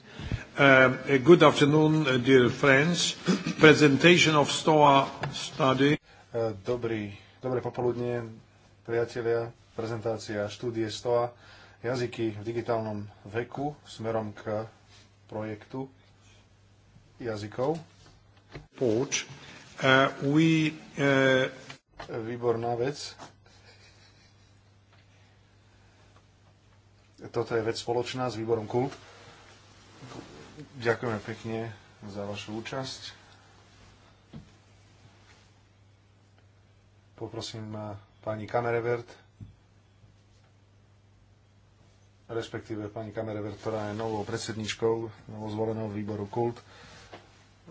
Uh, uh, good afternoon, uh, dear friends. Presentation of STOA study. dobré popoludne, priatelia. Prezentácia štúdie STOA. Jazyky v digitálnom veku smerom k projektu jazykov. Výborná vec. Toto je vec spoločná s výborom KULT Ďakujeme pekne za vašu účasť. Poprosím eh, pani Kamerevert, respektíve pani Kamerevert, ktorá je novou predsedničkou novozvoleného výboru KULT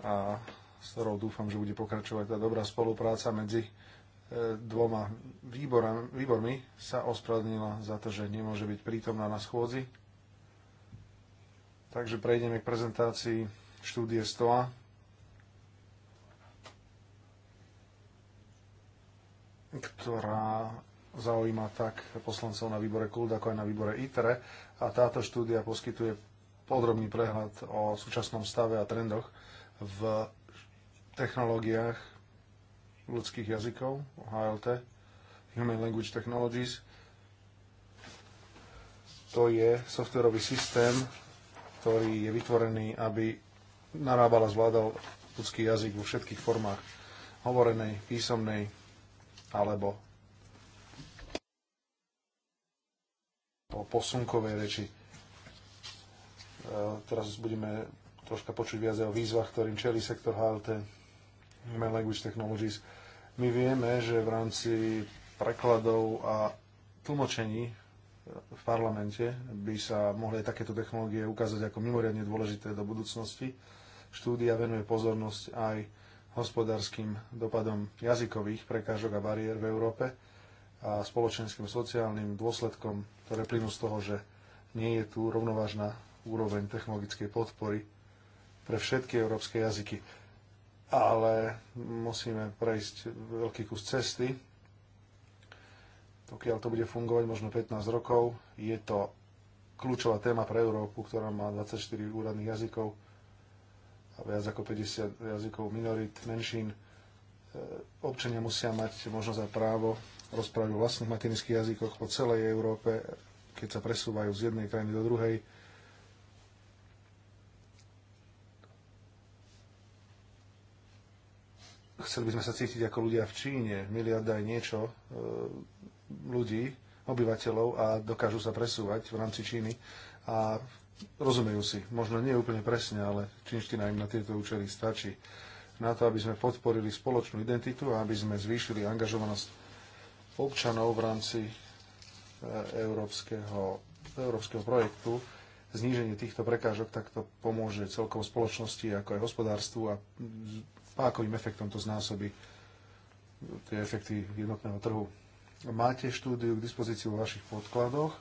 a s ktorou dúfam, že bude pokračovať tá dobrá spolupráca medzi eh, dvoma výbormi sa ospravedlnila za to, že nemôže byť prítomná na schôdzi Takže prejdeme k prezentácii štúdie STOA. ktorá zaujíma tak poslancov na výbore KULD, ako aj na výbore ITRE. A táto štúdia poskytuje podrobný prehľad o súčasnom stave a trendoch v technológiách ľudských jazykov, HLT, Human Language Technologies, to je softwarový systém ktorý je vytvorený, aby narábala zvládal ľudský jazyk vo všetkých formách hovorenej, písomnej alebo po posunkovej reči. E, teraz budeme troška počuť viac o výzvach, ktorým čelí sektor HLT, Human Language Technologies. My vieme, že v rámci prekladov a tlmočení v parlamente by sa mohli takéto technológie ukázať ako mimoriadne dôležité do budúcnosti. Štúdia venuje pozornosť aj hospodárskym dopadom jazykových prekážok a bariér v Európe a spoločenským sociálnym dôsledkom, ktoré plynú z toho, že nie je tu rovnovážna úroveň technologickej podpory pre všetky európske jazyky. Ale musíme prejsť veľký kus cesty pokiaľ to bude fungovať možno 15 rokov, je to kľúčová téma pre Európu, ktorá má 24 úradných jazykov a viac ako 50 jazykov minorít, menšín. E, občania musia mať možnosť a právo rozprávať o vlastných materinských jazykoch po celej Európe, keď sa presúvajú z jednej krajiny do druhej. Chceli by sme sa cítiť ako ľudia v Číne. Miliarda aj niečo e, ľudí, obyvateľov a dokážu sa presúvať v rámci Číny a rozumejú si. Možno nie úplne presne, ale čínština im na tieto účely stačí. Na to, aby sme podporili spoločnú identitu a aby sme zvýšili angažovanosť občanov v rámci e, európskeho, európskeho projektu, zníženie týchto prekážok takto pomôže celkovo spoločnosti ako aj hospodárstvu a pákovým efektom to znásobí tie efekty jednotného trhu. Máte štúdiu k dispozícii vo vašich podkladoch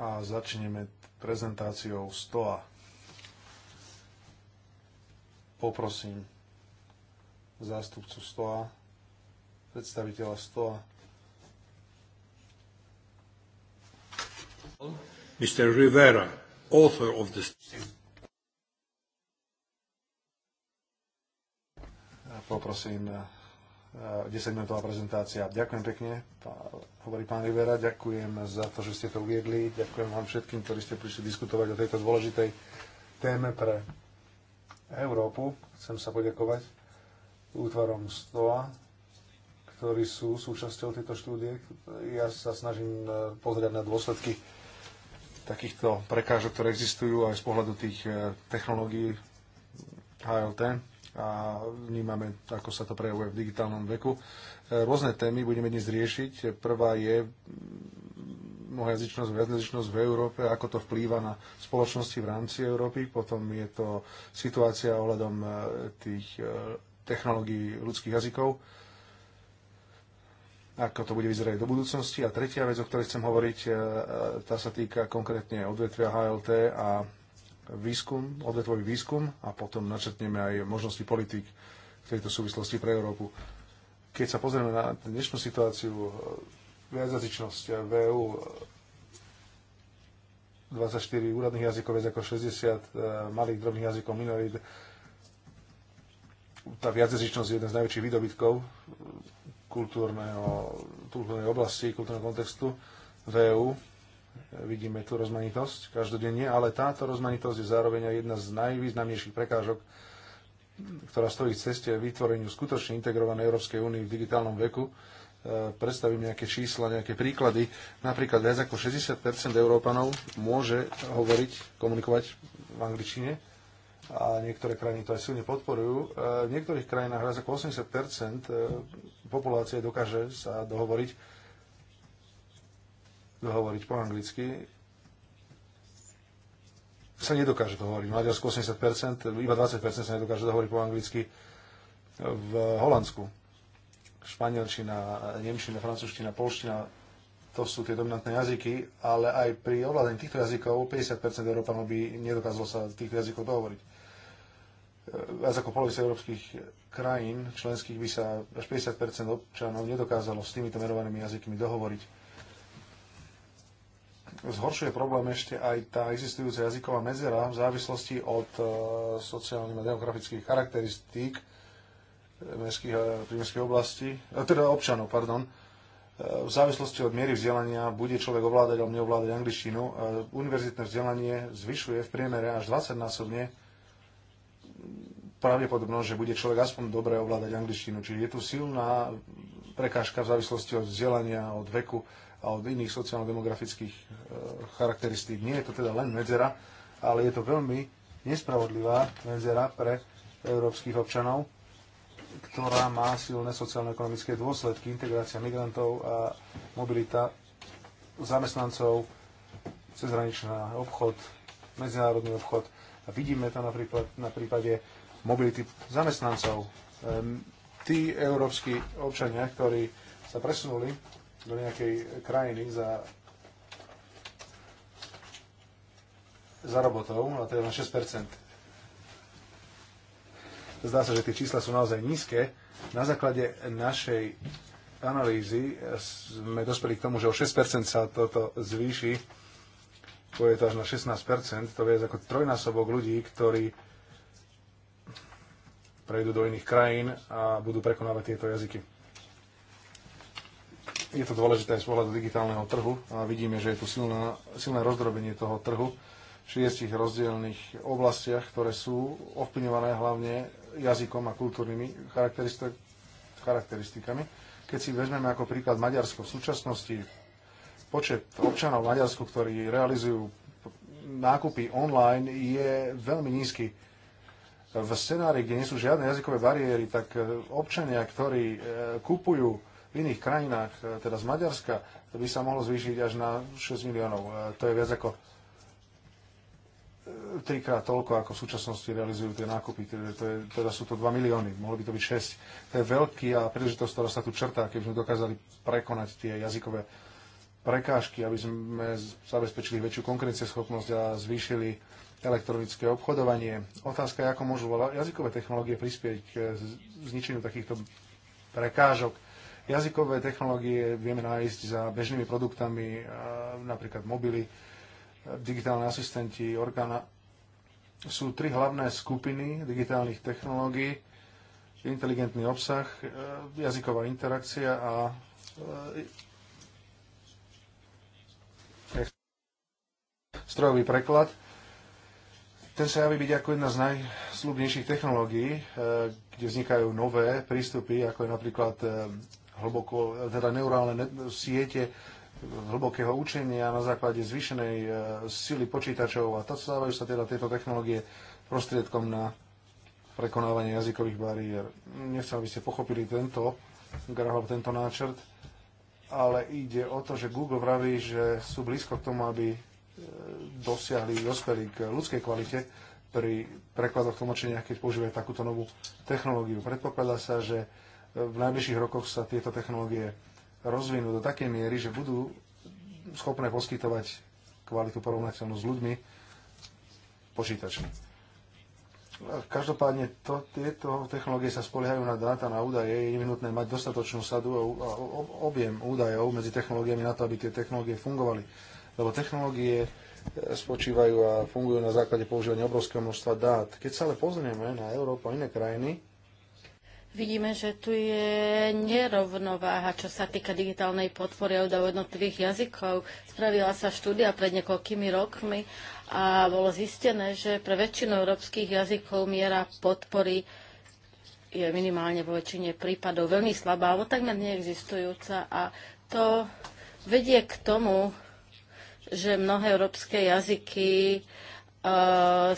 a začneme prezentáciou STOA. Poprosím zástupcu STOA, predstaviteľa STOA. Mr. Rivera, author of the poprosím 10-minútová e, prezentácia. Ďakujem pekne, hovorí pán Rivera, ďakujem za to, že ste to uviedli, ďakujem vám všetkým, ktorí ste prišli diskutovať o tejto dôležitej téme pre Európu. Chcem sa poďakovať útvarom STOA, ktorí sú súčasťou tejto štúdie. Ja sa snažím e, pozrieť na dôsledky takýchto prekážok, ktoré existujú aj z pohľadu tých e, technológií HLT a vnímame, ako sa to prejavuje v digitálnom veku. E, rôzne témy budeme dnes riešiť. Prvá je mnohojazyčnosť, viacjazyčnosť v Európe, ako to vplýva na spoločnosti v rámci Európy. Potom je to situácia ohľadom e, tých e, technológií ľudských jazykov, ako to bude vyzerať do budúcnosti. A tretia vec, o ktorej chcem hovoriť, tá sa týka konkrétne odvetvia HLT a výskum, odvetvový výskum a potom načrtneme aj možnosti politik v tejto súvislosti pre Európu. Keď sa pozrieme na dnešnú situáciu, e, viacjazyčnosť e, v VU, 24 e, úradných jazykov, viac ako 60 malých drobných jazykov minorít. Tá viacjazyčnosť je jeden z najväčších výdobytkov kultúrneho, kultúrnej oblasti, kultúrneho kontextu v EÚ. Vidíme tú rozmanitosť každodenne, ale táto rozmanitosť je zároveň aj jedna z najvýznamnejších prekážok, ktorá stojí v ceste vytvoreniu skutočne integrovanej Európskej únie v digitálnom veku. E, predstavím nejaké čísla, nejaké príklady. Napríklad viac ako 60 Európanov môže hovoriť, komunikovať v angličtine a niektoré krajiny to aj silne podporujú. E, v niektorých krajinách viac ako 80 e, populácie dokáže sa dohovoriť dohovoriť po anglicky, sa nedokáže to hovoriť. V Maďarsku 80%, iba 20% sa nedokáže to hovoriť po anglicky v Holandsku. Španielčina, nemčina, francúzština, polština, to sú tie dominantné jazyky, ale aj pri ovládaní týchto jazykov 50% Európanov by nedokázalo sa týchto jazykov dohovoriť. Viac ako polovica európskych krajín členských by sa až 50% občanov nedokázalo s týmito merovanými jazykmi dohovoriť zhoršuje problém ešte aj tá existujúca jazyková medzera v závislosti od e, sociálnych a demografických charakteristík e, mestských, prímeských oblasti, e, teda občanov, pardon. V závislosti od miery vzdelania bude človek ovládať alebo neovládať angličtinu. Univerzitné vzdelanie zvyšuje v priemere až 20-násobne pravdepodobnosť, že bude človek aspoň dobre ovládať angličtinu. Čiže je tu silná prekážka v závislosti od vzdelania, od veku alebo iných sociálno-demografických e, charakteristík. Nie je to teda len medzera, ale je to veľmi nespravodlivá medzera pre európskych občanov, ktorá má silné sociálno-ekonomické dôsledky, integrácia migrantov a mobilita zamestnancov, cezhraničná obchod, medzinárodný obchod. A vidíme to napríklad na prípade mobility zamestnancov. Tí európsky občania, ktorí sa presunuli do nejakej krajiny za za robotov, a to je len 6%. Zdá sa, že tie čísla sú naozaj nízke. Na základe našej analýzy sme dospeli k tomu, že o 6% sa toto zvýši, to je to až na 16%, to je ako trojnásobok ľudí, ktorí prejdú do iných krajín a budú prekonávať tieto jazyky. Je to dôležité z pohľadu digitálneho trhu a vidíme, že je tu silná, silné rozdrobenie toho trhu v šiestich rozdielných oblastiach, ktoré sú ovplyvňované hlavne jazykom a kultúrnymi charakteristikami. Keď si vezmeme ako príklad Maďarsko v súčasnosti, počet občanov v Maďarsku, ktorí realizujú nákupy online, je veľmi nízky. V scenári, kde nie sú žiadne jazykové bariéry, tak občania, ktorí e, kupujú v iných krajinách, e, teda z Maďarska, by sa mohlo zvýšiť až na 6 miliónov. E, to je viac ako e, trikrát toľko, ako v súčasnosti realizujú tie nákupy. To je, teda sú to 2 milióny, mohlo by to byť 6. To je veľký a príležitosť, ktorá sa tu črtá, keby sme dokázali prekonať tie jazykové prekážky, aby sme zabezpečili väčšiu konkurencieschopnosť a zvýšili elektronické obchodovanie. Otázka je, ako môžu jazykové technológie prispieť k zničeniu takýchto prekážok Jazykové technológie vieme nájsť za bežnými produktami, napríklad mobily, digitálne asistenti, orgána. Sú tri hlavné skupiny digitálnych technológií. Inteligentný obsah, e, jazyková interakcia a e, strojový preklad. Ten sa javí byť ako jedna z najslubnejších technológií, e, kde vznikajú nové prístupy, ako je napríklad hlboko, teda neurálne siete hlbokého učenia na základe zvýšenej e, sily počítačov a stávajú sa teda tieto technológie prostriedkom na prekonávanie jazykových bariér. Nechcem, aby ste pochopili tento graf, tento náčrt, ale ide o to, že Google vraví, že sú blízko k tomu, aby e, dosiahli, dospeli k ľudskej kvalite pri prekladoch tlmočenia, keď používajú takúto novú technológiu. Predpokladá sa, že v najbližších rokoch sa tieto technológie rozvinú do takej miery, že budú schopné poskytovať kvalitu porovnateľnú s ľuďmi počítačmi. Každopádne to, tieto technológie sa spoliehajú na dáta, na údaje. Je nevyhnutné mať dostatočnú sadu a objem údajov medzi technológiami na to, aby tie technológie fungovali. Lebo technológie e, spočívajú a fungujú na základe používania obrovského množstva dát. Keď sa ale pozrieme na Európu a iné krajiny, Vidíme, že tu je nerovnováha, čo sa týka digitálnej podpory a údajov jednotlivých jazykov. Spravila sa štúdia pred niekoľkými rokmi a bolo zistené, že pre väčšinu európskych jazykov miera podpory je minimálne vo väčšine prípadov veľmi slabá alebo takmer neexistujúca a to vedie k tomu, že mnohé európske jazyky E,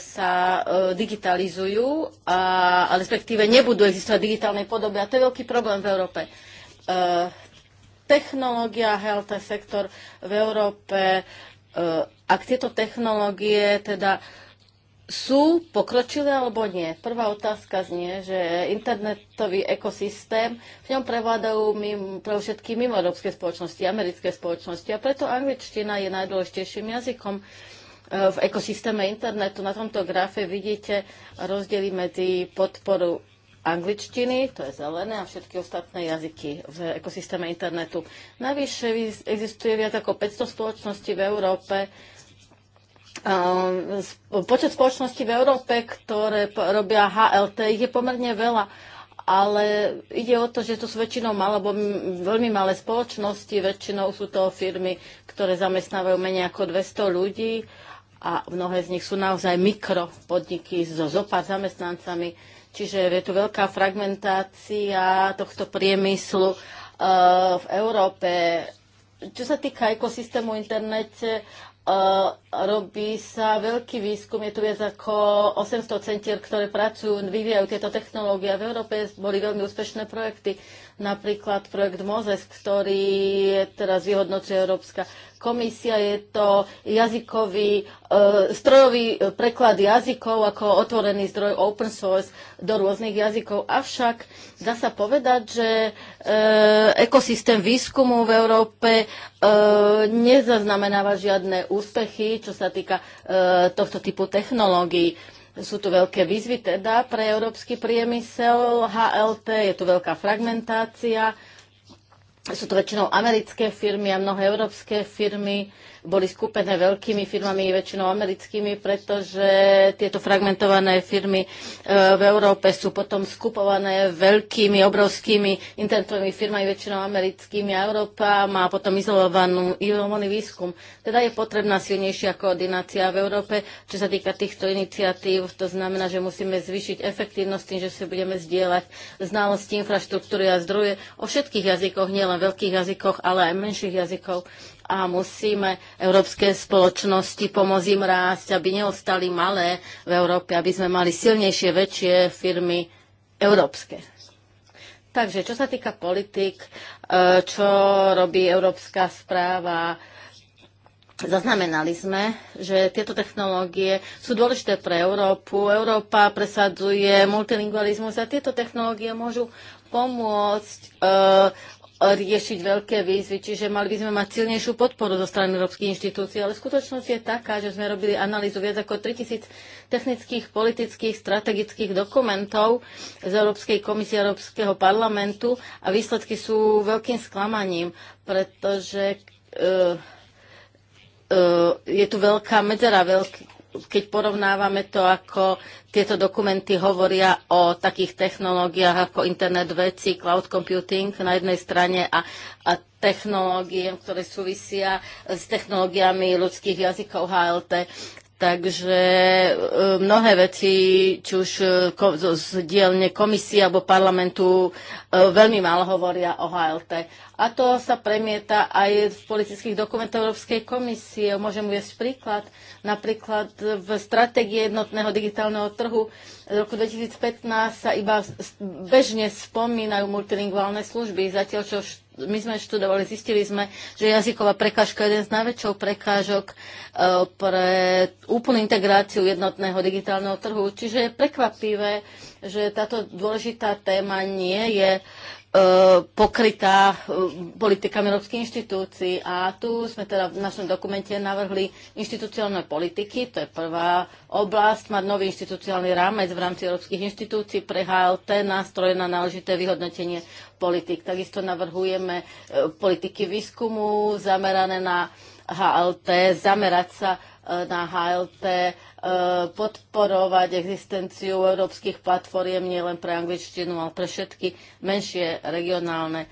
sa e, digitalizujú, a, respektíve nebudú existovať digitálne digitálnej podobe. A to je veľký problém v Európe. E, technológia, health sektor v Európe, ak tieto technológie teda sú pokročilé alebo nie? Prvá otázka znie, že internetový ekosystém, v ňom prevládajú mimo, pre všetky mimoeurópske spoločnosti, americké spoločnosti a preto angličtina je najdôležitejším jazykom. Uh, v ekosystéme internetu. Na tomto grafe vidíte rozdiely medzi podporu angličtiny, to je zelené, a všetky ostatné jazyky v ekosystéme internetu. Navyše existuje viac ako 500 spoločností v Európe, um, počet spoločností v Európe, ktoré robia HLT, ich je pomerne veľa, ale ide o to, že to sú väčšinou malé, alebo veľmi malé spoločnosti, väčšinou sú to firmy, ktoré zamestnávajú menej ako 200 ľudí a mnohé z nich sú naozaj mikropodniky so zopár zamestnancami, čiže je tu veľká fragmentácia tohto priemyslu eh, v Európe. Čo sa týka ekosystému internete, eh, Robí sa veľký výskum, je tu viac ako 800 centier, ktoré pracujú, vyvíjajú tieto technológie. V Európe boli veľmi úspešné projekty, napríklad projekt MOZES, ktorý je teraz vyhodnocuje Európska komisia. Je to jazykový, e, strojový preklad jazykov ako otvorený zdroj open source do rôznych jazykov. Avšak dá sa povedať, že e, ekosystém výskumu v Európe e, nezaznamenáva žiadne úspechy, čo sa týka e, tohto typu technológií. Sú tu veľké výzvy teda pre európsky priemysel, HLT, je tu veľká fragmentácia, sú to väčšinou americké firmy a mnohé európske firmy boli skupené veľkými firmami, väčšinou americkými, pretože tieto fragmentované firmy e, v Európe sú potom skupované veľkými, obrovskými internetovými firmami, väčšinou americkými. A Európa má potom izolovanú, izolovaný výskum. Teda je potrebná silnejšia koordinácia v Európe, čo sa týka týchto iniciatív. To znamená, že musíme zvýšiť efektívnosť tým, že si budeme zdieľať znalosti, infraštruktúry a zdroje o všetkých jazykoch, nielen veľkých jazykoch, ale aj menších jazykov a musíme európske spoločnosti pomôcť im rásť, aby neostali malé v Európe, aby sme mali silnejšie, väčšie firmy európske. Takže čo sa týka politik, e, čo robí európska správa, Zaznamenali sme, že tieto technológie sú dôležité pre Európu. Európa presadzuje multilingualizmus a tieto technológie môžu pomôcť e, riešiť veľké výzvy, čiže mali by sme mať silnejšiu podporu zo strany európskych inštitúcií, ale skutočnosť je taká, že sme robili analýzu viac ako 3000 technických, politických, strategických dokumentov z Európskej komisie Európskeho parlamentu a výsledky sú veľkým sklamaním, pretože uh, uh, je tu veľká medzera, veľký keď porovnávame to, ako tieto dokumenty hovoria o takých technológiách ako internet veci, cloud computing na jednej strane a, a technológie, ktoré súvisia s technológiami ľudských jazykov HLT Takže e, mnohé veci, či už e, z dielne komisie alebo parlamentu, e, veľmi málo hovoria o HLT. A to sa premieta aj v politických dokumentoch Európskej komisie. Môžem uvieť príklad. Napríklad v stratégie jednotného digitálneho trhu z roku 2015 sa iba bežne spomínajú multilingválne služby, zatiaľ čo my sme študovali, zistili sme, že jazyková prekážka je jeden z najväčších prekážok e, pre úplnú integráciu jednotného digitálneho trhu. Čiže je prekvapivé, že táto dôležitá téma nie je E, pokrytá e, politikami európskych inštitúcií. A tu sme teda v našom dokumente navrhli inštitúciálne politiky, to je prvá oblasť, mať nový inštitúciálny rámec v rámci európskych inštitúcií pre HLT, nástroje na náležité vyhodnotenie politik. Takisto navrhujeme e, politiky výskumu zamerané na HLT, zamerať sa na HLT, Eh, podporovať existenciu európskych platformiem nielen pre angličtinu, ale pre všetky menšie regionálne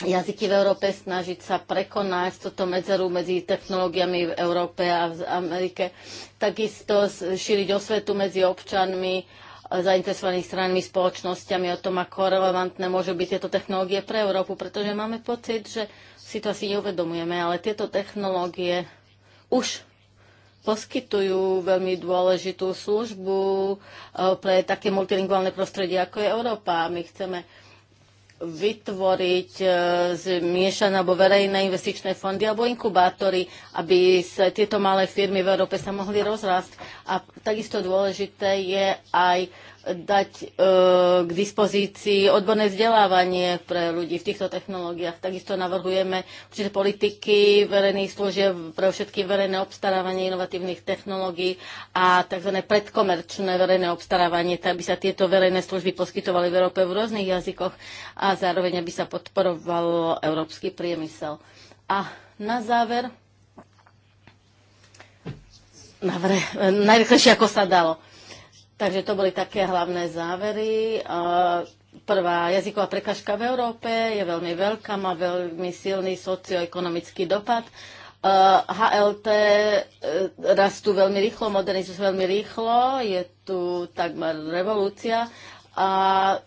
jazyky v Európe, snažiť sa prekonať toto medzeru medzi technológiami v Európe a v Amerike, takisto šíriť osvetu medzi občanmi, eh, zainteresovaných stranami, spoločnosťami o tom, ako relevantné môžu byť tieto technológie pre Európu, pretože máme pocit, že si to asi neuvedomujeme, ale tieto technológie už poskytujú veľmi dôležitú službu eh, pre také multilinguálne prostredie, ako je Európa. My chceme vytvoriť eh, zmiešané alebo verejné investičné fondy alebo inkubátory, aby sa tieto malé firmy v Európe sa mohli rozrásť. A takisto dôležité je aj dať e, k dispozícii odborné vzdelávanie pre ľudí v týchto technológiách. Takisto navrhujeme určité politiky verejných služieb pre všetky verejné obstarávanie inovatívnych technológií a tzv. predkomerčné verejné obstarávanie, tak aby sa tieto verejné služby poskytovali v Európe v rôznych jazykoch a zároveň aby sa podporoval európsky priemysel. A na záver, najrychlejšie ako sa dalo. Takže to boli také hlavné závery. Prvá jazyková prekažka v Európe je veľmi veľká, má veľmi silný socioekonomický dopad. HLT e, rastú veľmi rýchlo, modernizujú veľmi rýchlo, je tu takmer revolúcia a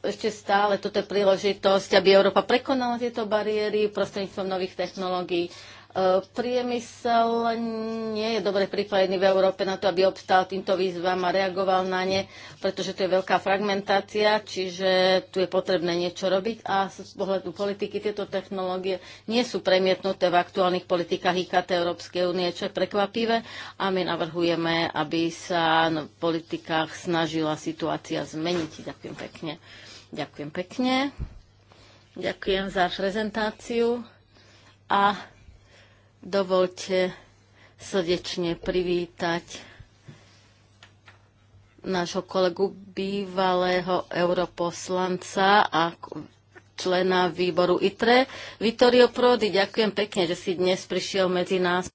ešte stále toto je príležitosť, aby Európa prekonala tieto bariéry prostredníctvom nových technológií E, priemysel nie je dobre pripravený v Európe na to, aby obstal týmto výzvam a reagoval na ne, pretože tu je veľká fragmentácia, čiže tu je potrebné niečo robiť a z pohľadu politiky tieto technológie nie sú premietnuté v aktuálnych politikách IKT Európskej únie, čo je prekvapivé a my navrhujeme, aby sa v politikách snažila situácia zmeniť. Ďakujem pekne. Ďakujem pekne. Ďakujem za prezentáciu a Dovolte srdečne privítať nášho kolegu bývalého europoslanca a člena výboru ITRE. Vittorio Prodi, ďakujem pekne, že si dnes prišiel medzi nás.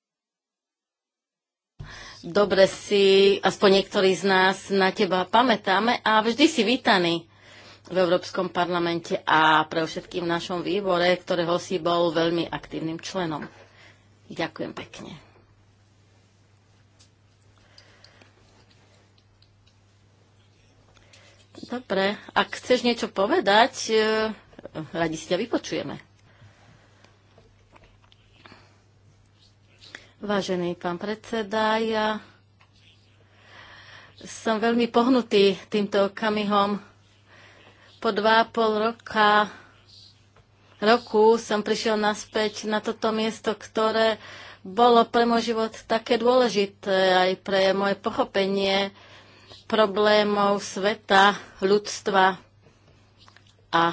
Dobre si, aspoň niektorí z nás, na teba pamätáme a vždy si vítaný v Európskom parlamente a pre všetkým v našom výbore, ktorého si bol veľmi aktívnym členom. Ďakujem pekne. Dobre, ak chceš niečo povedať, e, radi si ťa vypočujeme. Vážený pán predseda, ja som veľmi pohnutý týmto okamihom. Po dva a pol roka roku som prišiel naspäť na toto miesto, ktoré bolo pre môj život také dôležité aj pre moje pochopenie problémov sveta, ľudstva a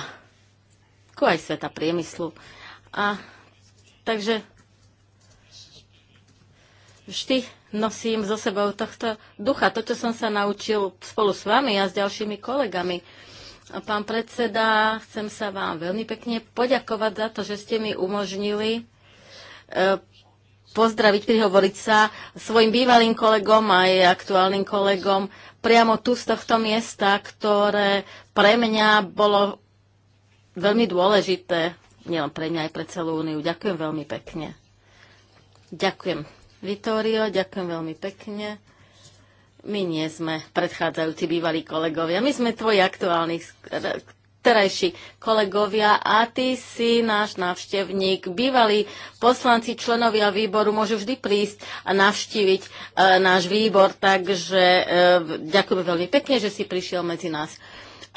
ako aj sveta priemyslu. A takže vždy nosím zo sebou tohto ducha, to, čo som sa naučil spolu s vami a s ďalšími kolegami Pán predseda, chcem sa vám veľmi pekne poďakovať za to, že ste mi umožnili e, pozdraviť, prihovoriť sa svojim bývalým kolegom aj aktuálnym kolegom priamo tu z tohto miesta, ktoré pre mňa bolo veľmi dôležité, nielen pre mňa, aj pre celú úniu. Ďakujem veľmi pekne. Ďakujem, Vitorio, ďakujem veľmi pekne my nie sme predchádzajúci bývalí kolegovia. My sme tvoji aktuálni terajší kolegovia a ty si náš návštevník. Bývalí poslanci, členovia výboru môžu vždy prísť a navštíviť e, náš výbor, takže e, ďakujeme veľmi pekne, že si prišiel medzi nás.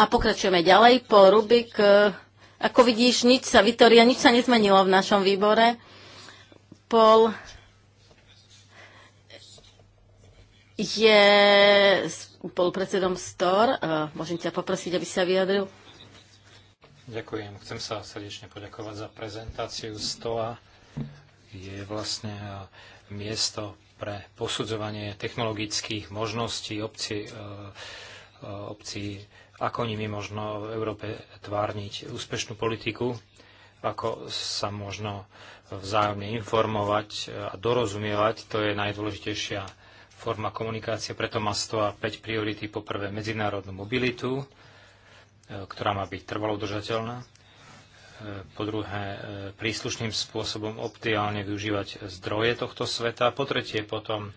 A pokračujeme ďalej po Rubik. E, ako vidíš, nič sa, Vitoria, nič sa nezmenilo v našom výbore. Pol je spolupredsedom STOR. Môžem ťa poprosiť, aby sa vyjadril. Ďakujem. Chcem sa srdečne poďakovať za prezentáciu STOA. Je vlastne miesto pre posudzovanie technologických možností obci, e, e, obci ako nimi možno v Európe tvárniť úspešnú politiku, ako sa možno vzájomne informovať a dorozumievať. To je najdôležitejšia forma komunikácie, preto má 105 priority. Poprvé medzinárodnú mobilitu, e, ktorá má byť trvalo udržateľná. E, po druhé, e, príslušným spôsobom optimálne využívať zdroje tohto sveta. Po tretie, potom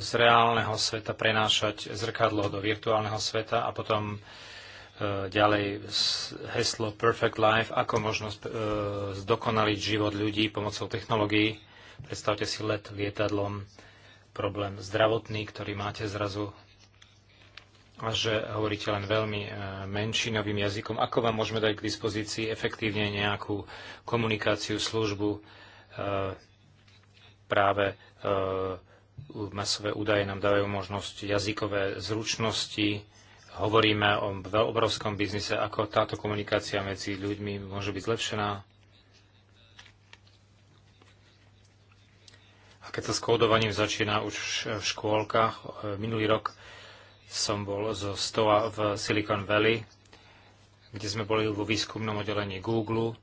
z reálneho sveta prenášať zrkadlo do virtuálneho sveta a potom ďalej heslo Perfect Life, ako možnosť zdokonaliť život ľudí pomocou technológií. Predstavte si let lietadlom, problém zdravotný, ktorý máte zrazu a že hovoríte len veľmi e, menšinovým jazykom. Ako vám môžeme dať k dispozícii efektívne nejakú komunikáciu, službu? E, práve e, masové údaje nám dávajú možnosť jazykové zručnosti. Hovoríme o obrovskom biznise, ako táto komunikácia medzi ľuďmi môže byť zlepšená keď sa s kódovaním začína už v škôlkach. E, minulý rok som bol zo STOA v Silicon Valley, kde sme boli vo výskumnom oddelení Google,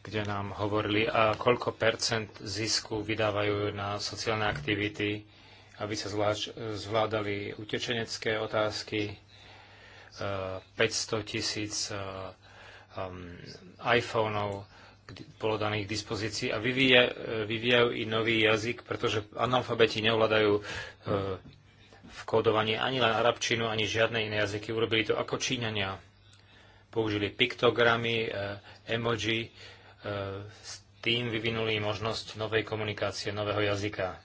kde nám hovorili, a koľko percent zisku vydávajú na sociálne aktivity, aby sa zvládali utečenecké otázky, 500 e, tisíc e, um, iPhoneov, bolo dané k dispozícii a vyvíja, e, vyvíjajú i nový jazyk, pretože analfabeti neovládajú e, v kódovaní ani len arabčinu, ani žiadne iné jazyky. Urobili to ako Číňania. Použili piktogramy, e, emoji, s tým vyvinuli možnosť novej komunikácie, nového jazyka.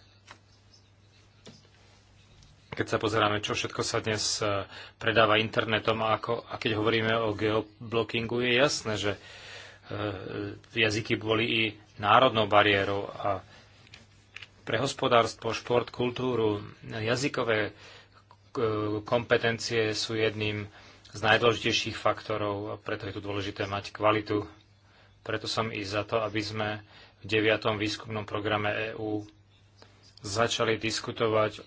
Keď sa pozeráme, čo všetko sa dnes predáva internetom a, ako, a keď hovoríme o geoblockingu, je jasné, že Eh, jazyky boli i národnou bariérou a pre hospodárstvo, šport, kultúru, jazykové eh, kompetencie sú jedným z najdôležitejších faktorov a preto je tu dôležité mať kvalitu. Preto som i za to, aby sme v 9. výskumnom programe EÚ začali diskutovať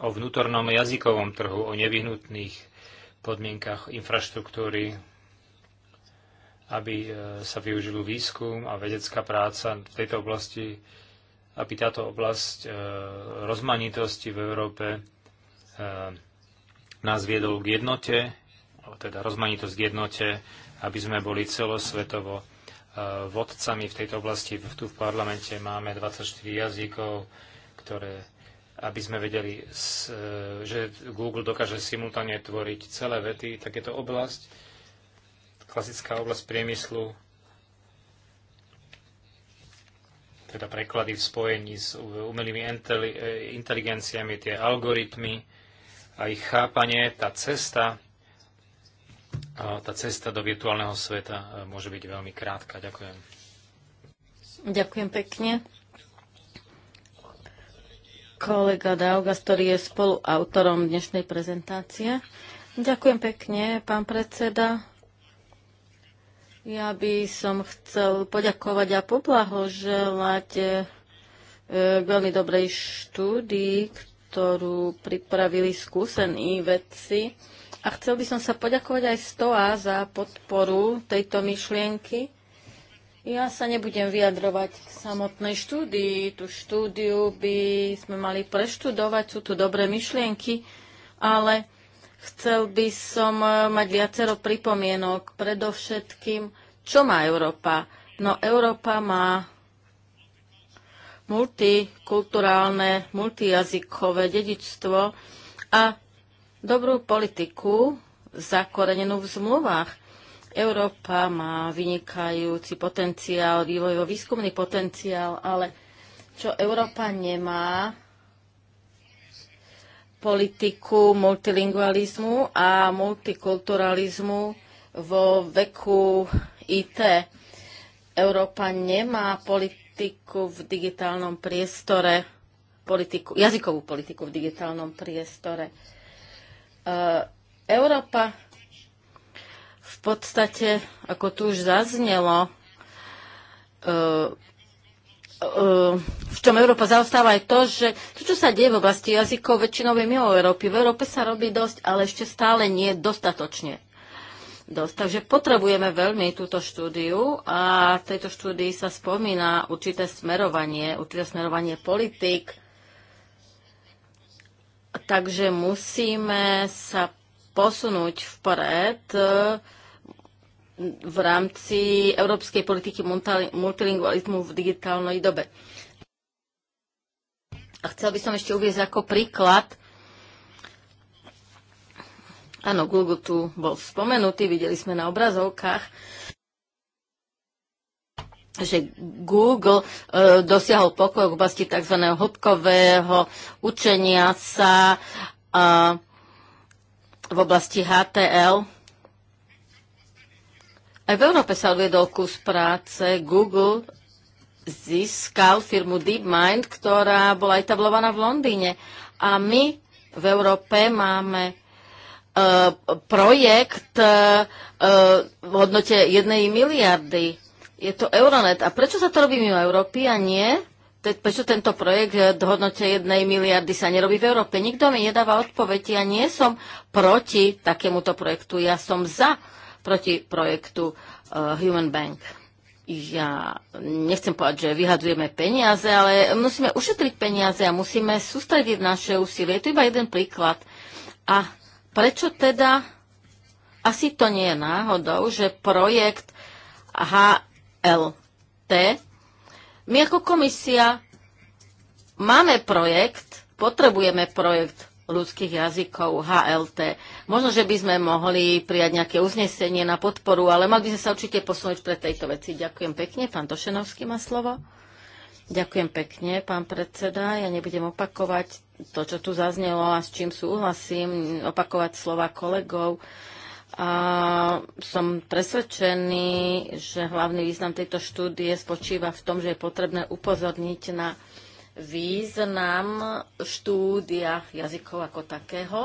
o vnútornom jazykovom trhu, o nevyhnutných podmienkach infraštruktúry, aby e, sa využil výskum a vedecká práca v tejto oblasti, aby táto oblasť e, rozmanitosti v Európe e, nás viedol k jednote, teda rozmanitosť k jednote, aby sme boli celosvetovo vodcami v tejto oblasti. Tu v parlamente máme 24 jazykov, ktoré aby sme vedeli, že Google dokáže simultánne tvoriť celé vety, tak je to oblasť, klasická oblasť priemyslu, teda preklady v spojení s umelými e, inteligenciami, tie algoritmy a ich chápanie, tá cesta, tá cesta do virtuálneho sveta e, môže byť veľmi krátka. Ďakujem. Ďakujem pekne. Kolega Daugas, ktorý je spoluautorom dnešnej prezentácie. Ďakujem pekne, pán predseda. Ja by som chcel poďakovať a poblahoželať e, veľmi dobrej štúdii, ktorú pripravili skúsení vedci. A chcel by som sa poďakovať aj STOA za podporu tejto myšlienky. Ja sa nebudem vyjadrovať k samotnej štúdii. Tú štúdiu by sme mali preštudovať, sú tu dobré myšlienky, ale Chcel by som eh, mať viacero pripomienok. Predovšetkým, čo má Európa? No Európa má multikulturálne, multijazykové dedičstvo a dobrú politiku zakorenenú v zmluvách. Európa má vynikajúci potenciál, vývojový výskumný potenciál, ale čo Európa nemá, politiku multilingualizmu a multikulturalizmu vo veku IT. Európa nemá politiku v digitálnom priestore, politiku, jazykovú politiku v digitálnom priestore. E, Európa v podstate, ako tu už zaznelo, e, Eh, v čom Európa zaostáva je to, že to, čo sa deje v oblasti jazykov, väčšinou je mimo Európy. V Európe sa robí dosť, ale ešte stále nie dostatočne. Dosť. Takže potrebujeme veľmi túto štúdiu a v tejto štúdii sa spomína určité smerovanie, určité smerovanie politik. Takže musíme sa posunúť vpred v rámci európskej politiky multilingualizmu v digitálnej dobe. A chcel by som ešte uvieť ako príklad, áno, Google tu bol spomenutý, videli sme na obrazovkách, že Google e, dosiahol pokoj v oblasti tzv. hĺbkového učenia sa a, v oblasti HTL aj v Európe sa odviedol kus práce. Google získal firmu DeepMind, ktorá bola etablovaná v Londýne. A my v Európe máme uh, projekt uh, v hodnote jednej miliardy. Je to Euronet. A prečo sa to robí mimo Európy a nie? Te, prečo tento projekt e, v hodnote jednej miliardy sa nerobí v Európe? Nikto mi nedáva odpoveď. Ja nie som proti takémuto projektu. Ja som za proti projektu uh, Human Bank. Ja nechcem povedať, že vyhadzujeme peniaze, ale musíme ušetriť peniaze a musíme sústrediť naše úsilie. Je to iba jeden príklad. A prečo teda, asi to nie je náhodou, že projekt HLT, my ako komisia máme projekt, potrebujeme projekt ľudských jazykov HLT. Možno, že by sme mohli prijať nejaké uznesenie na podporu, ale mali by sme sa určite posunúť pre tejto veci. Ďakujem pekne. Pán Tošenovský má slovo. Ďakujem pekne, pán predseda. Ja nebudem opakovať to, čo tu zaznelo a s čím súhlasím, opakovať slova kolegov. A som presvedčený, že hlavný význam tejto štúdie spočíva v tom, že je potrebné upozorniť na význam v štúdia jazykov ako takého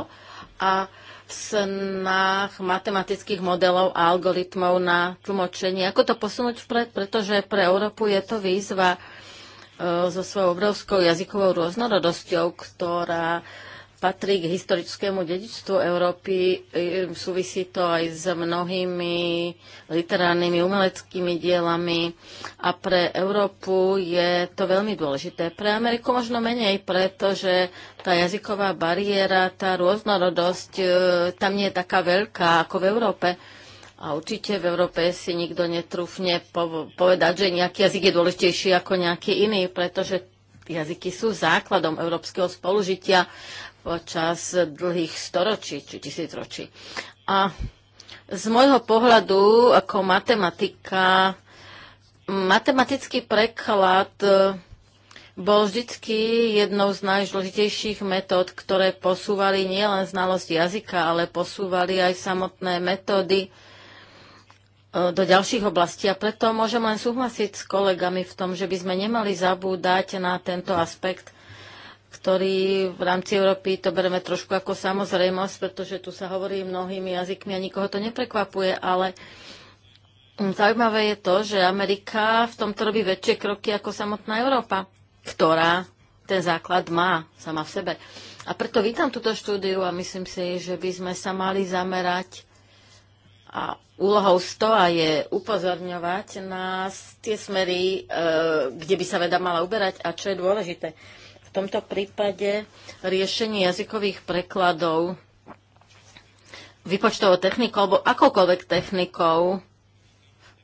a v snách matematických modelov a algoritmov na tlmočenie. Ako to posunúť vpred? Pretože pre Európu je to výzva e, so svojou obrovskou jazykovou rôznorodosťou, ktorá patrí k historickému dedičstvu Európy. Súvisí to aj s mnohými literárnymi umeleckými dielami a pre Európu je to veľmi dôležité. Pre Ameriku možno menej, pretože tá jazyková bariéra, tá rôznorodosť e, tam nie je taká veľká ako v Európe. A určite v Európe si nikto netrúfne povedať, že nejaký jazyk je dôležitejší ako nejaký iný, pretože jazyky sú základom európskeho spolužitia počas dlhých storočí či tisícročí. A z môjho pohľadu ako matematika, matematický preklad e, bol vždy jednou z najdôležitejších metód, ktoré posúvali nielen znalosť jazyka, ale posúvali aj samotné metódy e, do ďalších oblastí. A preto môžem len súhlasiť s kolegami v tom, že by sme nemali zabúdať na tento aspekt ktorý v rámci Európy to bereme trošku ako samozrejmosť, pretože tu sa hovorí mnohými jazykmi a nikoho to neprekvapuje, ale zaujímavé je to, že Amerika v tomto robí väčšie kroky ako samotná Európa, ktorá ten základ má sama v sebe. A preto vítam túto štúdiu a myslím si, že by sme sa mali zamerať a úlohou z toho je upozorňovať na tie smery, e, kde by sa veda mala uberať a čo je dôležité tomto prípade riešenie jazykových prekladov vypočtovou technikou alebo akokoľvek technikou,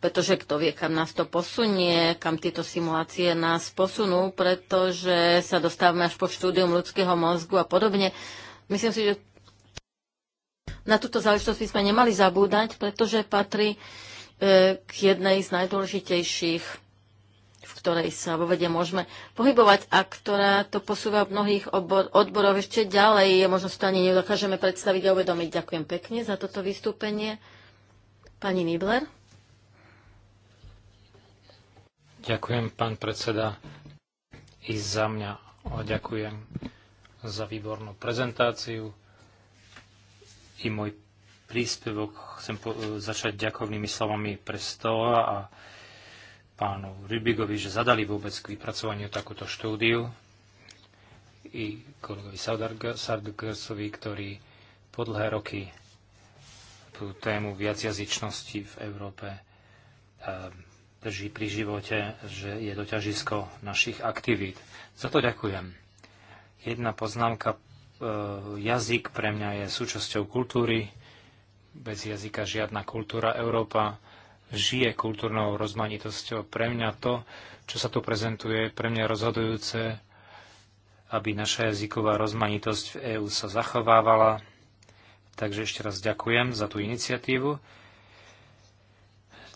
pretože kto vie, kam nás to posunie, kam tieto simulácie nás posunú, pretože sa dostávame až po štúdium ľudského mozgu a podobne. Myslím si, že na túto záležitosť by sme nemali zabúdať, pretože patrí e, k jednej z najdôležitejších v ktorej sa vo vede môžeme pohybovať a ktorá to posúva v mnohých obor, odboroch ešte ďalej. Možno si to ani nedokážeme predstaviť a uvedomiť. Ďakujem pekne za toto vystúpenie. Pani Nibler. Ďakujem, pán predseda. I za mňa o, ďakujem za výbornú prezentáciu. I môj príspevok chcem po- začať ďakovnými slovami pre stola a pánu Rybigovi, že zadali vôbec k vypracovaniu takúto štúdiu i kolegovi Sardukersovi, ktorý po dlhé roky tú tému viacjazyčnosti v Európe eh, drží pri živote, že je to ťažisko našich aktivít. Za to ďakujem. Jedna poznámka. Eh, jazyk pre mňa je súčasťou kultúry. Bez jazyka žiadna kultúra Európa žije kultúrnou rozmanitosťou. Pre mňa to, čo sa tu prezentuje, je pre mňa rozhodujúce, aby naša jazyková rozmanitosť v EÚ sa zachovávala. Takže ešte raz ďakujem za tú iniciatívu.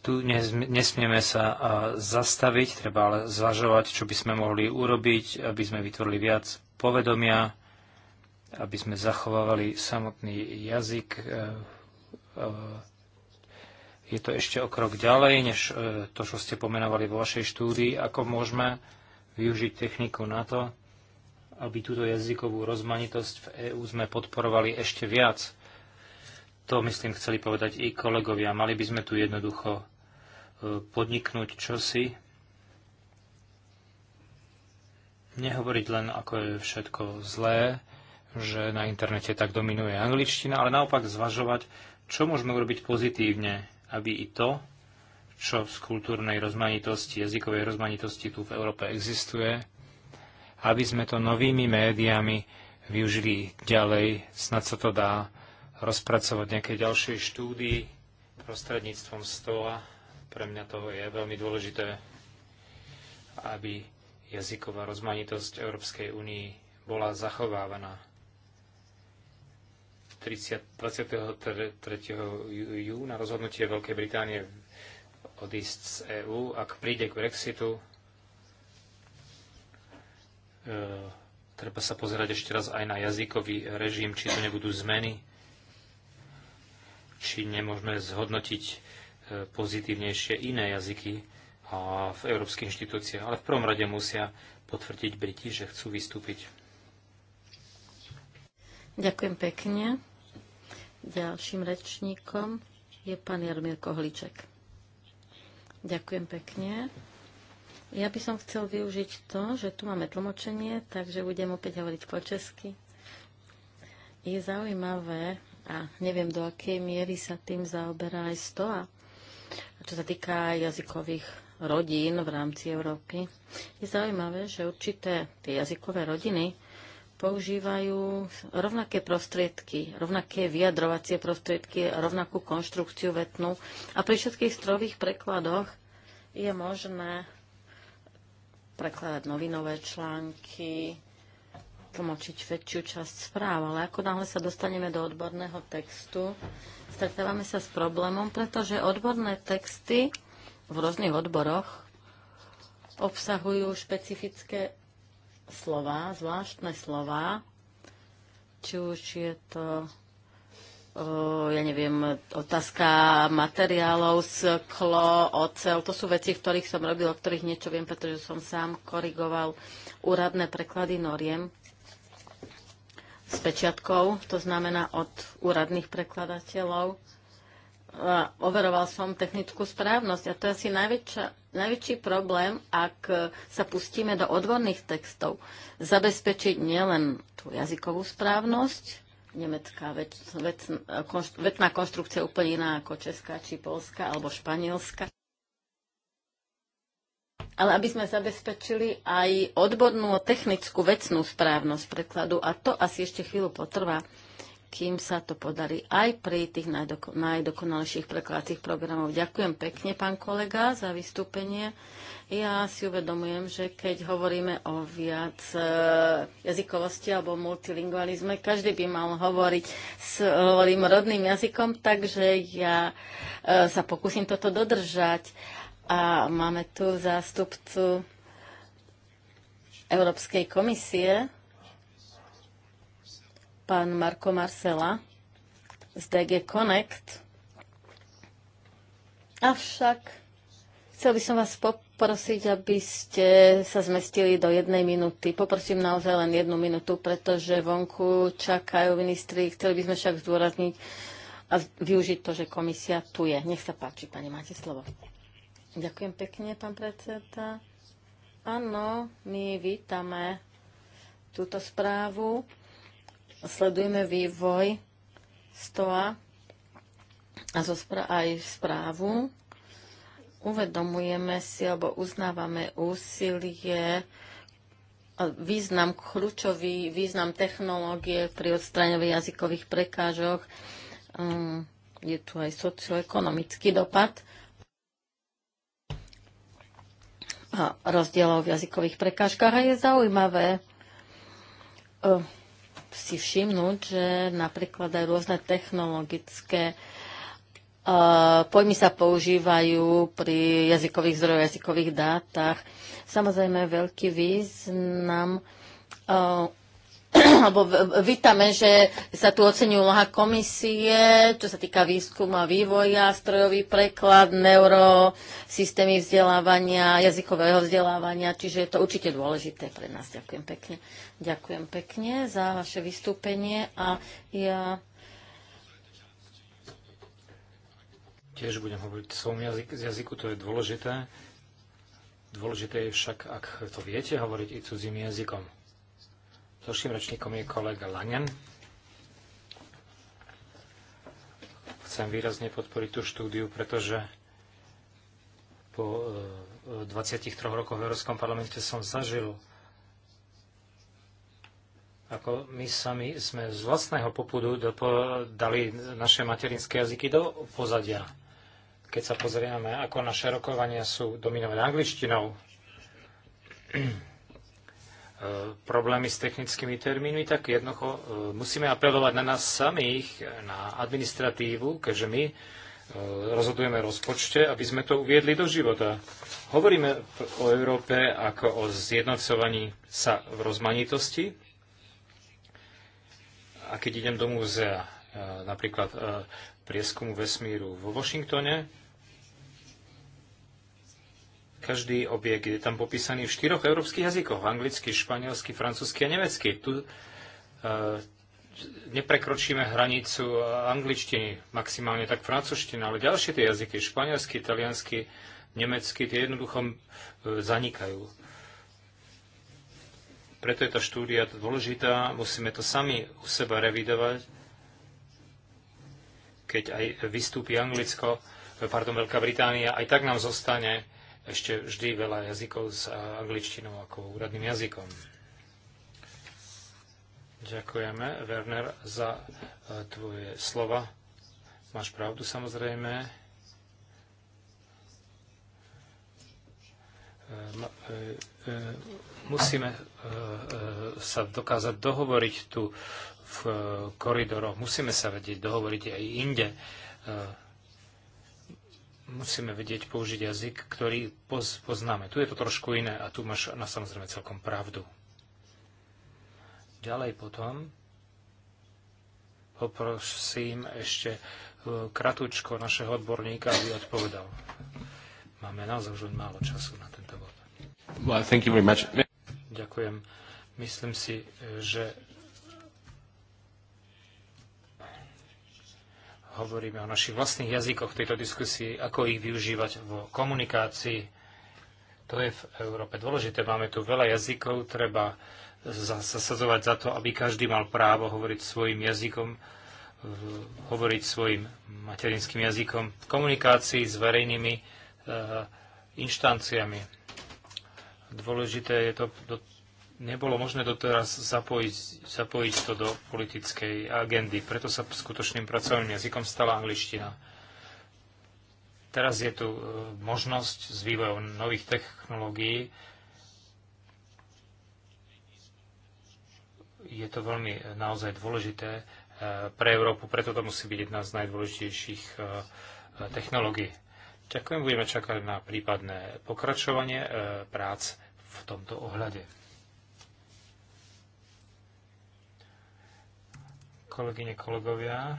Tu nesmieme sa zastaviť, treba ale zvažovať, čo by sme mohli urobiť, aby sme vytvorili viac povedomia, aby sme zachovávali samotný jazyk, e, e, je to ešte o krok ďalej, než e, to, čo ste pomenovali vo vašej štúdii, ako môžeme využiť techniku na to, aby túto jazykovú rozmanitosť v EÚ sme podporovali ešte viac. To, myslím, chceli povedať i kolegovia. Mali by sme tu jednoducho e, podniknúť čosi, nehovoriť len, ako je všetko zlé, že na internete tak dominuje angličtina, ale naopak zvažovať, čo môžeme urobiť pozitívne, aby i to, čo z kultúrnej rozmanitosti, jazykovej rozmanitosti tu v Európe existuje, aby sme to novými médiami využili ďalej. Snad sa to dá rozpracovať nejaké ďalšie štúdii prostredníctvom stola. Pre mňa to je veľmi dôležité, aby jazyková rozmanitosť Európskej únii bola zachovávaná. 30, 23. júna rozhodnutie Veľkej Británie odísť z EÚ, ak príde k Brexitu, e treba sa pozerať ešte raz aj na jazykový režim, či to nebudú zmeny, či nemôžeme zhodnotiť e, pozitívnejšie iné jazyky a v európskych inštitúciách. Ale v prvom rade musia potvrdiť Briti, že chcú vystúpiť. Ďakujem pekne. Ďalším rečníkom je pán Jarmír Kohliček. Ďakujem pekne. Ja by som chcel využiť to, že tu máme tlmočenie, takže budem opäť hovoriť po česky. Je zaujímavé, a neviem do akej miery sa tým zaoberá aj STOA, čo sa týka jazykových rodín v rámci Európy. Je zaujímavé, že určité tie jazykové rodiny používajú rovnaké prostriedky, rovnaké vyjadrovacie prostriedky, rovnakú konštrukciu vetnú a pri všetkých strojových prekladoch je možné prekladať novinové články, tlmočiť väčšiu časť správ, ale ako náhle sa dostaneme do odborného textu, stretávame sa s problémom, pretože odborné texty v rôznych odboroch obsahujú špecifické slova, zvláštne slova, či už je to O, eh, ja neviem, otázka materiálov, sklo, ocel, to sú veci, v ktorých som robil, o ktorých niečo viem, pretože som sám korigoval úradné preklady noriem s pečiatkou, to znamená od úradných prekladateľov overoval som technickú správnosť. A to je asi najväčšia, najväčší problém, ak e, sa pustíme do odborných textov. Zabezpečiť nielen tú jazykovú správnosť, nemecká vec, vec, e, konštru, vetná konštrukcia je úplne iná ako česká, či polská, alebo španielská. Ale aby sme zabezpečili aj odbornú technickú vecnú správnosť prekladu, a to asi ešte chvíľu potrvá kým sa to podarí aj pri tých najdoko- najdokonalejších prekladacích programov. Ďakujem pekne, pán kolega, za vystúpenie. Ja si uvedomujem, že keď hovoríme o viac e, jazykovosti alebo multilingualizme, každý by mal hovoriť s hovorím, rodným jazykom, takže ja e, sa pokúsim toto dodržať. A máme tu zástupcu Európskej komisie, pán Marko Marcela z DG Connect. Avšak chcel by som vás poprosiť, aby ste sa zmestili do jednej minúty. Poprosím naozaj len jednu minútu, pretože vonku čakajú ministri. Chceli by sme však zdôrazniť a využiť to, že komisia tu je. Nech sa páči, pani, máte slovo. Ďakujem pekne, pán predseda. Áno, my vítame túto správu Sledujeme vývoj STOA a zo spra- aj správu. Uvedomujeme si alebo uznávame úsilie význam, kľúčový význam technológie pri odstraňovaní jazykových prekážok. Um, je tu aj socioekonomický dopad a rozdielov v jazykových prekážkach a je zaujímavé uh, si všimnúť, že napríklad aj rôzne technologické e, pojmy sa používajú pri jazykových zdrojoch, jazykových dátach. Samozrejme, veľký význam e, alebo vítame, že sa tu ocenujú úloha komisie, čo sa týka výskumu a vývoja, strojový preklad, neuro, systémy vzdelávania, jazykového vzdelávania, čiže je to určite dôležité pre nás. Ďakujem pekne. Ďakujem pekne za vaše vystúpenie a ja tiež budem hovoriť svojom jazyk, z jazyku, to je dôležité. Dôležité je však, ak to viete, hovoriť i cudzím jazykom. Ďalším rečníkom je kolega Langen. Chcem výrazne podporiť tú štúdiu, pretože po 23 e, rokoch v Európskom parlamente som zažil, ako my sami sme z vlastného popudu dali naše materinské jazyky do pozadia. Keď sa pozrieme, ako naše rokovania sú dominované angličtinou, E, problémy s technickými termínmi, tak jednoducho e, musíme apelovať na nás samých, na administratívu, keďže my e, rozhodujeme rozpočte, aby sme to uviedli do života. Hovoríme o Európe ako o zjednocovaní sa v rozmanitosti. A keď idem do múzea, napríklad prieskumu vesmíru vo Washingtone, každý objekt je tam popísaný v štyroch európskych jazykoch. Anglicky, španielsky, francúzsky a nemecky. Tu e, neprekročíme hranicu angličtiny, maximálne tak francúzština, ale ďalšie tie jazyky, španielsky, italiansky, nemecky, tie jednoducho e, zanikajú. Preto je tá štúdia dôležitá, musíme to sami u seba revidovať, keď aj vystúpi Anglicko, pardon, Veľká Británia, aj tak nám zostane ešte vždy veľa jazykov s angličtinou ako úradným jazykom. Ďakujeme, Werner, za e, tvoje slova. Máš pravdu, samozrejme. E, e, musíme sa dokázať dohovoriť tu v koridoroch. Musíme sa vedieť dohovoriť aj inde musíme vedieť použiť jazyk, ktorý poz, poznáme. Tu je to trošku iné a tu máš na samozrejme celkom pravdu. Ďalej potom poprosím ešte e, kratučko našeho odborníka, aby odpovedal. Máme naozaj už málo času na tento bod. Well, thank you very much. Ďakujem. Myslím si, že hovoríme o našich vlastných jazykoch v tejto diskusii, ako ich využívať v komunikácii. To je v Európe dôležité. Máme tu veľa jazykov, treba zasadzovať za to, aby každý mal právo hovoriť svojim jazykom, hovoriť svojim materinským jazykom v komunikácii s verejnými eh, inštanciami. Dôležité je to nebolo možné doteraz zapojiť, zapojiť to do politickej agendy, preto sa skutočným pracovným jazykom stala angličtina. Teraz je tu e, možnosť s vývojom nových technológií. Je to veľmi e, naozaj dôležité e, pre Európu, preto to musí byť jedna z najdôležitejších technológií. Ďakujem, budeme čakať na prípadné pokračovanie prác v tomto ohľade. Kolegyne, kolegovia,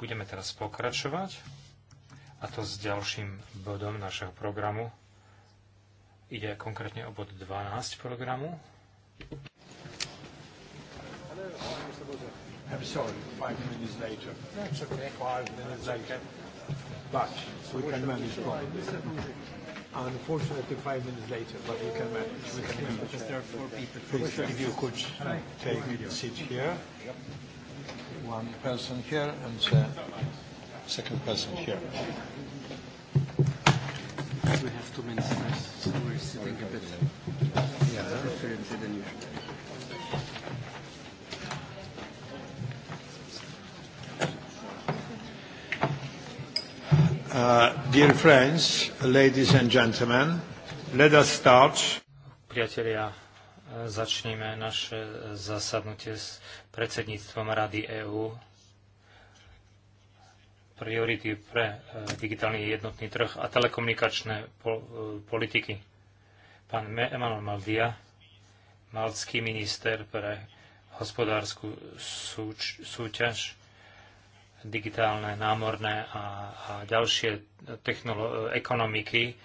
budeme teraz pokračovať a to s ďalším bodom našeho programu. Ide konkrétne o bod 12 programu. Unfortunately, five minutes later, but we can manage. We can manage. Because there are four people. Please, if you could take a seat here. Yep one person here and the second person here. We have two minutes left, so we're sitting a bit yeah. preferably than usual. Uh, dear friends, ladies and gentlemen, let us start. Priatelia, začneme naše zasadnutie s predsedníctvom Rady EÚ. Priority pre e, digitálny jednotný trh a telekomunikačné e, politiky. Pán Emanuel Maldia, malcký minister pre hospodárskú súťaž, digitálne, námorné a, a ďalšie ekonomiky,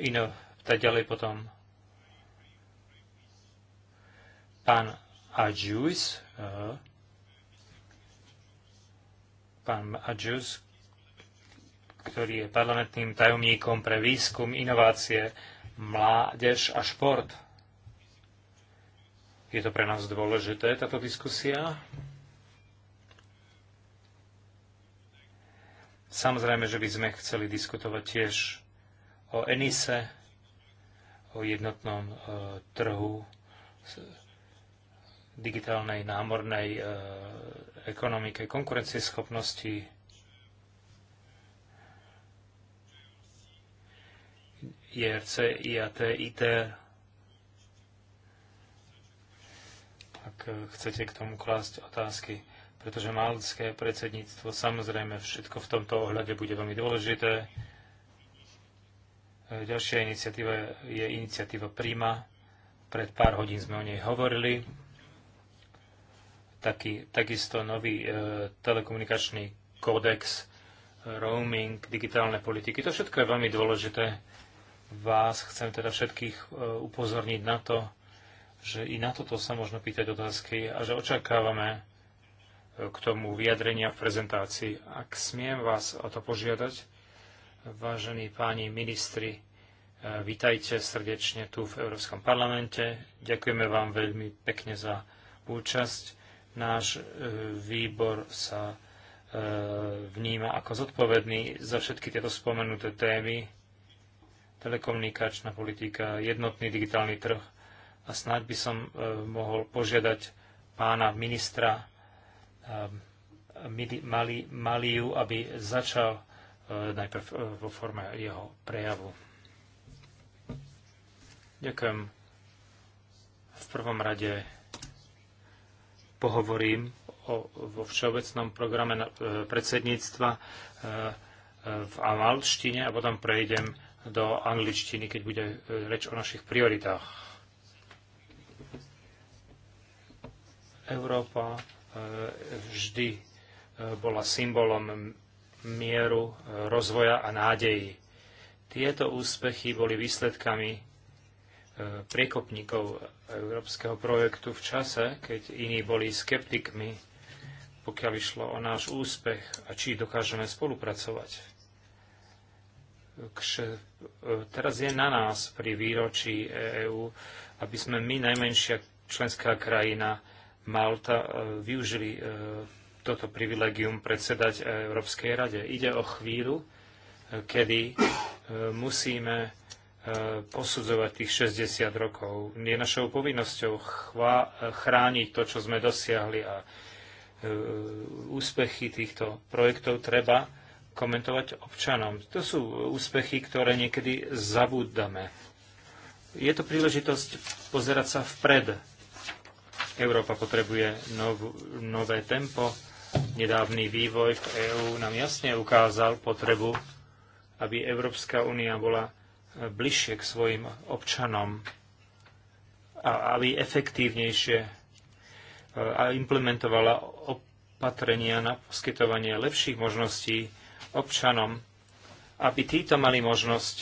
ino, tak ďalej potom Pán Adjus, e, pán Adjus, ktorý je parlamentným tajomníkom pre výskum, inovácie, mládež a šport. Je to pre nás dôležité, táto diskusia? Samozrejme, že by sme chceli diskutovať tiež o Enise, o jednotnom e, trhu digitálnej námornej e, ekonomike, konkurencieschopnosti. IRC, IAT, IT. Ak e, chcete k tomu klásť otázky, pretože malické predsedníctvo samozrejme všetko v tomto ohľade bude veľmi dôležité. E, ďalšia iniciatíva je iniciatíva Prima. Pred pár hodín sme o nej hovorili taký, takisto nový e, telekomunikačný kódex, e, roaming, digitálne politiky. To všetko je veľmi dôležité. Vás chcem teda všetkých e, upozorniť na to, že i na toto sa možno pýtať otázky a že očakávame e, k tomu vyjadrenia v prezentácii. Ak smiem vás o to požiadať, vážení páni ministri, e, vítajte srdečne tu v Európskom parlamente. Ďakujeme vám veľmi pekne za účasť. Náš e, výbor sa e, vníma ako zodpovedný za všetky tieto spomenuté témy, telekomunikačná politika, jednotný digitálny trh a snáď by som e, mohol požiadať pána ministra Maliu, aby začal najprv vo forme jeho prejavu. Ďakujem. V prvom rade pohovorím o, vo všeobecnom programe e, predsedníctva e, e, v amalštine a potom prejdem do angličtiny, keď bude reč o našich prioritách. Európa vždy bola symbolom mieru, rozvoja a nádeji. Tieto úspechy boli výsledkami E, priekopníkov európskeho projektu v čase, keď iní boli skeptikmi, pokiaľ išlo o náš úspech a či dokážeme spolupracovať. E, teraz je na nás pri výročí EÚ, e aby sme my, najmenšia členská krajina Malta, využili toto privilegium predsedať Európskej rade. Ide o chvíľu, kedy musíme posudzovať tých 60 rokov. Je našou povinnosťou chvá, chrániť to, čo sme dosiahli a e, úspechy týchto projektov treba komentovať občanom. To sú úspechy, ktoré niekedy zabúdame. Je to príležitosť pozerať sa vpred. Európa potrebuje nov, nové tempo. Nedávny vývoj v EÚ nám jasne ukázal potrebu, aby Európska únia bola bližšie k svojim občanom a aby efektívnejšie e, a implementovala opatrenia na poskytovanie lepších možností občanom, aby títo mali možnosť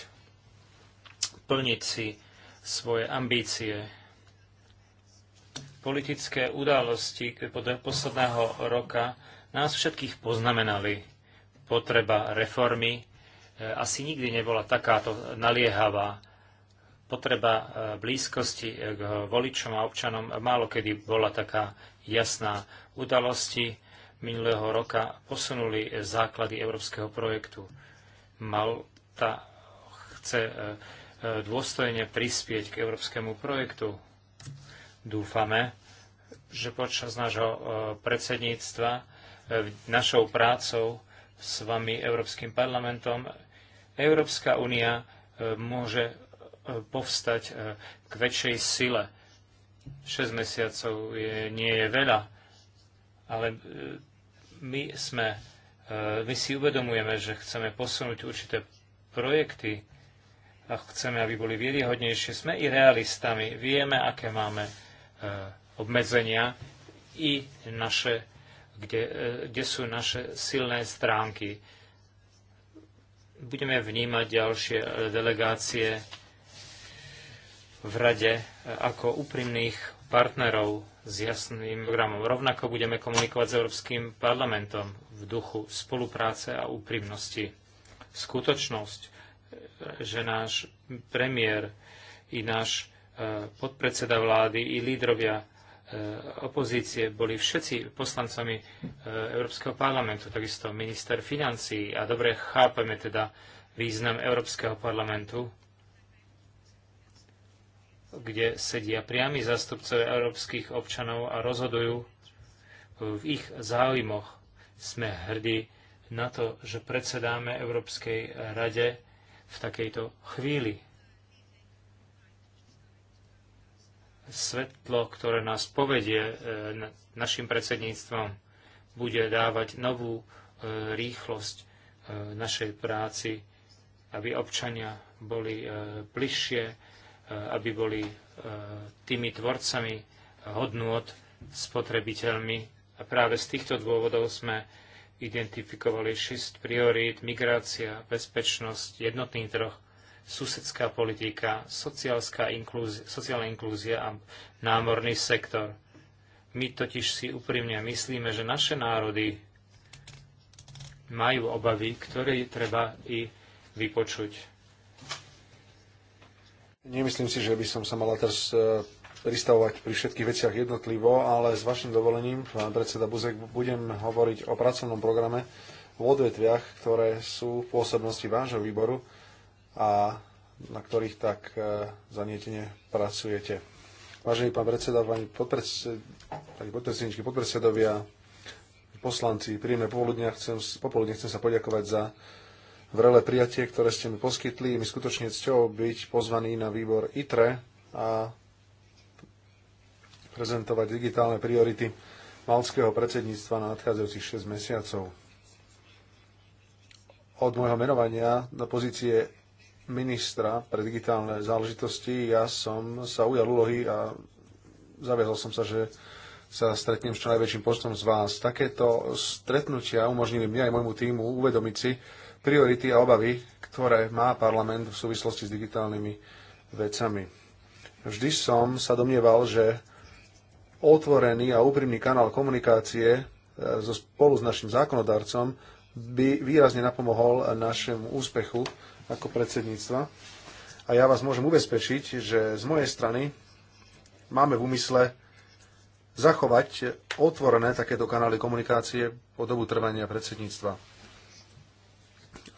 plniť si svoje ambície. Politické události posledného roka nás všetkých poznamenali potreba reformy E, asi nikdy nebola takáto naliehavá. Potreba e, blízkosti e, k voličom a občanom málo kedy bola taká jasná. Udalosti minulého roka posunuli základy európskeho projektu. Malta chce dôstojne prispieť k európskemu projektu. Dúfame, že počas nášho predsedníctva našou prácou s vami, Európskym parlamentom, Európska únia e, môže e, povstať e, k väčšej sile. 6 mesiacov je, nie je veľa, ale my, sme, my si uvedomujeme, že chceme posunúť určité projekty a chceme, aby boli vieryhodnejšie. Sme i realistami, vieme, aké máme obmedzenia i naše, kde, kde sú naše silné stránky budeme vnímať ďalšie e, delegácie v rade e, ako úprimných partnerov s jasným programom. Rovnako budeme komunikovať s Európskym parlamentom v duchu spolupráce a úprimnosti. Skutočnosť, e, že náš premiér i náš podpredseda vlády i lídrovia E, opozície boli všetci poslancami e, Európskeho parlamentu, takisto minister financí a dobre chápeme teda význam Európskeho parlamentu, kde sedia priami zástupcovia európskych občanov a rozhodujú v ich záujmoch. Sme hrdí na to, že predsedáme Európskej rade v takejto chvíli. svetlo, ktoré nás povedie e, našim predsedníctvom, bude dávať novú e, rýchlosť e, našej práci, aby občania boli bližšie, aby boli tými tvorcami hodnôt spotrebiteľmi. A práve z týchto dôvodov sme identifikovali šest priorít, migrácia, bezpečnosť, jednotný trh, susedská politika, inklúzia, sociálna inklúzia a námorný sektor. My totiž si úprimne myslíme, že naše národy majú obavy, ktoré treba i vypočuť. Nemyslím si, že by som sa mala teraz e, pristavovať pri všetkých veciach jednotlivo, ale s vašim dovolením, pán predseda Buzek, budem hovoriť o pracovnom programe v odvetviach, ktoré sú v pôsobnosti vášho výboru a na ktorých tak e, zanietene pracujete. Vážený pán predseda, pani, podpredsed, pani podpredsedničky, podpredsedovia, poslanci, príjemné popoludne chcem, popoludne chcem sa poďakovať za vrele prijatie, ktoré ste mi poskytli. Mi skutočne cťou byť pozvaný na výbor ITRE a prezentovať digitálne priority malského predsedníctva na nadchádzajúcich 6 mesiacov. Od môjho menovania do pozície ministra pre digitálne záležitosti ja som sa ujal úlohy a zaviazal som sa, že sa stretnem s čo najväčším počtom z vás. Takéto stretnutia umožnili mne aj môjmu týmu uvedomiť si priority a obavy, ktoré má parlament v súvislosti s digitálnymi vecami. Vždy som sa domnieval, že otvorený a úprimný kanál komunikácie e, so spolu s našim zákonodarcom by výrazne napomohol našemu úspechu ako predsedníctva. A ja vás môžem ubezpečiť, že z mojej strany máme v úmysle zachovať otvorené takéto kanály komunikácie po dobu trvania predsedníctva.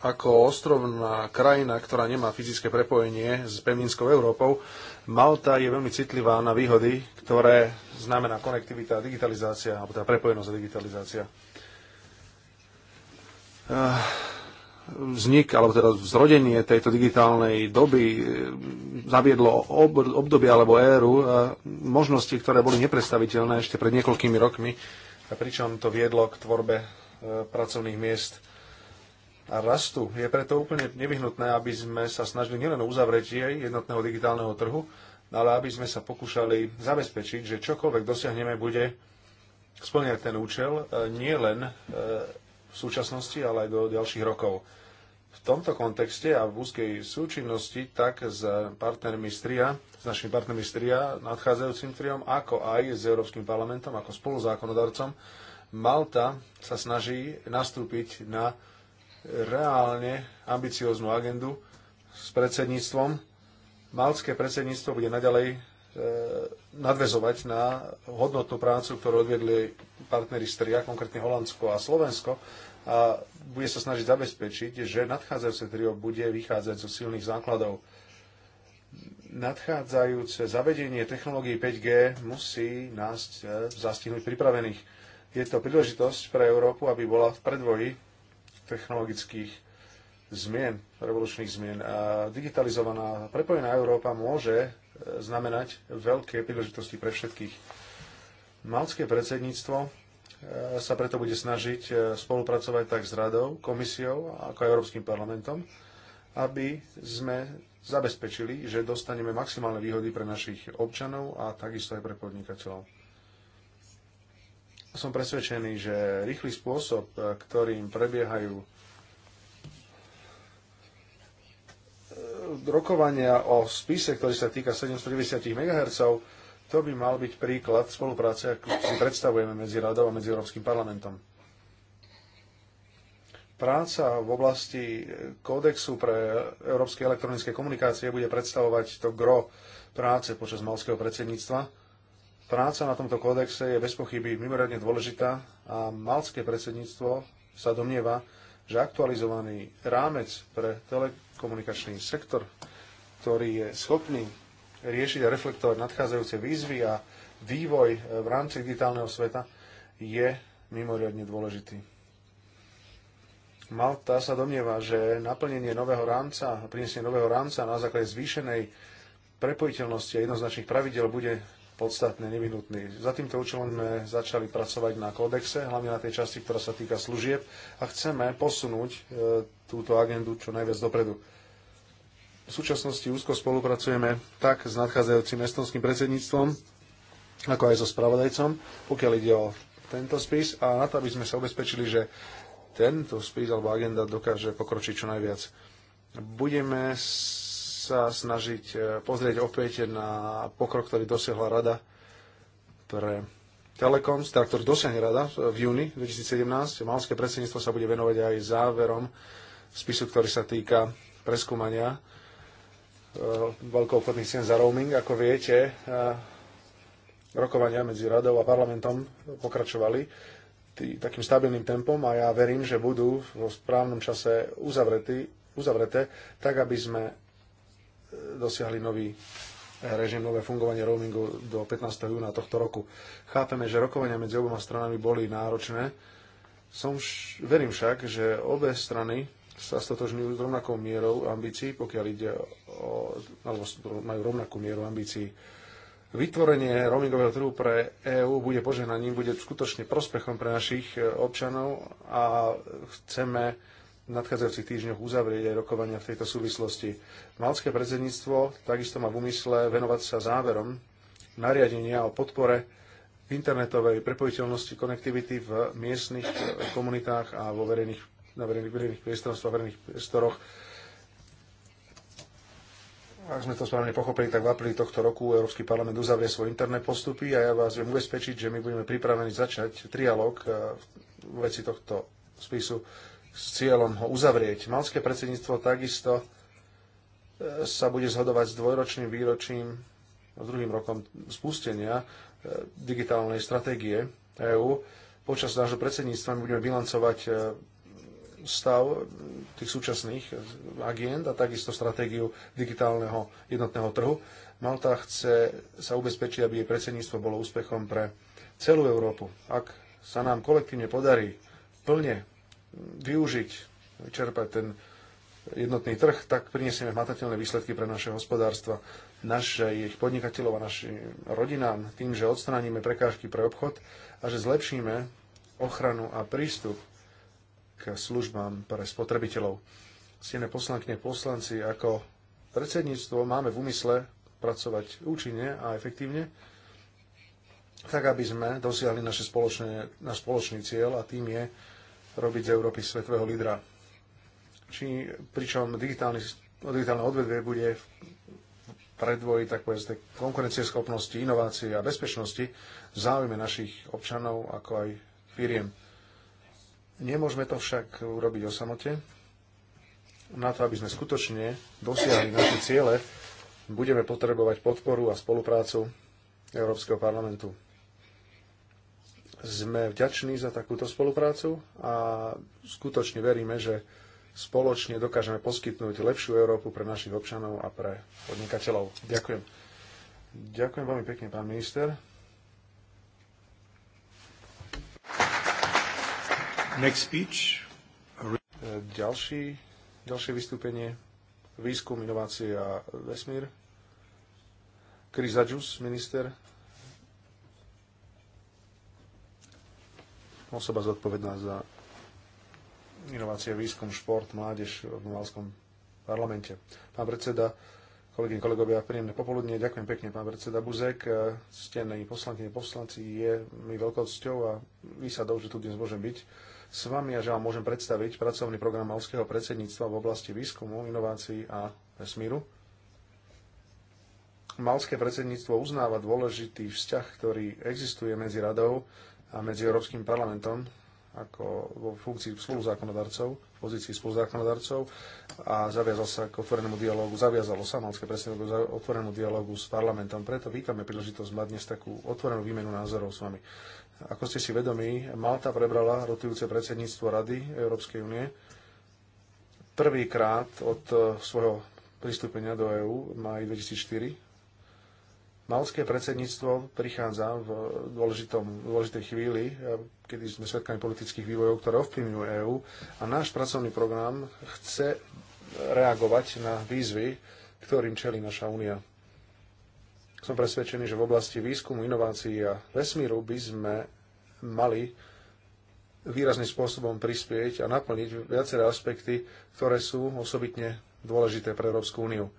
Ako ostrovná krajina, ktorá nemá fyzické prepojenie s pevninskou Európou, Malta je veľmi citlivá na výhody, ktoré znamená konektivita a digitalizácia, alebo teda prepojenosť a digitalizácia. Eh, vznik, alebo teda zrodenie tejto digitálnej doby eh, zaviedlo obdobie alebo éru eh, možnosti, ktoré boli nepredstaviteľné ešte pred niekoľkými rokmi, a pričom to viedlo k tvorbe eh, pracovných miest a rastu. Je preto úplne nevyhnutné, aby sme sa snažili nielen uzavrieť jednotného digitálneho trhu, ale aby sme sa pokúšali zabezpečiť, že čokoľvek dosiahneme, bude splňať ten účel nielen len v súčasnosti, ale aj do ďalších rokov. V tomto kontexte a v úzkej súčinnosti tak s partnermi Stria, s našimi partnermi Stria, nadchádzajúcim TRIOM, ako aj s Európskym parlamentom, ako spoluzákonodarcom, Malta sa snaží nastúpiť na reálne ambicióznu agendu s predsedníctvom. Malské predsedníctvo bude naďalej e, nadvezovať na hodnotnú prácu, ktorú odvedli partnery Stria, konkrétne Holandsko a Slovensko, a bude sa snažiť zabezpečiť, že nadchádzajúce trio bude vychádzať zo silných základov. Nadchádzajúce zavedenie technológií 5G musí nás e, zastihnúť pripravených. Je to príležitosť pre Európu, aby bola v predvoji technologických zmien, revolučných zmien. A digitalizovaná, prepojená Európa môže e, znamenať veľké príležitosti pre všetkých. Malské predsedníctvo E, sa preto bude snažiť e, spolupracovať tak s Radou, komisiou, ako aj Európskym parlamentom, aby sme zabezpečili, že dostaneme maximálne výhody pre našich občanov a takisto aj pre podnikateľov. Som presvedčený, že rýchly spôsob, e, ktorým prebiehajú rokovania o spise, ktorý sa týka 790 MHz, to by mal byť príklad spolupráce, ako si predstavujeme medzi radou a medzi Európskym parlamentom. Práca v oblasti kódexu pre európske elektronické komunikácie bude predstavovať to gro práce počas malského predsedníctva. Práca na tomto kódexe je bez pochyby mimoriadne dôležitá a malské predsedníctvo sa domnieva, že aktualizovaný rámec pre telekomunikačný sektor, ktorý je schopný riešiť a reflektovať nadchádzajúce výzvy a vývoj eh, v rámci digitálneho sveta je mimoriadne dôležitý. Malta sa domnieva, že naplnenie nového rámca, prinesenie nového rámca na základe zvýšenej prepojiteľnosti a jednoznačných pravidel bude podstatne nevyhnutný. Za týmto účelom sme začali pracovať na kódexe, hlavne na tej časti, ktorá sa týka služieb a chceme posunúť e, túto agendu čo najviac dopredu. V súčasnosti úzko spolupracujeme tak s nadchádzajúcim estonským predsedníctvom, ako aj so spravodajcom, pokiaľ ide o tento spis a na to, aby sme sa ubezpečili, že tento spis alebo agenda dokáže pokročiť čo najviac. Budeme sa snažiť e, pozrieť opäť na pokrok, ktorý dosiahla Rada pre Telekom, teda ktorý dosiahne Rada v júni 2017. Malské predsedníctvo sa bude venovať aj záverom spisu, ktorý sa týka preskúmania Eh, obchodných cien za roaming. Ako viete, eh, rokovania medzi radou a parlamentom pokračovali tý, takým stabilným tempom a ja verím, že budú vo správnom čase uzavretí, uzavreté, tak aby sme eh, dosiahli nový režim, nové fungovanie roamingu do 15. júna tohto roku. Chápeme, že rokovania medzi oboma stranami boli náročné. Som š- verím však, že obe strany sa stotožňujú s rovnakou mierou ambícií, pokiaľ ide alebo majú rovnakú mieru ambícií. Vytvorenie roamingového trhu pre EÚ bude požehnaním, bude skutočne prospechom pre našich e, občanov a chceme v nadchádzajúcich týždňoch uzavrieť aj rokovania v tejto súvislosti. Malské predsedníctvo takisto má v úmysle venovať sa záverom nariadenia o podpore internetovej prepojiteľnosti konektivity v miestnych e, komunitách a vo verejných, na verejných, verejných priestoroch, verejných priestoroch ak sme to správne pochopili, tak v apríli tohto roku Európsky parlament uzavrie svoje interné postupy a ja vás viem ubezpečiť, že my budeme pripravení začať trialog e, v veci tohto spisu s cieľom ho uzavrieť. Malské predsedníctvo takisto e, sa bude zhodovať s dvojročným výročím, s druhým rokom spustenia e, digitálnej stratégie EÚ. Počas nášho predsedníctva budeme bilancovať stav eh, tých súčasných eh, agent a takisto stratégiu digitálneho jednotného trhu. Malta chce sa ubezpečiť, aby jej predsedníctvo bolo úspechom pre celú Európu. Ak sa nám kolektívne podarí plne využiť, vyčerpať ten jednotný trh, tak prinesieme hmatateľné výsledky pre naše hospodárstva, naše ich podnikateľov a našim rodinám tým, že odstránime prekážky pre obchod a že zlepšíme ochranu a prístup k službám pre spotrebiteľov. Sine poslankne poslanci, ako predsedníctvo máme v úmysle pracovať účinne a efektívne, tak aby sme dosiahli naše spoločné, náš spoločný cieľ a tým je robiť z Európy svetového lídra. Či, pričom digitálny, digitálne odvedvie bude v predvoji takové povedzte konkurencieschopnosti, inovácie a bezpečnosti v záujme našich občanov ako aj firiem. Nemôžeme to však urobiť o samote. Na to, aby sme skutočne dosiahli naše ciele, budeme potrebovať podporu a spoluprácu Európskeho parlamentu. Sme vďační za takúto spoluprácu a skutočne veríme, že spoločne dokážeme poskytnúť lepšiu Európu pre našich občanov a pre podnikateľov. Ďakujem. Ďakujem veľmi pekne, pán minister. Next speech. Ďalší, ďalšie vystúpenie. Výskum, inovácie a vesmír. Chris Adjus, minister. Osoba zodpovedná za inovácie, výskum, šport, mládež v Malskom parlamente. Pán predseda, kolegyne, kolegovia, príjemné popoludne. Ďakujem pekne, pán predseda Buzek. Ctení poslankyne, poslanci, je mi veľkou cťou a výsadou, že tu dnes môžem byť s vami a že vám môžem predstaviť pracovný program Malského predsedníctva v oblasti výskumu, inovácií a vesmíru. Malské predsedníctvo uznáva dôležitý vzťah, ktorý existuje medzi radou a medzi Európskym parlamentom ako vo funkcii spoluzákonodarcov, v pozícii spoluzákonodarcov a zaviazal sa k otvorenému dialogu, zaviazalo sa malské predsedníctvo k otvorenému dialogu s parlamentom. Preto vítame príležitosť mať dnes takú otvorenú výmenu názorov s vami. Ako ste si vedomí, Malta prebrala rotujúce predsedníctvo Rady Európskej únie. Prvýkrát od eh, svojho pristúpenia do EÚ v maji 2004. Malské predsedníctvo prichádza v dôležitom, dôležitej chvíli, eh, kedy sme svedkami politických vývojov, ktoré ovplyvňujú EÚ a náš pracovný program chce reagovať na výzvy, ktorým čelí naša únia. Som presvedčený, že v oblasti výskumu, inovácií a vesmíru by sme mali výrazným spôsobom prispieť a naplniť viaceré aspekty, ktoré sú osobitne dôležité pre Európsku úniu.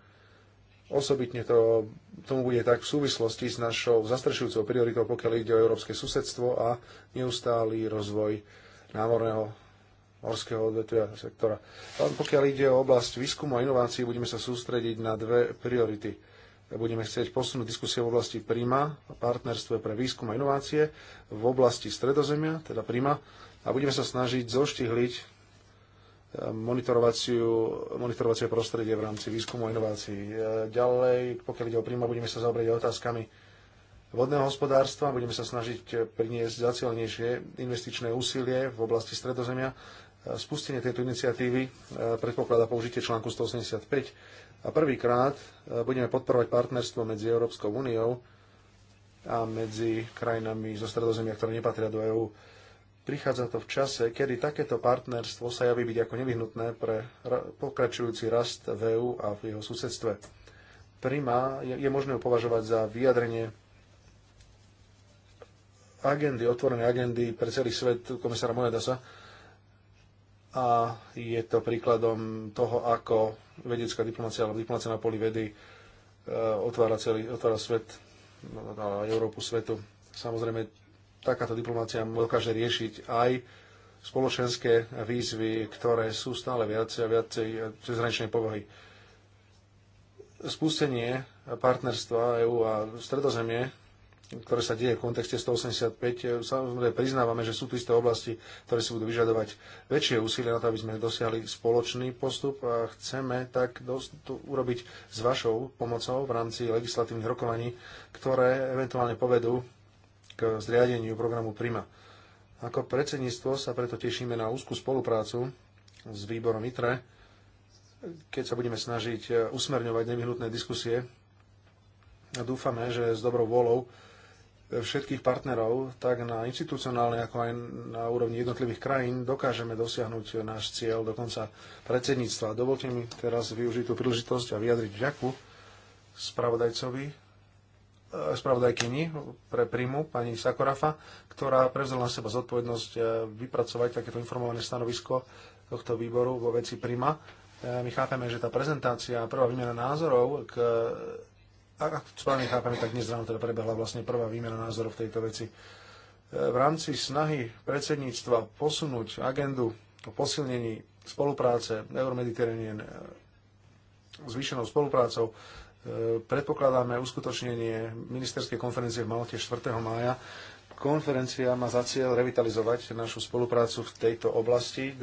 Osobitne to, tomu bude tak v súvislosti s našou zastrešujúcou prioritou, pokiaľ ide o európske susedstvo a neustály rozvoj námorného morského odvetvia sektora. A pokiaľ ide o oblasť výskumu a inovácií, budeme sa sústrediť na dve priority budeme chcieť posunúť diskusie v oblasti príma, partnerstve pre výskum a inovácie, v oblasti stredozemia, teda príma, a budeme sa snažiť zoštihliť eh, monitorovacie prostredie v rámci výskumu a inovácií. Eh, ďalej, pokiaľ ide o príjma, budeme sa zaoberať otázkami vodného hospodárstva, budeme sa snažiť eh, priniesť zacielnejšie investičné úsilie v oblasti stredozemia Spustenie tejto iniciatívy e, predpokladá použitie článku 185 a prvýkrát e, budeme podporovať partnerstvo medzi Európskou úniou a medzi krajinami zo stredozemia, ktoré nepatria do EÚ. Prichádza to v čase, kedy takéto partnerstvo sa javí byť ako nevyhnutné pre pokračujúci rast v EÚ a v jeho susedstve. Prima je, je možné považovať za vyjadrenie agendy, otvorené agendy pre celý svet komisára Mojadasa a je to príkladom toho, ako vedecká diplomácia alebo diplomácia na poli vedy e, otvára, celý, otvára svet, no, no, no, Európu svetu. Samozrejme, takáto diplomácia dokáže riešiť aj spoločenské výzvy, ktoré sú stále viacej a viacej cezhraničnej povahy. Spustenie partnerstva EÚ a Stredozemie ktoré sa deje v kontexte 185. E, samozrejme priznávame, že sú tu isté oblasti, ktoré si budú vyžadovať väčšie úsilie na to, aby sme dosiahli spoločný postup a chceme tak to urobiť s vašou pomocou v rámci legislatívnych rokovaní, ktoré eventuálne povedú k zriadeniu programu PRIMA. Ako predsedníctvo sa preto tešíme na úzkú spoluprácu s výborom ITRE, keď sa budeme snažiť e, usmerňovať nevyhnutné diskusie a dúfame, že s dobrou vôľou všetkých partnerov, tak na institucionálnej, ako aj na úrovni jednotlivých krajín dokážeme dosiahnuť náš cieľ do konca predsedníctva. Dovolte mi teraz využiť tú príležitosť a vyjadriť vďaku spravodajcovi, eh, spravodajkyni pre príjmu, pani Sakorafa, ktorá prevzala na seba zodpovednosť eh, vypracovať takéto informované stanovisko tohto výboru vo veci príjma. Eh, my chápeme, že tá prezentácia, prvá výmena názorov k ak správne chápeme, tak dnes ráno teda prebehla vlastne prvá výmena názorov v tejto veci. E, v rámci snahy predsedníctva posunúť agendu o posilnení spolupráce Euromediterranean e, zvýšenou spoluprácou e, predpokladáme uskutočnenie ministerskej konferencie v Malte 4. mája. Konferencia má za cieľ revitalizovať našu spoluprácu v tejto oblasti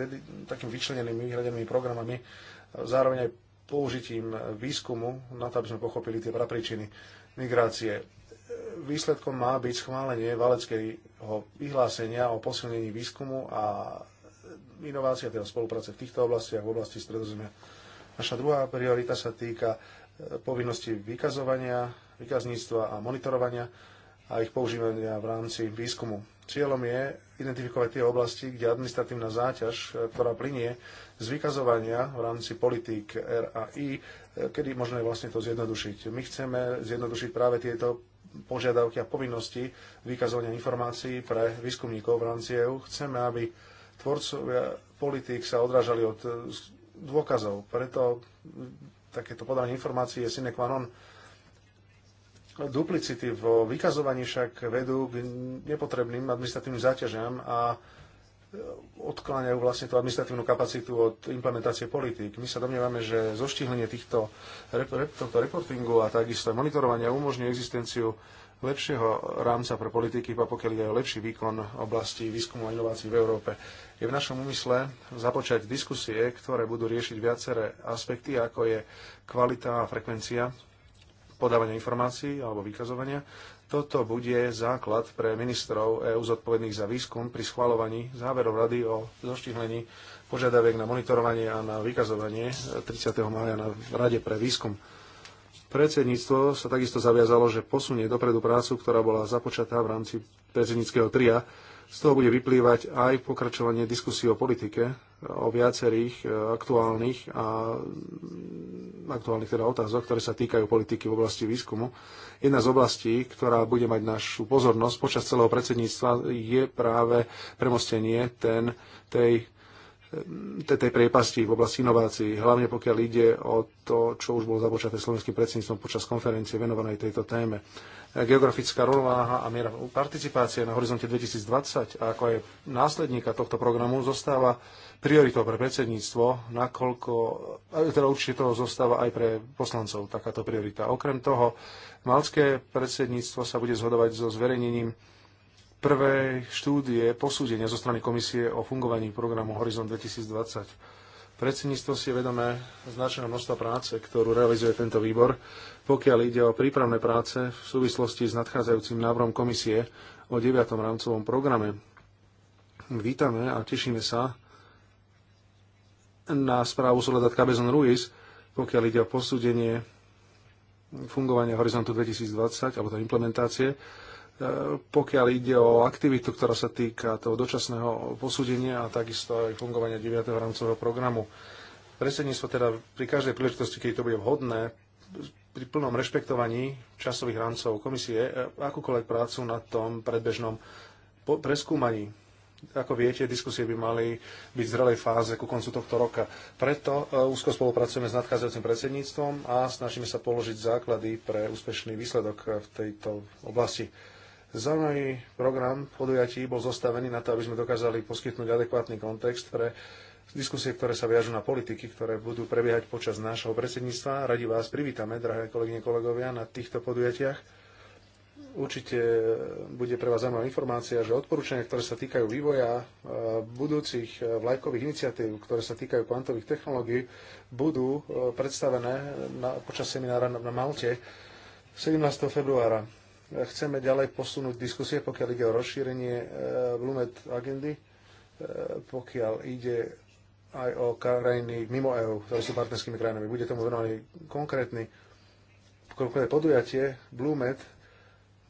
takým vyčlenenými, vyhradenými programami, zároveň aj použitím výskumu na to, aby sme pochopili tie prapríčiny migrácie. Výsledkom má byť schválenie valeckého vyhlásenia o posilnení výskumu a inovácia, teda spolupráce v týchto oblastiach, v oblasti stredozemia. Naša druhá priorita sa týka povinnosti vykazovania, vykazníctva a monitorovania a ich používania v rámci výskumu. Cieľom je identifikovať tie oblasti, kde administratívna záťaž, e, ktorá plinie z vykazovania v rámci politík RAI, e, kedy možno je vlastne to zjednodušiť. My chceme zjednodušiť práve tieto požiadavky a povinnosti vykazovania informácií pre výskumníkov v rámci EU. Chceme, aby tvorcovia politík sa odrážali od e, dôkazov. Preto takéto podanie informácií je sine qua non duplicity vo vykazovaní však vedú k nepotrebným administratívnym záťažiam a e, odkláňajú vlastne tú administratívnu kapacitu od implementácie politík. My sa domnievame, že zoštihlenie týchto, tohto reportingu a takisto monitorovania umožní existenciu lepšieho rámca pre politiky, a pokiaľ ide o lepší výkon oblasti výskumu a inovácií v Európe. Je v našom úmysle započať diskusie, ktoré budú riešiť viaceré aspekty, ako je kvalita a frekvencia podávania informácií alebo vykazovania. Toto bude základ pre ministrov EÚ zodpovedných za výskum pri schvalovaní záverov rady o zoštihlení požiadaviek na monitorovanie a na vykazovanie 30. E, maja na Rade pre výskum. Predsedníctvo sa takisto zaviazalo, že posunie dopredu prácu, ktorá bola započatá v rámci predsedníckého tria. Z toho bude vyplývať aj pokračovanie diskusie o politike o viacerých e, aktuálnych a aktuálnych teda otázok, ktoré sa týkajú politiky v oblasti výskumu. Jedna z oblastí, ktorá bude mať našu pozornosť počas celého predsedníctva, je práve premostenie ten, tej, tej, tej priepasti v oblasti inovácií, hlavne pokiaľ ide o to, čo už bolo započaté slovenským predsedníctvom počas konferencie venovanej tejto téme. Geografická rovnováha a miera participácie na horizonte 2020, ako aj následníka tohto programu, zostáva prioritou pre predsedníctvo, nakoľko, e, teda určite toho zostáva aj pre poslancov takáto priorita. Okrem toho, malské predsedníctvo sa bude zhodovať so zverejnením prvé štúdie posúdenia zo strany komisie o fungovaní programu Horizon 2020. Predsedníctvo si je vedomé značného množstva práce, ktorú realizuje tento výbor, pokiaľ ide o prípravné práce v súvislosti s nadchádzajúcim návrhom komisie o 9. rámcovom programe. Vítame a tešíme sa na správu Soledad Cabezon Ruiz, pokiaľ ide o posúdenie fungovania Horizontu 2020 alebo tej implementácie, e, pokiaľ ide o aktivitu, ktorá sa týka toho dočasného posúdenia a takisto aj fungovania 9. rámcového programu. Predsedníctvo teda pri každej príležitosti, keď to bude vhodné, pri plnom rešpektovaní časových rámcov komisie e, akúkoľvek prácu na tom predbežnom preskúmaní ako viete, diskusie by mali byť v zrelej fáze ku koncu tohto roka. Preto e, úzko spolupracujeme s nadchádzajúcim predsedníctvom a snažíme sa položiť základy pre úspešný výsledok e, v tejto oblasti. Zaujímavý program podujatí bol zostavený na to, aby sme dokázali poskytnúť adekvátny kontext pre diskusie, ktoré sa viažú na politiky, ktoré budú prebiehať počas nášho predsedníctva. Radi vás privítame, drahé kolegyne, kolegovia, na týchto podujatiach Určite bude pre vás zaujímavá informácia, že odporúčania, ktoré sa týkajú vývoja e, budúcich e, vlajkových iniciatív, ktoré sa týkajú kvantových technológií, budú e, predstavené na, počas seminára na, na Malte 17. februára. Chceme ďalej posunúť diskusie, pokiaľ ide o rozšírenie Blumet agendy, pokiaľ ide aj o krajiny mimo EÚ, ktoré sú partnerskými krajinami. Bude tomu venovaný konkrétny konkrétne podujatie BlueMed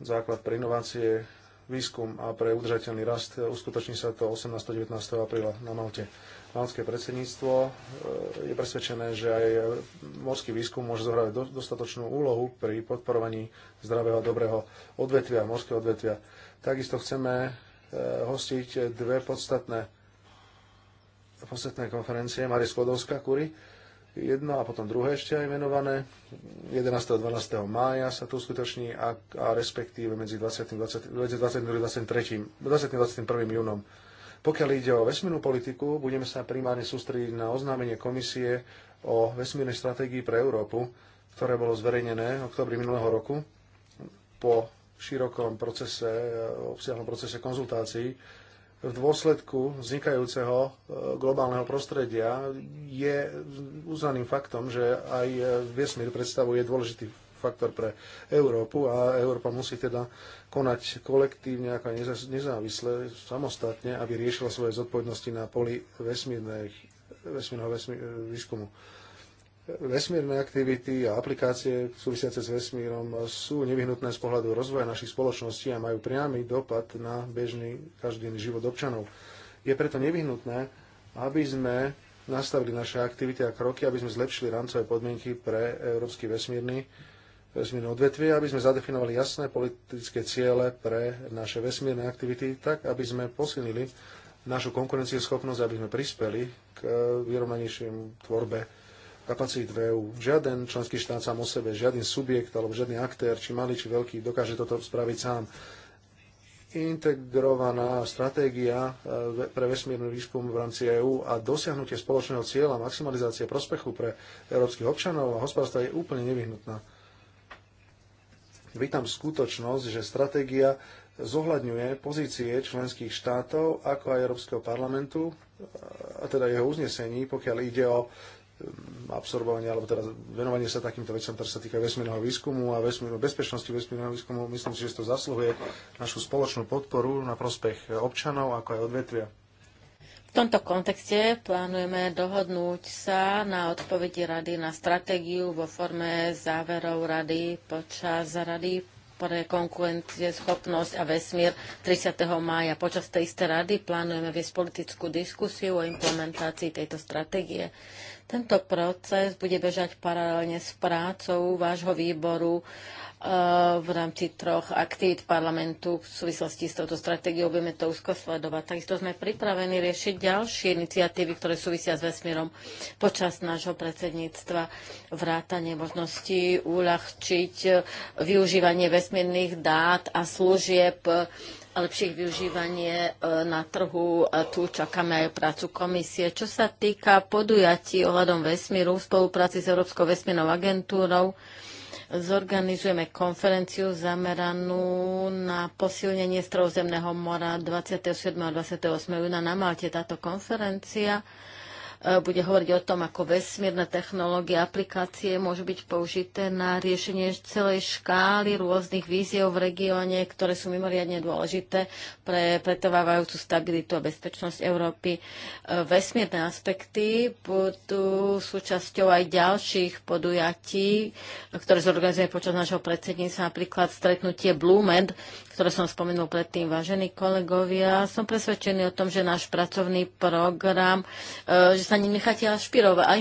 základ pre inovácie, výskum a pre udržateľný rast. E, uskutoční sa to 18. 19. apríla na Malte. Maltské predsedníctvo e, je presvedčené, že aj morský výskum môže zohrať dostatočnú úlohu pri podporovaní zdravého a dobrého odvetvia, morského odvetvia. Takisto chceme e, hostiť dve podstatné, podstatné konferencie. Marie Skodovská, kuri jedno a potom druhé ešte aj menované. 11. a 12. mája sa to uskutoční a, a respektíve medzi 20. 20. 20. 23. 20. 21. júnom. Pokiaľ ide o vesmírnu politiku, budeme sa primárne sústrediť na oznámenie komisie o vesmírnej stratégii pre Európu, ktoré bolo zverejnené v oktobri minulého roku po širokom procese, obsiahlom procese konzultácií v dôsledku vznikajúceho e, globálneho prostredia je uznaným faktom, že aj e, vesmír predstavuje dôležitý faktor pre Európu a Európa musí teda konať kolektívne ako aj nezávisle, samostatne, aby riešila svoje zodpovednosti na poli vesmírneho e, výskumu. Vesmír, Vesmírne aktivity a aplikácie súvisiace s vesmírom sú nevyhnutné z pohľadu rozvoja našich spoločností a majú priamy dopad na bežný každodenný život občanov. Je preto nevyhnutné, aby sme nastavili naše aktivity a kroky, aby sme zlepšili rámcové podmienky pre európsky vesmírny vesmírne odvetvie, aby sme zadefinovali jasné politické ciele pre naše vesmírne aktivity, tak aby sme posilnili našu konkurencieschopnosť, aby sme prispeli k vyrovnanejšiemu tvorbe kapacít v EÚ. Žiaden členský štát sám o sebe, žiaden subjekt alebo žiadny aktér, či malý, či veľký, dokáže toto spraviť sám. Integrovaná stratégia e, pre vesmírny výskum v rámci EÚ a dosiahnutie spoločného cieľa maximalizácie prospechu pre európskych občanov a hospodárstva je úplne nevyhnutná. Vítam skutočnosť, že stratégia zohľadňuje pozície členských štátov ako aj Európskeho parlamentu, e, a teda jeho uznesení, pokiaľ ide o Ehm, absorbovanie, alebo teda venovanie sa takýmto veciam, ktoré sa týka vesmírneho výskumu a vesmírne, bezpečnosti vesmírneho výskumu, myslím si, že to zasluhuje našu spoločnú podporu na prospech občanov, ako aj odvetvia. V tomto kontexte plánujeme dohodnúť sa na odpovedi rady na stratégiu vo forme záverov rady počas rady pre konkurencie, schopnosť a vesmír 30. mája. Počas tej istej rady plánujeme viesť politickú diskusiu o implementácii tejto stratégie. Tento proces bude bežať paralelne s prácou vášho výboru e, v rámci troch aktivít parlamentu v súvislosti s touto stratégiou. Budeme to úzko sledovať. Takisto sme pripravení riešiť ďalšie iniciatívy, ktoré súvisia s vesmírom počas nášho predsedníctva. Vrátanie možnosti uľahčiť využívanie vesmírnych dát a služieb lepšie využívanie e, na trhu. Tu čakáme aj prácu komisie. Čo sa týka podujatí ohľadom vesmíru v spolupráci s Európskou vesmírnou agentúrou, zorganizujeme konferenciu zameranú na posilnenie Strovzemného mora 27. a 28. júna na Malte. Táto konferencia E, bude hovoriť o tom, ako vesmírne technológie, aplikácie môžu byť použité na riešenie celej škály rôznych víziev v regióne, ktoré sú mimoriadne dôležité pre pretovávajúcu stabilitu a bezpečnosť Európy. E, vesmírne aspekty budú súčasťou aj ďalších podujatí, ktoré zorganizujeme počas nášho predsedníctva, napríklad stretnutie BlueMed, ktoré som spomenul predtým, vážení kolegovia. Som presvedčený o tom, že náš pracovný program, e, že sa ním necháte a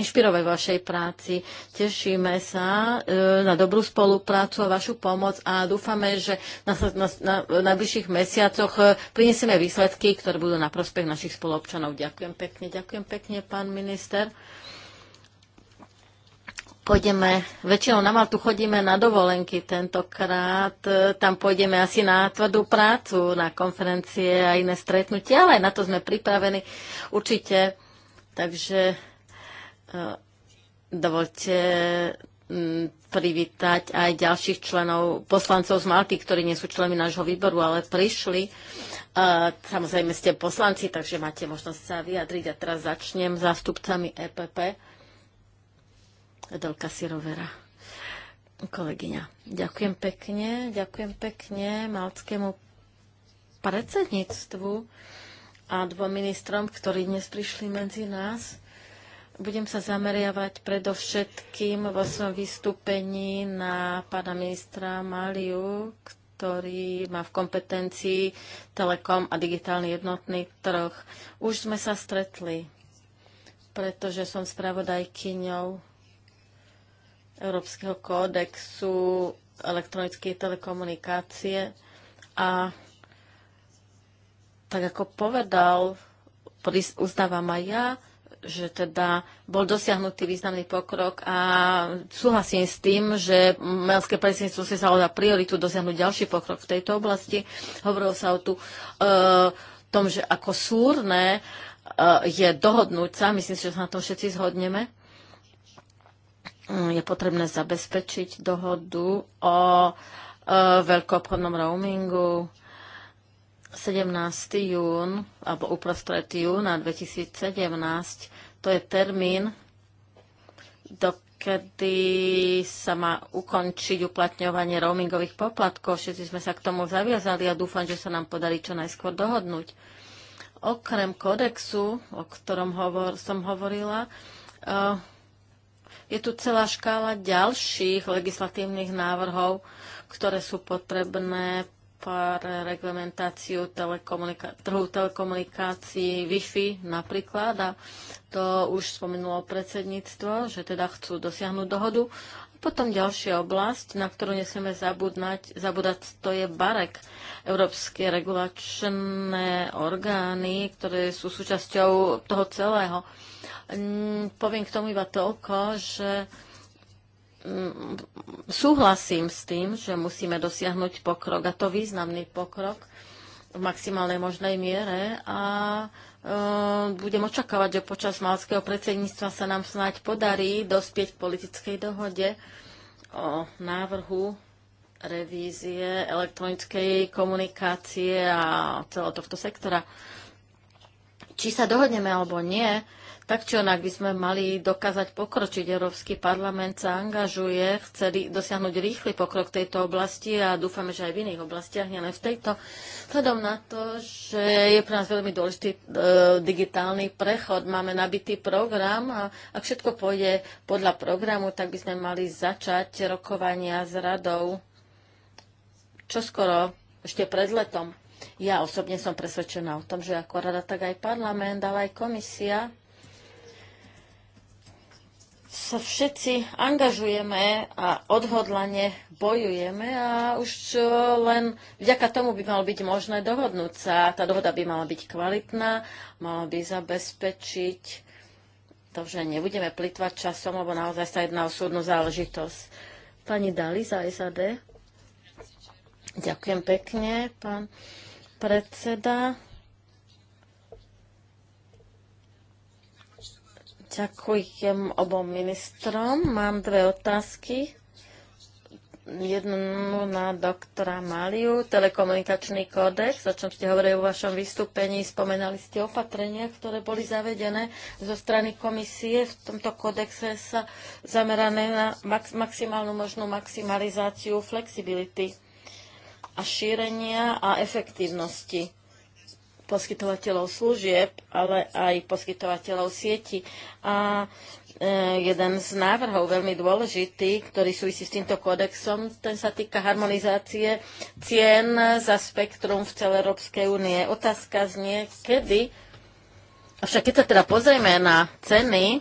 inšpirovať vašej práci. Tešíme sa e, na dobrú spoluprácu a vašu pomoc a dúfame, že na, na, na najbližších mesiacoch e, prinesieme výsledky, ktoré budú na prospech našich spoluobčanov. Ďakujem pekne, ďakujem pekne, pán minister pôjdeme, väčšinou na Maltu chodíme na dovolenky tentokrát, e, tam pôjdeme asi na tvrdú prácu, na konferencie a iné stretnutia, ale aj na to sme pripravení určite. Takže e, dovolte privítať aj ďalších členov, poslancov z Malty, ktorí nie sú členmi nášho výboru, ale prišli. E, samozrejme ste poslanci, takže máte možnosť sa vyjadriť a teraz začnem zástupcami EPP. Delka Sirovera. Kolegyňa, ďakujem pekne, ďakujem pekne malckému predsedníctvu a dvom ministrom, ktorí dnes prišli medzi nás. Budem sa zameriavať predovšetkým vo svojom vystúpení na pána ministra Maliu, ktorý má v kompetencii telekom a digitálny jednotný trh. Už sme sa stretli, pretože som spravodajkyňou Európskeho kódexu elektronickej telekomunikácie a tak ako povedal, uznávam aj ja, že teda bol dosiahnutý významný pokrok a súhlasím s tým, že Melské predsedníctvo si sa za prioritu dosiahnuť ďalší pokrok v tejto oblasti. Hovorilo sa o tu, e, tom, že ako súrne e, je dohodnúť sa, myslím si, že sa na tom všetci zhodneme, Mm, je potrebné zabezpečiť dohodu o e, veľkoobchodnom roamingu 17. jún alebo uprostred júna 2017. To je termín, do kedy sa má ukončiť uplatňovanie roamingových poplatkov. Všetci sme sa k tomu zaviazali a dúfam, že sa nám podarí čo najskôr dohodnúť. Okrem kodexu, o ktorom hovor, som hovorila, e, je tu celá škála ďalších legislatívnych návrhov, ktoré sú potrebné pre reglementáciu telekomunika- trhu telekomunikácií Wi-Fi napríklad a to už spomenulo predsedníctvo, že teda chcú dosiahnuť dohodu potom ďalšia oblasť, na ktorú nesmieme zabudnať, zabúdať, to je BAREK, Európske regulačné orgány, ktoré sú súčasťou toho celého. Mm, poviem k tomu iba toľko, že mm, súhlasím s tým, že musíme dosiahnuť pokrok, a to významný pokrok v maximálnej možnej miere a Ehm, budem očakávať, že počas malského predsedníctva sa nám snáď podarí dospieť k politickej dohode o návrhu revízie elektronickej komunikácie a celého tohto sektora či sa dohodneme alebo nie, tak či onak by sme mali dokázať pokročiť. Európsky parlament sa angažuje, chce dosiahnuť rýchly pokrok v tejto oblasti a dúfame, že aj v iných oblastiach, nielen v tejto. Vzhľadom na to, že je pre nás veľmi dôležitý e, digitálny prechod, máme nabitý program a ak všetko pôjde podľa programu, tak by sme mali začať rokovania s radou čoskoro, ešte pred letom. Ja osobne som presvedčená o tom, že ako rada, tak aj parlament, ale aj komisia sa všetci angažujeme a odhodlane bojujeme a už len vďaka tomu by malo byť možné dohodnúť sa. Tá dohoda by mala byť kvalitná, mala by zabezpečiť to, že nebudeme plitvať časom, lebo naozaj sa jedná o súdnu záležitosť. Pani Dali za SAD. Ďakujem pekne, pán predseda. Ďakujem obom ministrom. Mám dve otázky. Jednu na doktora Maliu, telekomunikačný kódex, o čom ste hovorili vo vašom vystúpení. Spomenali ste opatrenia, ktoré boli zavedené zo strany komisie. V tomto kódexe sa zamerané na maximálnu možnú maximalizáciu flexibility a šírenia a efektívnosti poskytovateľov služieb, ale aj poskytovateľov sieti. A e, jeden z návrhov veľmi dôležitý, ktorý súvisí s týmto kódexom, ten sa týka harmonizácie cien za spektrum v celej Európskej únie. Otázka znie, kedy, avšak keď sa teda pozrieme na ceny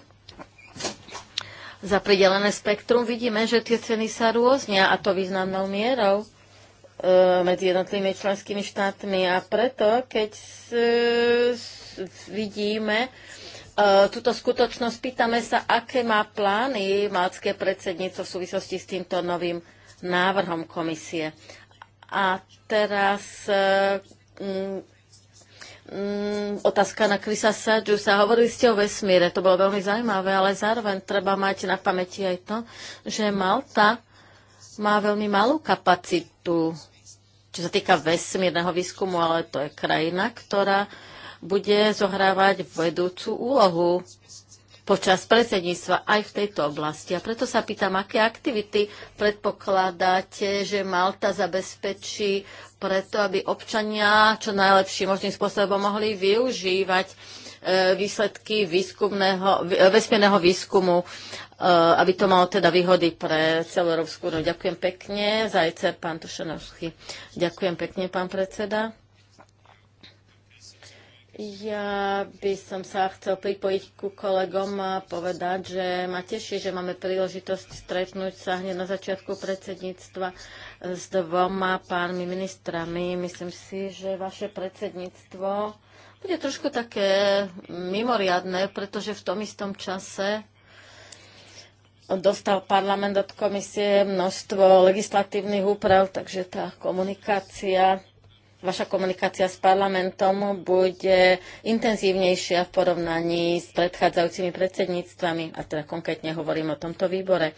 za pridelené spektrum, vidíme, že tie ceny sa rôznia a to významnou mierou. E, medzi jednotlivými členskými štátmi. A preto, keď vidíme e, túto skutočnosť, pýtame sa, aké má plány mácké predsedníctvo v súvislosti s týmto novým návrhom komisie. A teraz e, otázka na Krisa sa, Hovorili ste o vesmíre, to bolo veľmi zaujímavé, ale zároveň treba mať na pamäti aj to, že Malta má veľmi malú kapacitu čo sa týka vesmírneho výskumu, ale to je krajina, ktorá bude zohrávať vedúcu úlohu počas predsedníctva aj v tejto oblasti. A preto sa pýtam, aké aktivity predpokladáte, že Malta zabezpečí preto, aby občania čo najlepším možným spôsobom mohli využívať E, výsledky výskumného, e, vesmírneho výskumu, e, aby to malo teda výhody pre celú Európsku úniu. Ďakujem pekne. Zajce, pán Tušenovský. Ďakujem pekne, pán predseda. Ja by som sa chcel pripojiť ku kolegom a povedať, že ma teší, že máme príležitosť stretnúť sa hneď na začiatku predsedníctva s dvoma pánmi ministrami. Myslím si, že vaše predsedníctvo bude trošku také mimoriadné, pretože v tom istom čase dostal parlament od komisie množstvo legislatívnych úprav, takže tá komunikácia, vaša komunikácia s parlamentom bude intenzívnejšia v porovnaní s predchádzajúcimi predsedníctvami, a teda konkrétne hovorím o tomto výbore.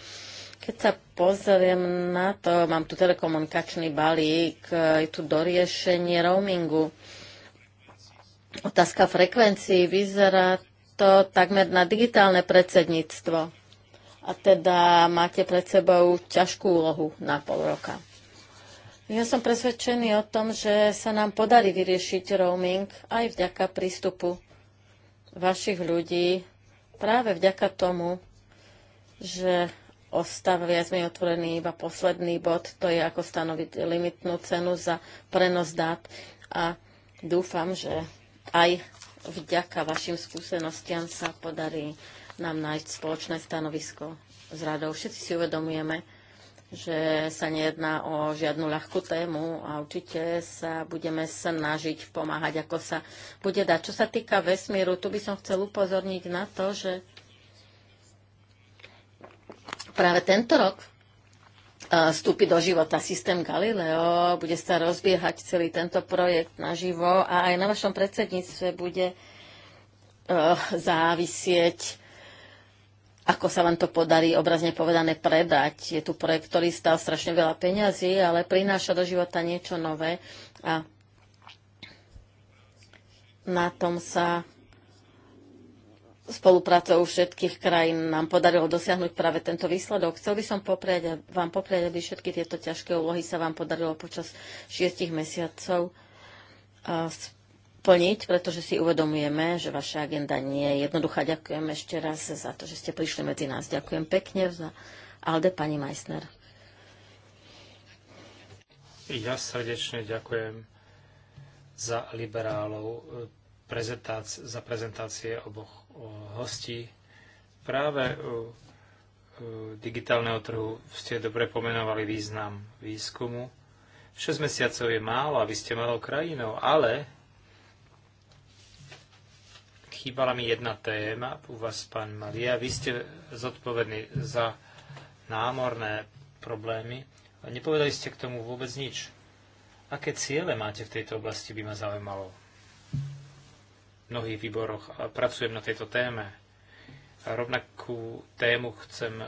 Keď sa pozriem na to, mám tu telekomunikačný balík, je tu doriešenie roamingu otázka frekvencií. Vyzerá to takmer na digitálne predsedníctvo. A teda máte pred sebou ťažkú úlohu na pol roka. Ja som presvedčený o tom, že sa nám podarí vyriešiť roaming aj vďaka prístupu vašich ľudí, práve vďaka tomu, že ostáva viac menej otvorený iba posledný bod, to je ako stanoviť limitnú cenu za prenos dát a dúfam, že aj vďaka vašim skúsenostiam sa podarí nám nájsť spoločné stanovisko s radou. Všetci si uvedomujeme, že sa nejedná o žiadnu ľahkú tému a určite sa budeme snažiť pomáhať, ako sa bude dať. Čo sa týka vesmíru, tu by som chcel upozorniť na to, že práve tento rok vstúpi do života systém Galileo, bude sa rozbiehať celý tento projekt naživo a aj na vašom predsedníctve bude e, závisieť, ako sa vám to podarí obrazne povedané predať. Je tu projekt, ktorý stal strašne veľa peňazí, ale prináša do života niečo nové a na tom sa spoluprácou všetkých krajín nám podarilo dosiahnuť práve tento výsledok. Chcel by som poprieť, vám poprieť, aby všetky tieto ťažké úlohy sa vám podarilo počas šiestich mesiacov splniť, pretože si uvedomujeme, že vaša agenda nie je jednoduchá. Ďakujem ešte raz za to, že ste prišli medzi nás. Ďakujem pekne za Alde, pani Meissner. Ja srdečne ďakujem za liberálov za prezentácie oboch hostí. Práve u digitálneho trhu ste dobre pomenovali význam výskumu. 6 mesiacov je málo, aby ste malou krajinou, ale chýbala mi jedna téma u vás, pán Maria. Vy ste zodpovední za námorné problémy. Nepovedali ste k tomu vôbec nič. Aké ciele máte v tejto oblasti, by ma zaujímalo? mnohých výboroch a pracujem na tejto téme. A rovnakú tému chcem e,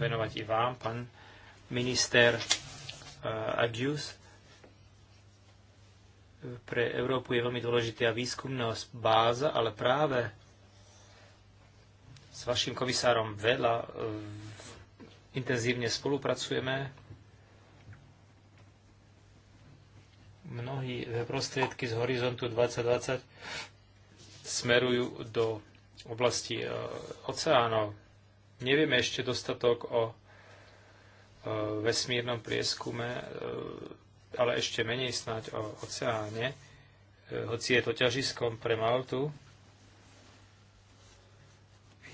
venovať i vám, pán minister e, Agius. Pre Európu je veľmi dôležitá výskumná báza, ale práve s vašim komisárom veľa e, intenzívne spolupracujeme mnohí prostriedky z horizontu 2020 smerujú do oblasti e, oceánov. Nevieme ešte dostatok o e, vesmírnom prieskume, e, ale ešte menej snáď o oceáne, hoci je to ťažiskom pre Maltu,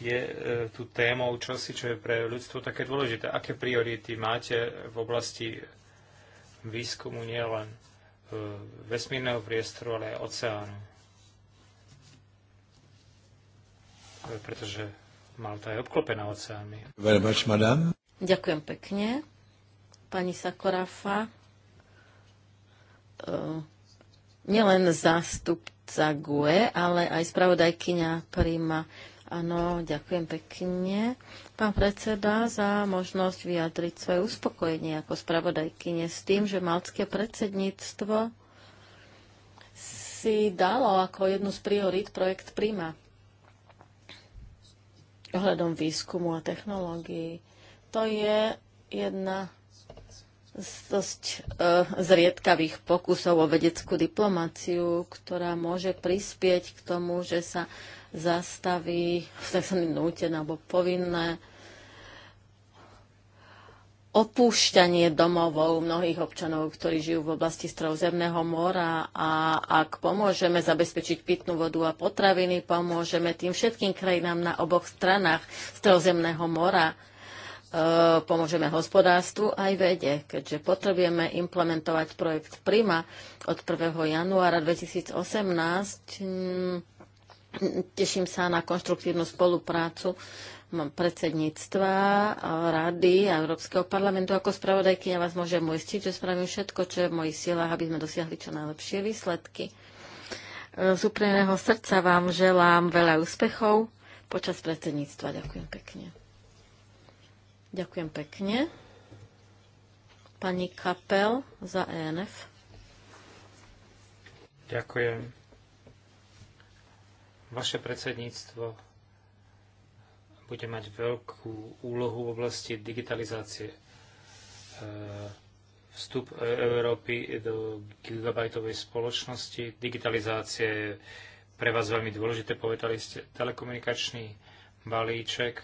je tu témou čosi, čo je pre ľudstvo také dôležité. Aké priority máte v oblasti výskumu nielen Eh, vesmírneho priestoru, ale aj oceánu. Eh, pretože Malta je obklopená oceánmi. much, Ďakujem pekne. Pani Sakorafa, eh, nielen zástupca GUE, ale aj spravodajkyňa prima. Áno, ďakujem pekne, pán predseda, za možnosť vyjadriť svoje uspokojenie ako spravodajkyne s tým, že malcké predsedníctvo si dalo ako jednu z priorít projekt Prima ohľadom výskumu a technológií. To je jedna z dosť e, zriedkavých pokusov o vedeckú diplomáciu, ktorá môže prispieť k tomu, že sa zastaví v tzv. nútené alebo povinné opúšťanie domovov mnohých občanov, ktorí žijú v oblasti Stredozemného mora a ak pomôžeme zabezpečiť pitnú vodu a potraviny, pomôžeme tým všetkým krajinám na oboch stranách Stredozemného mora. E, pomôžeme hospodárstvu aj vede, keďže potrebujeme implementovať projekt Prima od 1. januára 2018. Teším sa na konštruktívnu spoluprácu predsedníctva, rady a Európskeho parlamentu ako spravodajky. Ja vás môžem uistiť, že spravím všetko, čo je v mojich silách, aby sme dosiahli čo najlepšie výsledky. E, z úprimného srdca vám želám veľa úspechov počas predsedníctva. Ďakujem pekne. Ďakujem pekne. Pani Kapel za ENF. Ďakujem Vaše predsedníctvo bude mať veľkú úlohu v oblasti digitalizácie. E, vstup e, Európy do gigabajtovej spoločnosti, digitalizácia je pre vás veľmi dôležité, povedali ste, telekomunikačný balíček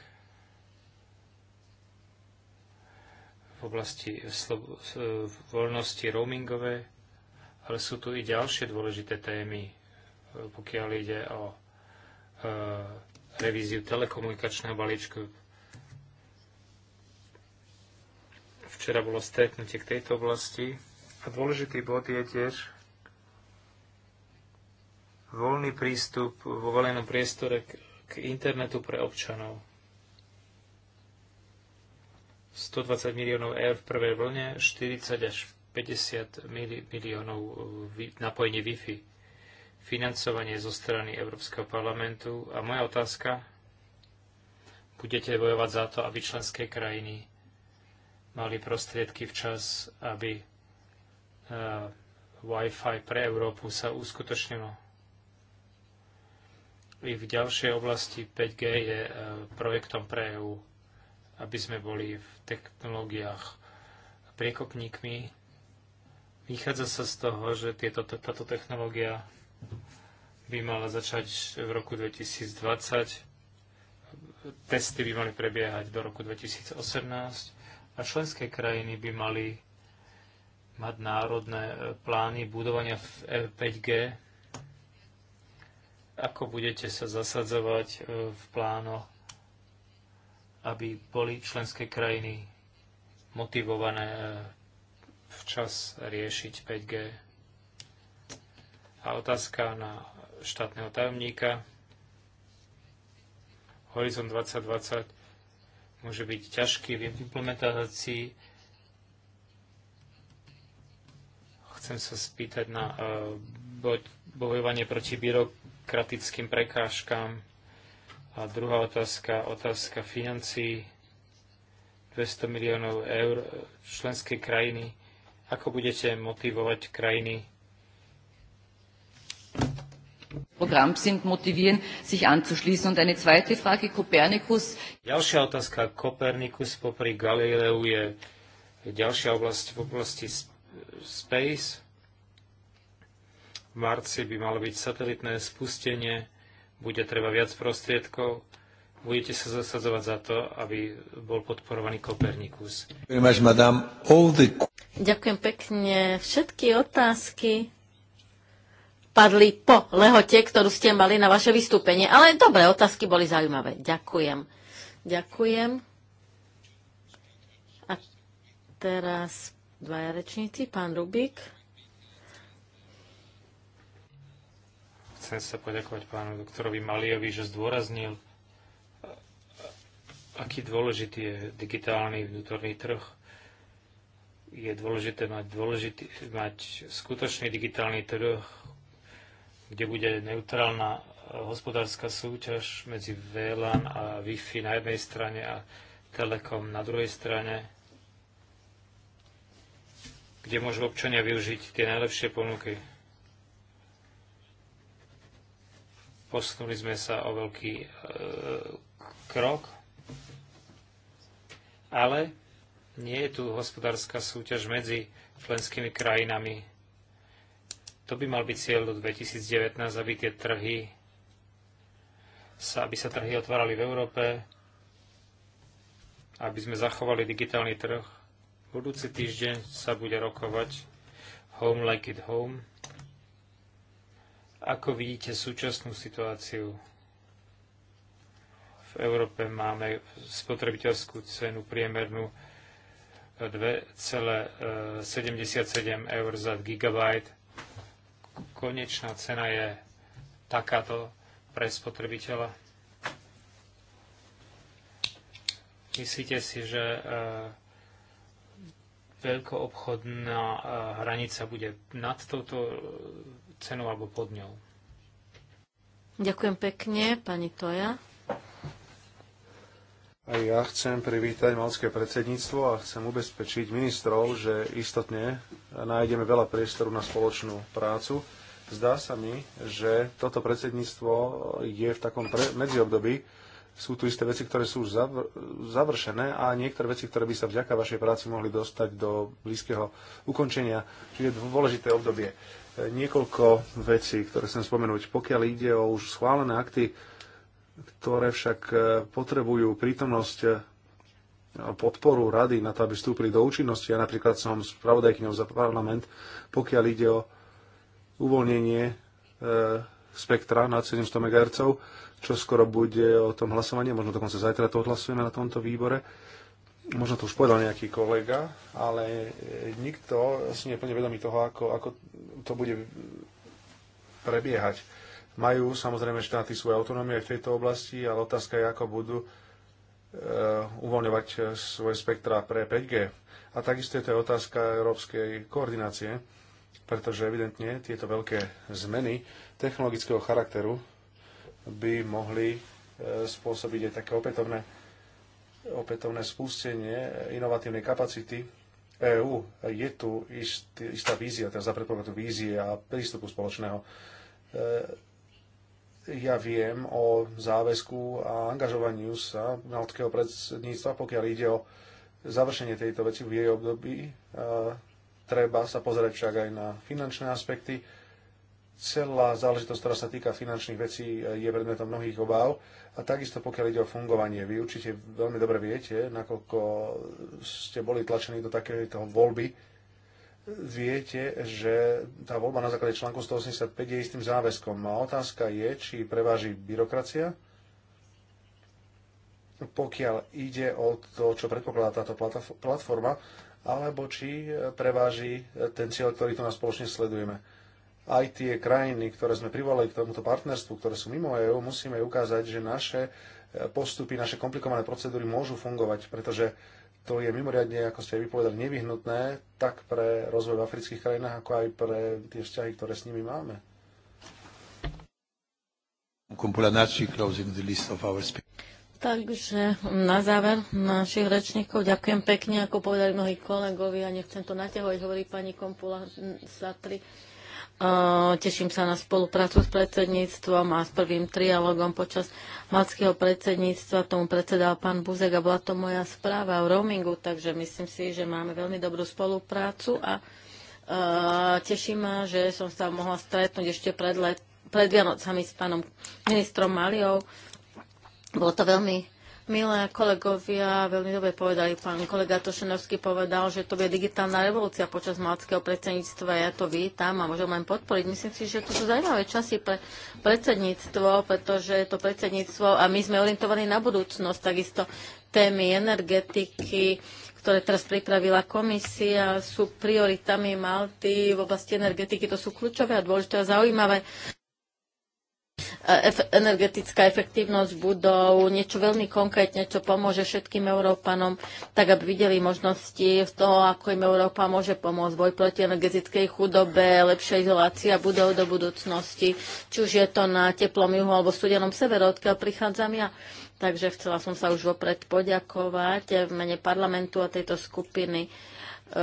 v oblasti voľnosti roamingové, ale sú tu i ďalšie dôležité témy, pokiaľ ide o E, revíziu telekomunikačného balíčku. Včera bolo stretnutie k tejto oblasti a dôležitý bod je tiež voľný prístup vo verejnom priestore k, k internetu pre občanov. 120 miliónov eur v prvej vlne, 40 až 50 miliónov e, napojenie Wi-Fi financovanie zo strany Európskeho parlamentu. A moja otázka, budete bojovať za to, aby členské krajiny mali prostriedky včas, aby uh, Wi-Fi pre Európu sa uskutočnilo. I v ďalšej oblasti 5G je uh, projektom pre EU, aby sme boli v technológiách priekopníkmi. Vychádza sa z toho, že tieto, táto technológia by mala začať v roku 2020, testy by mali prebiehať do roku 2018 a členské krajiny by mali mať národné e, plány budovania v 5G. E, Ako budete sa zasadzovať e, v plánoch, aby boli členské krajiny motivované včas riešiť 5G? A otázka na štátneho tajomníka. Horizon 2020 môže byť ťažký v implementácii. Chcem sa spýtať na e, bojovanie proti byrokratickým prekážkam. A druhá otázka, otázka financí 200 miliónov eur e, členskej krajiny. Ako budete motivovať krajiny Programm sind, motivieren, sich anzuschließen. Und eine zweite Frage, Kopernikus. Ďalšia otázka, Kopernikus popri Galileu je ďalšia oblasť v oblasti space. V marci by malo byť satelitné spustenie, bude treba viac prostriedkov. Budete sa zasadzovať za to, aby bol podporovaný Kopernikus. Ďakujem pekne. Všetky otázky padli po lehote, ktorú ste mali na vaše vystúpenie. Ale dobre, otázky boli zaujímavé. Ďakujem. Ďakujem. A teraz dvaja rečníci, pán Rubik. Chcem sa poďakovať pánu doktorovi Maliovi, že zdôraznil, aký dôležitý je digitálny vnútorný trh je dôležité mať, dôležitý, mať skutočný digitálny trh, kde bude neutrálna e, hospodárska súťaž medzi VLAN a Wi-Fi na jednej strane a Telekom na druhej strane, kde môžu občania využiť tie najlepšie ponuky. Posunuli sme sa o veľký e, krok, ale nie je tu hospodárska súťaž medzi členskými krajinami to by mal byť cieľ do 2019, aby tie trhy sa, aby sa trhy otvárali v Európe, aby sme zachovali digitálny trh. Budúci týždeň sa bude rokovať Home Like It Home. Ako vidíte súčasnú situáciu? V Európe máme spotrebiteľskú cenu priemernú 2,77 eh, eur za gigabyte konečná cena je takáto pre spotrebiteľa? Myslíte si, že e, veľkoobchodná e, hranica bude nad touto cenou alebo pod ňou? Ďakujem pekne, pani Toja. Aj ja chcem privítať malské predsedníctvo a chcem ubezpečiť ministrov, že istotne nájdeme veľa priestoru na spoločnú prácu. Zdá sa mi, že toto predsedníctvo je v takom pre- medziobdobí. Sú tu isté veci, ktoré sú už zavr- završené a niektoré veci, ktoré by sa vďaka vašej práci mohli dostať do blízkeho ukončenia. Čiže dôležité obdobie. E, niekoľko vecí, ktoré chcem spomenúť. Pokiaľ ide o už schválené akty, ktoré však e, potrebujú prítomnosť podporu rady na to, aby vstúpili do účinnosti. Ja napríklad som spravodajkyňou za parlament, pokiaľ ide o uvoľnenie e, spektra nad 700 MHz, čo skoro bude o tom hlasovanie, možno dokonca zajtra to odhlasujeme na tomto výbore. Možno to už povedal nejaký kolega, ale e, nikto si neplne vedomý toho, ako, ako to bude prebiehať majú samozrejme štáty svoje autonómie aj v tejto oblasti, ale otázka je, ako budú e, uvoľňovať svoje spektra pre 5G. A takisto je to otázka európskej koordinácie, pretože evidentne tieto veľké zmeny technologického charakteru by mohli e, spôsobiť aj také opätovné, opätovné spustenie inovatívnej kapacity EÚ. Je tu istý, istá vízia, teda za predpokladu vízie a prístupu spoločného e, ja viem o záväzku a angažovaniu sa maltského predsedníctva, pokiaľ ide o završenie tejto veci v jej období. Treba sa pozrieť však aj na finančné aspekty. Celá záležitosť, ktorá sa týka finančných vecí, je predmetom mnohých obáv. A takisto pokiaľ ide o fungovanie, vy určite veľmi dobre viete, nakoľko ste boli tlačení do takéto voľby, viete, že tá voľba na základe článku 185 je istým záväzkom. A otázka je, či preváži byrokracia, pokiaľ ide o to, čo predpokladá táto platforma, alebo či preváži ten cieľ, ktorý tu nás spoločne sledujeme. Aj tie krajiny, ktoré sme privolali k tomuto partnerstvu, ktoré sú mimo EU, musíme ukázať, že naše postupy, naše komplikované procedúry môžu fungovať, pretože to je mimoriadne, ako ste aj vypovedali, nevyhnutné tak pre rozvoj v afrických krajinách, ako aj pre tie vzťahy, ktoré s nimi máme. Takže na záver našich rečníkov ďakujem pekne, ako povedali mnohí kolegovia, nechcem to naťahovať, hovorí pani Kompula Satri. Teším sa na spoluprácu s predsedníctvom a s prvým trialogom počas malckého predsedníctva. Tomu predsedal pán Buzek a bola to moja správa o roamingu, takže myslím si, že máme veľmi dobrú spoluprácu a uh, teší ma, že som sa mohla stretnúť ešte pred, let, pred Vianocami s pánom ministrom Maliou. Bolo to veľmi Milé kolegovia, veľmi dobre povedali, pán kolega Tošenovský povedal, že to bude digitálna revolúcia počas malckého predsedníctva. Ja to vítam a môžem len podporiť. Myslím si, že to sú zaujímavé časy pre predsedníctvo, pretože to predsedníctvo a my sme orientovaní na budúcnosť, takisto témy energetiky, ktoré teraz pripravila komisia, sú prioritami Malty v oblasti energetiky. To sú kľúčové a dôležité a zaujímavé E, energetická efektívnosť budov, niečo veľmi konkrétne, čo pomôže všetkým Európanom, tak aby videli možnosti v toho, ako im Európa môže pomôcť. Boj proti energetickej chudobe, lepšia izolácia budov do budúcnosti, či už je to na teplom juhu alebo studenom severu, odkiaľ prichádzam ja. Takže chcela som sa už vopred poďakovať v mene parlamentu a tejto skupiny E,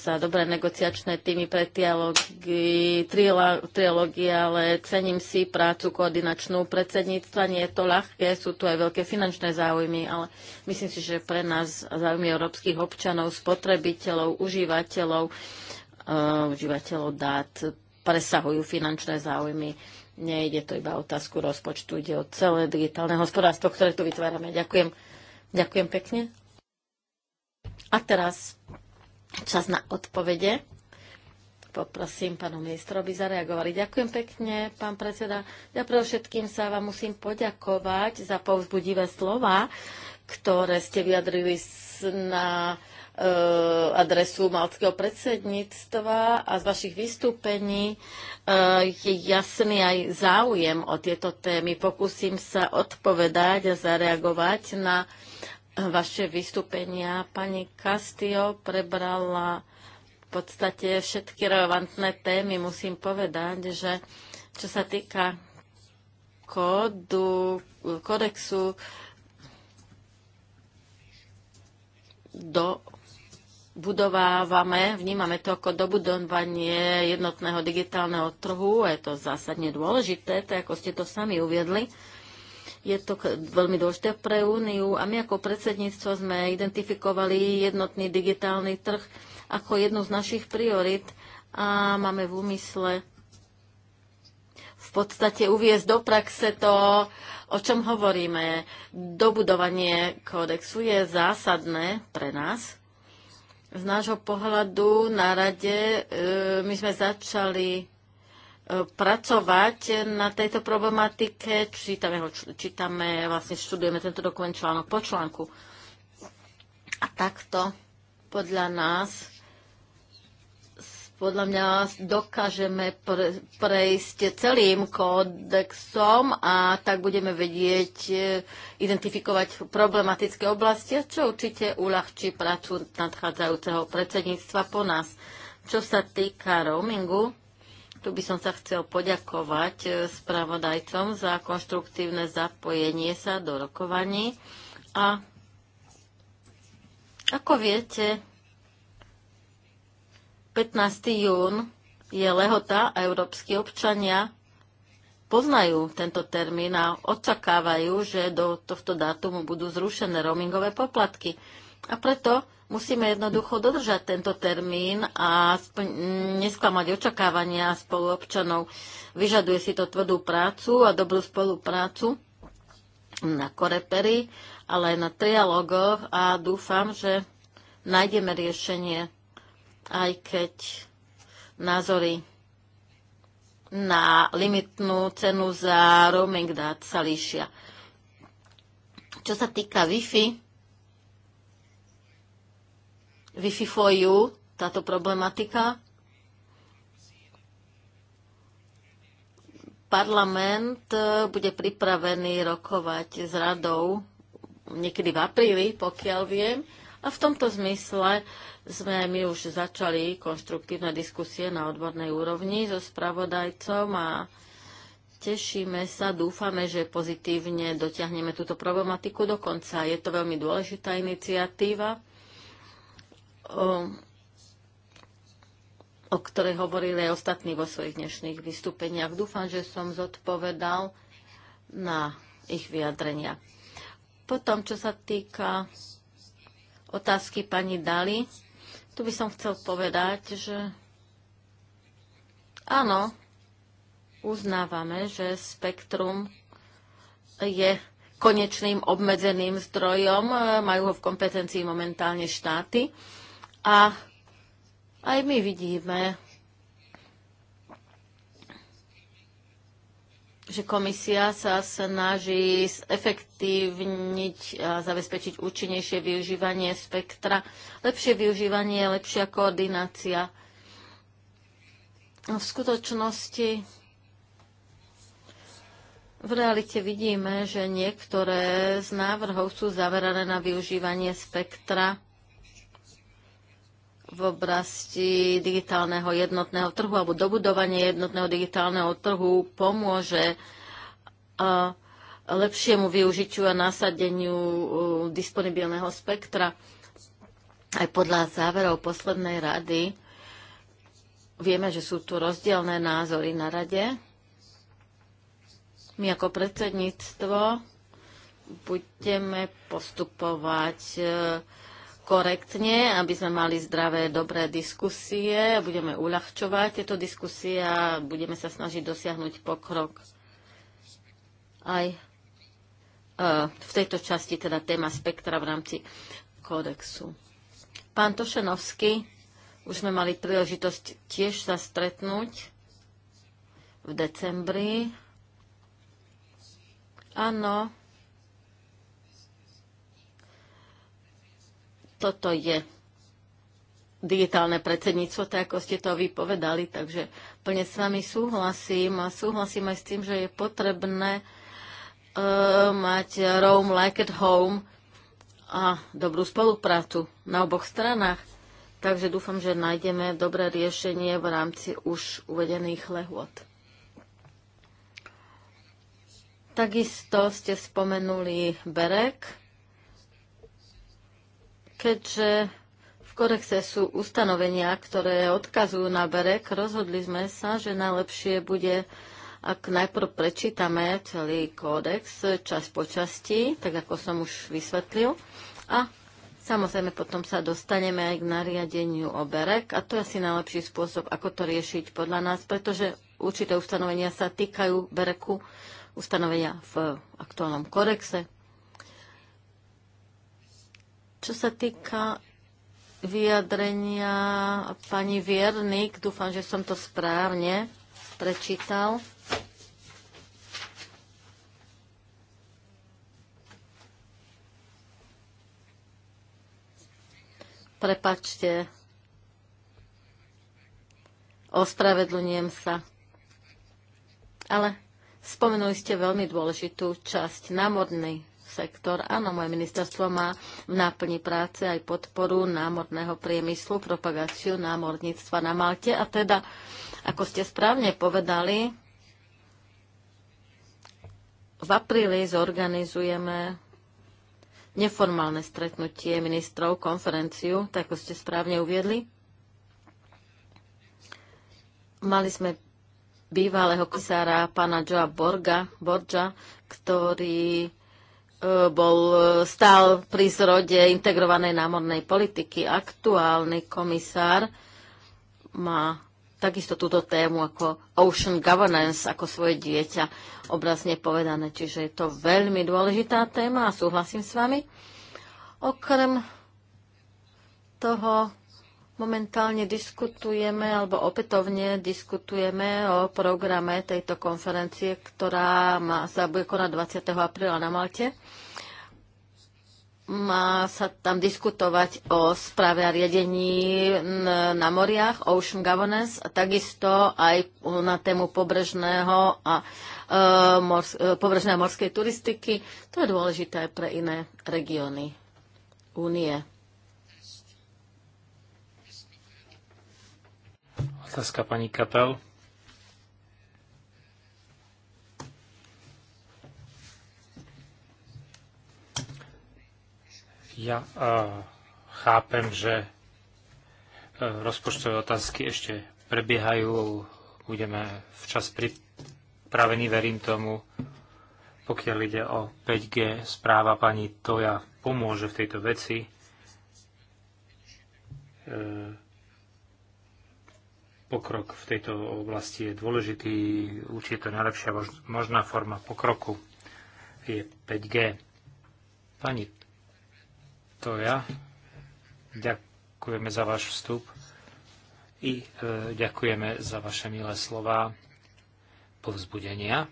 za dobré negociačné týmy pre dialógy, ale cením si prácu koordinačnú predsedníctva. Nie je to ľahké, sú tu aj veľké finančné záujmy, ale myslím si, že pre nás záujmy európskych občanov, spotrebiteľov, užívateľov, uh, užívateľov dát presahujú finančné záujmy. Nejde to iba o otázku rozpočtu, ide o celé digitálne hospodárstvo, ktoré tu vytvárame. Ďakujem. Ďakujem pekne. A teraz čas na odpovede. Poprosím pánu ministrovi aby zareagovali. Ďakujem pekne, pán predseda. Ja pre všetkým sa vám musím poďakovať za povzbudivé slova, ktoré ste vyjadrili na e, adresu malckého predsedníctva a z vašich vystúpení e, je jasný aj záujem o tieto témy. Pokúsim sa odpovedať a zareagovať na vaše vystúpenia. Pani Castillo prebrala v podstate všetky relevantné témy. Musím povedať, že čo sa týka kódu, kodexu do budovávame, vnímame to ako dobudovanie jednotného digitálneho trhu, a je to zásadne dôležité, tak ako ste to sami uviedli. Je to veľmi dôležité pre Úniu a my ako predsedníctvo sme identifikovali jednotný digitálny trh ako jednu z našich priorit a máme v úmysle v podstate uviezť do praxe to, o čom hovoríme. Dobudovanie kódexu je zásadné pre nás. Z nášho pohľadu na rade e, my sme začali pracovať na tejto problematike. Čítame, ho, čítame, vlastne študujeme tento dokument článok po článku. A takto podľa nás podľa mňa dokážeme prejsť celým kódexom a tak budeme vedieť e, identifikovať problematické oblasti, čo určite uľahčí prácu nadchádzajúceho predsedníctva po nás. Čo sa týka roamingu, tu by som sa chcel poďakovať e, spravodajcom za konštruktívne zapojenie sa do rokovaní a ako viete, 15. jún je lehota a európsky občania poznajú tento termín a očakávajú, že do tohto dátumu budú zrušené roamingové poplatky. A preto Musíme jednoducho dodržať tento termín a nesklamať očakávania spoluobčanov. Vyžaduje si to tvrdú prácu a dobrú spoluprácu na korepery, ale aj na trialogoch a dúfam, že nájdeme riešenie, aj keď názory na limitnú cenu za roaming dát sa líšia. Čo sa týka Wi-Fi, Wi-Fi for you, táto problematika. Parlament e, bude pripravený rokovať s radou niekedy v apríli, pokiaľ viem. A v tomto zmysle sme my už začali konštruktívne diskusie na odbornej úrovni so spravodajcom a tešíme sa, dúfame, že pozitívne dotiahneme túto problematiku do konca. Je to veľmi dôležitá iniciatíva o ktorej hovorili aj ostatní vo svojich dnešných vystúpeniach. Dúfam, že som zodpovedal na ich vyjadrenia. Potom, čo sa týka otázky pani Dali, tu by som chcel povedať, že áno, uznávame, že spektrum je konečným obmedzeným zdrojom, majú ho v kompetencii momentálne štáty a aj my vidíme, že komisia sa snaží efektívniť a zabezpečiť účinnejšie využívanie spektra, lepšie využívanie, lepšia koordinácia. V skutočnosti v realite vidíme, že niektoré z návrhov sú zaverané na využívanie spektra v oblasti digitálneho jednotného trhu alebo dobudovanie jednotného digitálneho trhu pomôže uh, lepšiemu využitiu a nasadeniu uh, disponibilného spektra. Aj podľa záverov poslednej rady vieme, že sú tu rozdielne názory na rade. My ako predsedníctvo budeme postupovať e, korektne, aby sme mali zdravé, dobré diskusie, budeme uľahčovať tieto diskusie a budeme sa snažiť dosiahnuť pokrok aj e, v tejto časti, teda téma spektra v rámci kódexu. Pán Tošenovský, už sme mali príležitosť tiež sa stretnúť v decembri. Áno, Toto je digitálne predsedníctvo, tak ako ste to vypovedali, takže plne s vami súhlasím a súhlasím aj s tým, že je potrebné uh, mať Rome like at home a dobrú spoluprácu na oboch stranách. Takže dúfam, že nájdeme dobré riešenie v rámci už uvedených lehôd. Takisto ste spomenuli Berek Keďže v kodexe sú ustanovenia, ktoré odkazujú na BEREK, rozhodli sme sa, že najlepšie bude, ak najprv prečítame celý kódex čas po časti, tak ako som už vysvetlil, a Samozrejme, potom sa dostaneme aj k nariadeniu o berek a to je asi najlepší spôsob, ako to riešiť podľa nás, pretože určité ustanovenia sa týkajú bereku, ustanovenia v aktuálnom korexe, čo sa týka vyjadrenia pani Viernik, dúfam, že som to správne prečítal. Prepačte. Ospravedlňujem sa. Ale spomenuli ste veľmi dôležitú časť, námorný sektor. Áno, moje ministerstvo má v náplni práce aj podporu námorného priemyslu, propagáciu námorníctva na Malte a teda, ako ste správne povedali, v apríli zorganizujeme neformálne stretnutie ministrov, konferenciu, tak ako ste správne uviedli. Mali sme bývalého komisára pána Joa Borga, Borgia, ktorý E, bol e, stál pri zrode integrovanej námornej politiky. Aktuálny komisár má takisto túto tému ako Ocean Governance, ako svoje dieťa, obrazne povedané. Čiže je to veľmi dôležitá téma a súhlasím s vami. Okrem toho Momentálne diskutujeme, alebo opätovne diskutujeme o programe tejto konferencie, ktorá má, sa bude konať 20. apríla na Malte. Má sa tam diskutovať o správe a riadení na moriach, Ocean Governance, a takisto aj na tému pobrežného a e, mors, e, pobrežnej a morskej turistiky. To je dôležité aj pre iné regióny únie. Otázka pani Kapel. Ja uh, chápem, že uh, rozpočtové otázky ešte prebiehajú. Budeme včas pripravení, verím tomu. Pokiaľ ide o 5G, správa pani Toja pomôže v tejto veci. Uh, Pokrok v tejto oblasti je dôležitý, určite to najlepšia možná forma pokroku je 5G. Pani Toja, ďakujeme za váš vstup i e, ďakujeme za vaše milé slova povzbudenia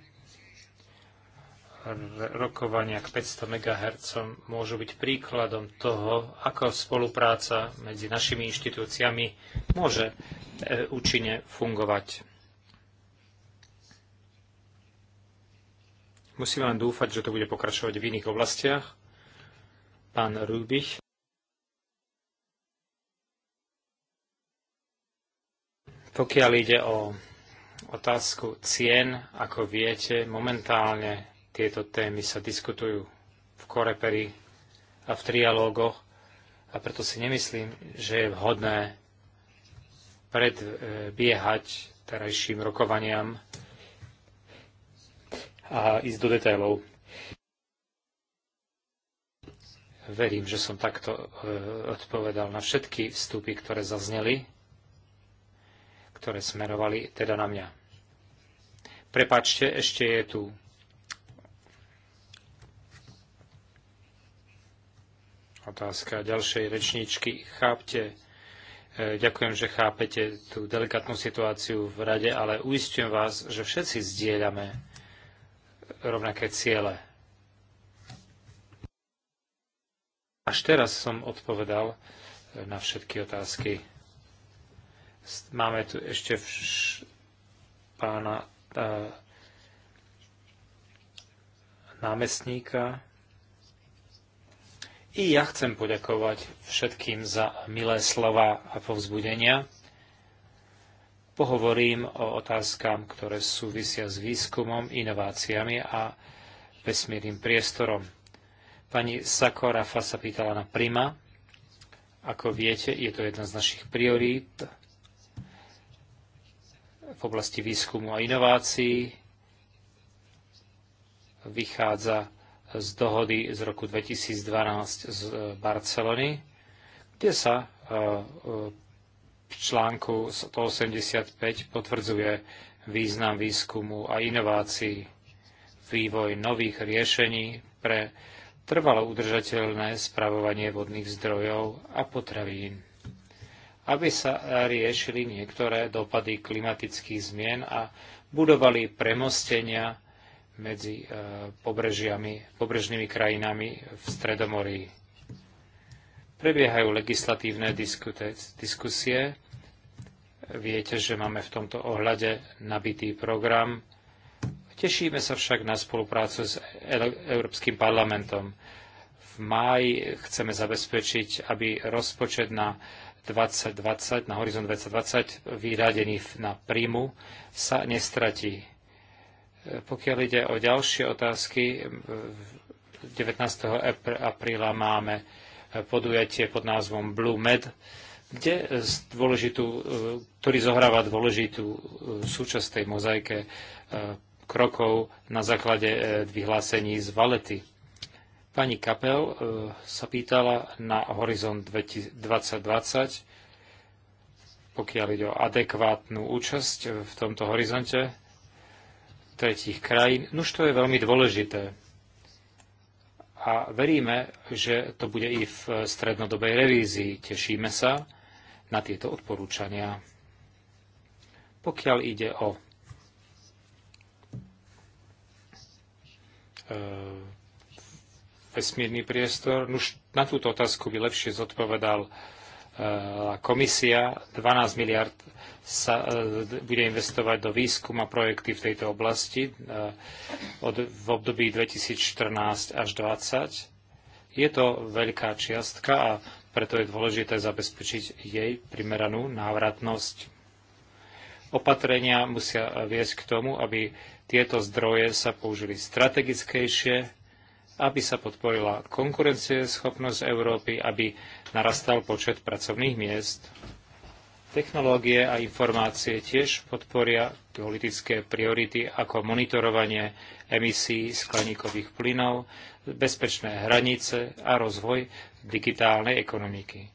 rokovania k 500 MHz môžu byť príkladom toho, ako spolupráca medzi našimi inštitúciami môže e, účinne fungovať. Musíme len dúfať, že to bude pokračovať v iných oblastiach. Pán Rubich. Pokiaľ ide o otázku cien, ako viete, momentálne tieto témy sa diskutujú v koreperi a v trialógoch a preto si nemyslím, že je vhodné predbiehať terajším rokovaniam a ísť do detailov. Verím, že som takto e, odpovedal na všetky vstupy, ktoré zazneli, ktoré smerovali teda na mňa. Prepačte, ešte je tu Otázka ďalšej rečníčky. Chápte, e, ďakujem, že chápete tú delikatnú situáciu v rade, ale uistujem vás, že všetci zdieľame rovnaké ciele. Až teraz som odpovedal e, na všetky otázky. Máme tu ešte vš- pána e, námestníka. I ja chcem poďakovať všetkým za milé slova a povzbudenia. Pohovorím o otázkam, ktoré súvisia s výskumom, inováciami a vesmírnym priestorom. Pani Sakorafa sa pýtala na Prima. Ako viete, je to jedna z našich priorít v oblasti výskumu a inovácií. Vychádza z dohody z roku 2012 z e, Barcelony, kde sa e, e, v článku 185 potvrdzuje význam výskumu a inovácií, vývoj nových riešení pre trvalo udržateľné spravovanie vodných zdrojov a potravín, aby sa riešili niektoré dopady klimatických zmien a budovali premostenia medzi eh, pobrežiami, pobrežnými krajinami v Stredomorí. Prebiehajú legislatívne diskusie. Viete, že máme v tomto ohľade nabitý program. Tešíme sa však na spoluprácu s Európskym parlamentom. V máji chceme zabezpečiť, aby rozpočet na 2020, na horizont 2020 vyradený na príjmu sa nestratí pokiaľ ide o ďalšie otázky, 19. apríla máme podujatie pod názvom Blue Med, kde dôležitú, ktorý zohráva dôležitú e, súčasť tej mozaike e, krokov na základe e, vyhlásení z Valety. Pani Kapel sa pýtala na horizont 2020, pokiaľ ide o adekvátnu účasť v tomto horizonte tretích krajín. Nuž to je veľmi dôležité. A veríme, že to bude i v strednodobej revízii. Tešíme sa na tieto odporúčania. Pokiaľ ide o e, vesmírny priestor, už na túto otázku by lepšie zodpovedal e, komisia 12 miliard sa e, bude investovať do výskum a projekty v tejto oblasti e, od, v období 2014 až 2020. Je to veľká čiastka a preto je dôležité zabezpečiť jej primeranú návratnosť. Opatrenia musia viesť k tomu, aby tieto zdroje sa použili strategickejšie, aby sa podporila konkurencieschopnosť Európy, aby narastal počet pracovných miest. Technológie a informácie tiež podporia politické priority ako monitorovanie emisí skleníkových plynov, bezpečné hranice a rozvoj digitálnej ekonomiky.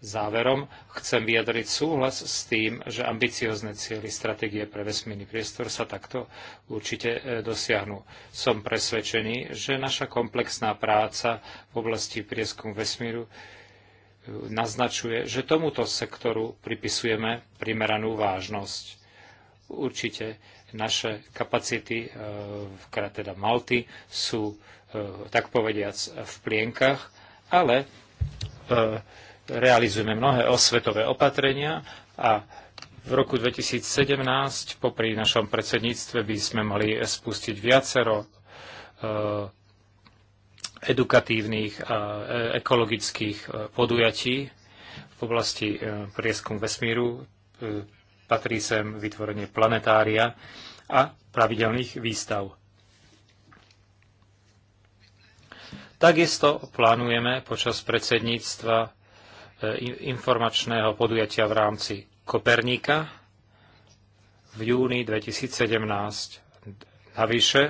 Záverom chcem vyjadriť súhlas s tým, že ambiciozne cieľy stratégie pre vesmírny priestor sa takto určite e, dosiahnu. Som presvedčený, že naša komplexná práca v oblasti prieskumu vesmíru naznačuje, že tomuto sektoru pripisujeme primeranú vážnosť. Určite naše kapacity, e, teda Malty, sú e, tak povediac v plienkach, ale e, realizujeme mnohé osvetové opatrenia a v roku 2017 popri našom predsedníctve by sme mali spustiť viacero edukatívnych a e, ekologických e, podujatí v oblasti e, prieskum vesmíru. Patrí sem vytvorenie planetária a pravidelných výstav. Takisto plánujeme počas predsedníctva informačného podujatia v rámci Koperníka v júni 2017. Navyše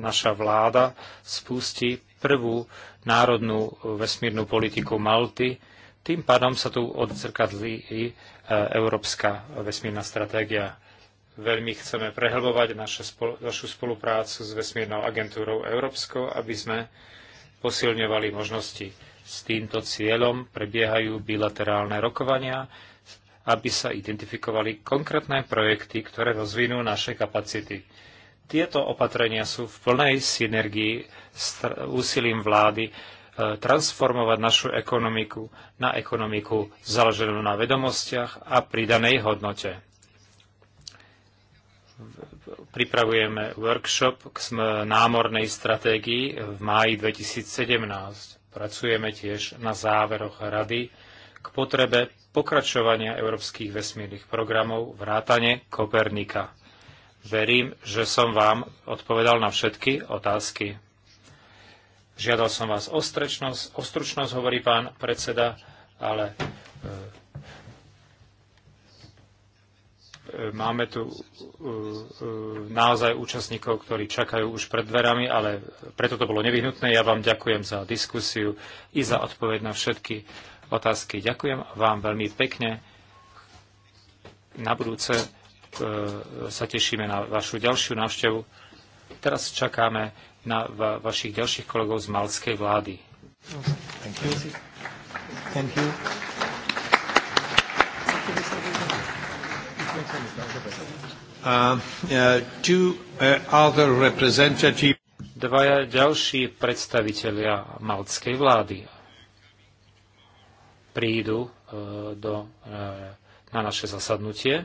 naša vláda spustí prvú národnú vesmírnu politiku Malty. Tým pádom sa tu odzrkadlí i e, európska vesmírna stratégia. Veľmi chceme prehlbovať spol našu spoluprácu s vesmírnou agentúrou Európskou, aby sme posilňovali možnosti. S týmto cieľom prebiehajú bilaterálne rokovania, aby sa identifikovali konkrétne projekty, ktoré rozvinú naše kapacity. Tieto opatrenia sú v plnej synergii s úsilím vlády e, transformovať našu ekonomiku na ekonomiku založenú na vedomostiach a pridanej hodnote. Pripravujeme workshop k námornej stratégii v máji 2017. Pracujeme tiež na záveroch rady k potrebe pokračovania európskych vesmírnych programov vrátane Kopernika. Verím, že som vám odpovedal na všetky otázky. Žiadal som vás o, strečnosť, o stručnosť, hovorí pán predseda, ale e, e, máme tu e, naozaj účastníkov, ktorí čakajú už pred dverami, ale preto to bolo nevyhnutné. Ja vám ďakujem za diskusiu i za odpoveď na všetky otázky. Ďakujem vám veľmi pekne. Na budúce E, sa tešíme na vašu ďalšiu návštevu. Teraz čakáme na va- vašich ďalších kolegov z malskej vlády. Thank you. Thank you. Uh, uh, uh Dvaja ďalší predstavitelia malckej vlády prídu uh, do, uh, na naše zasadnutie.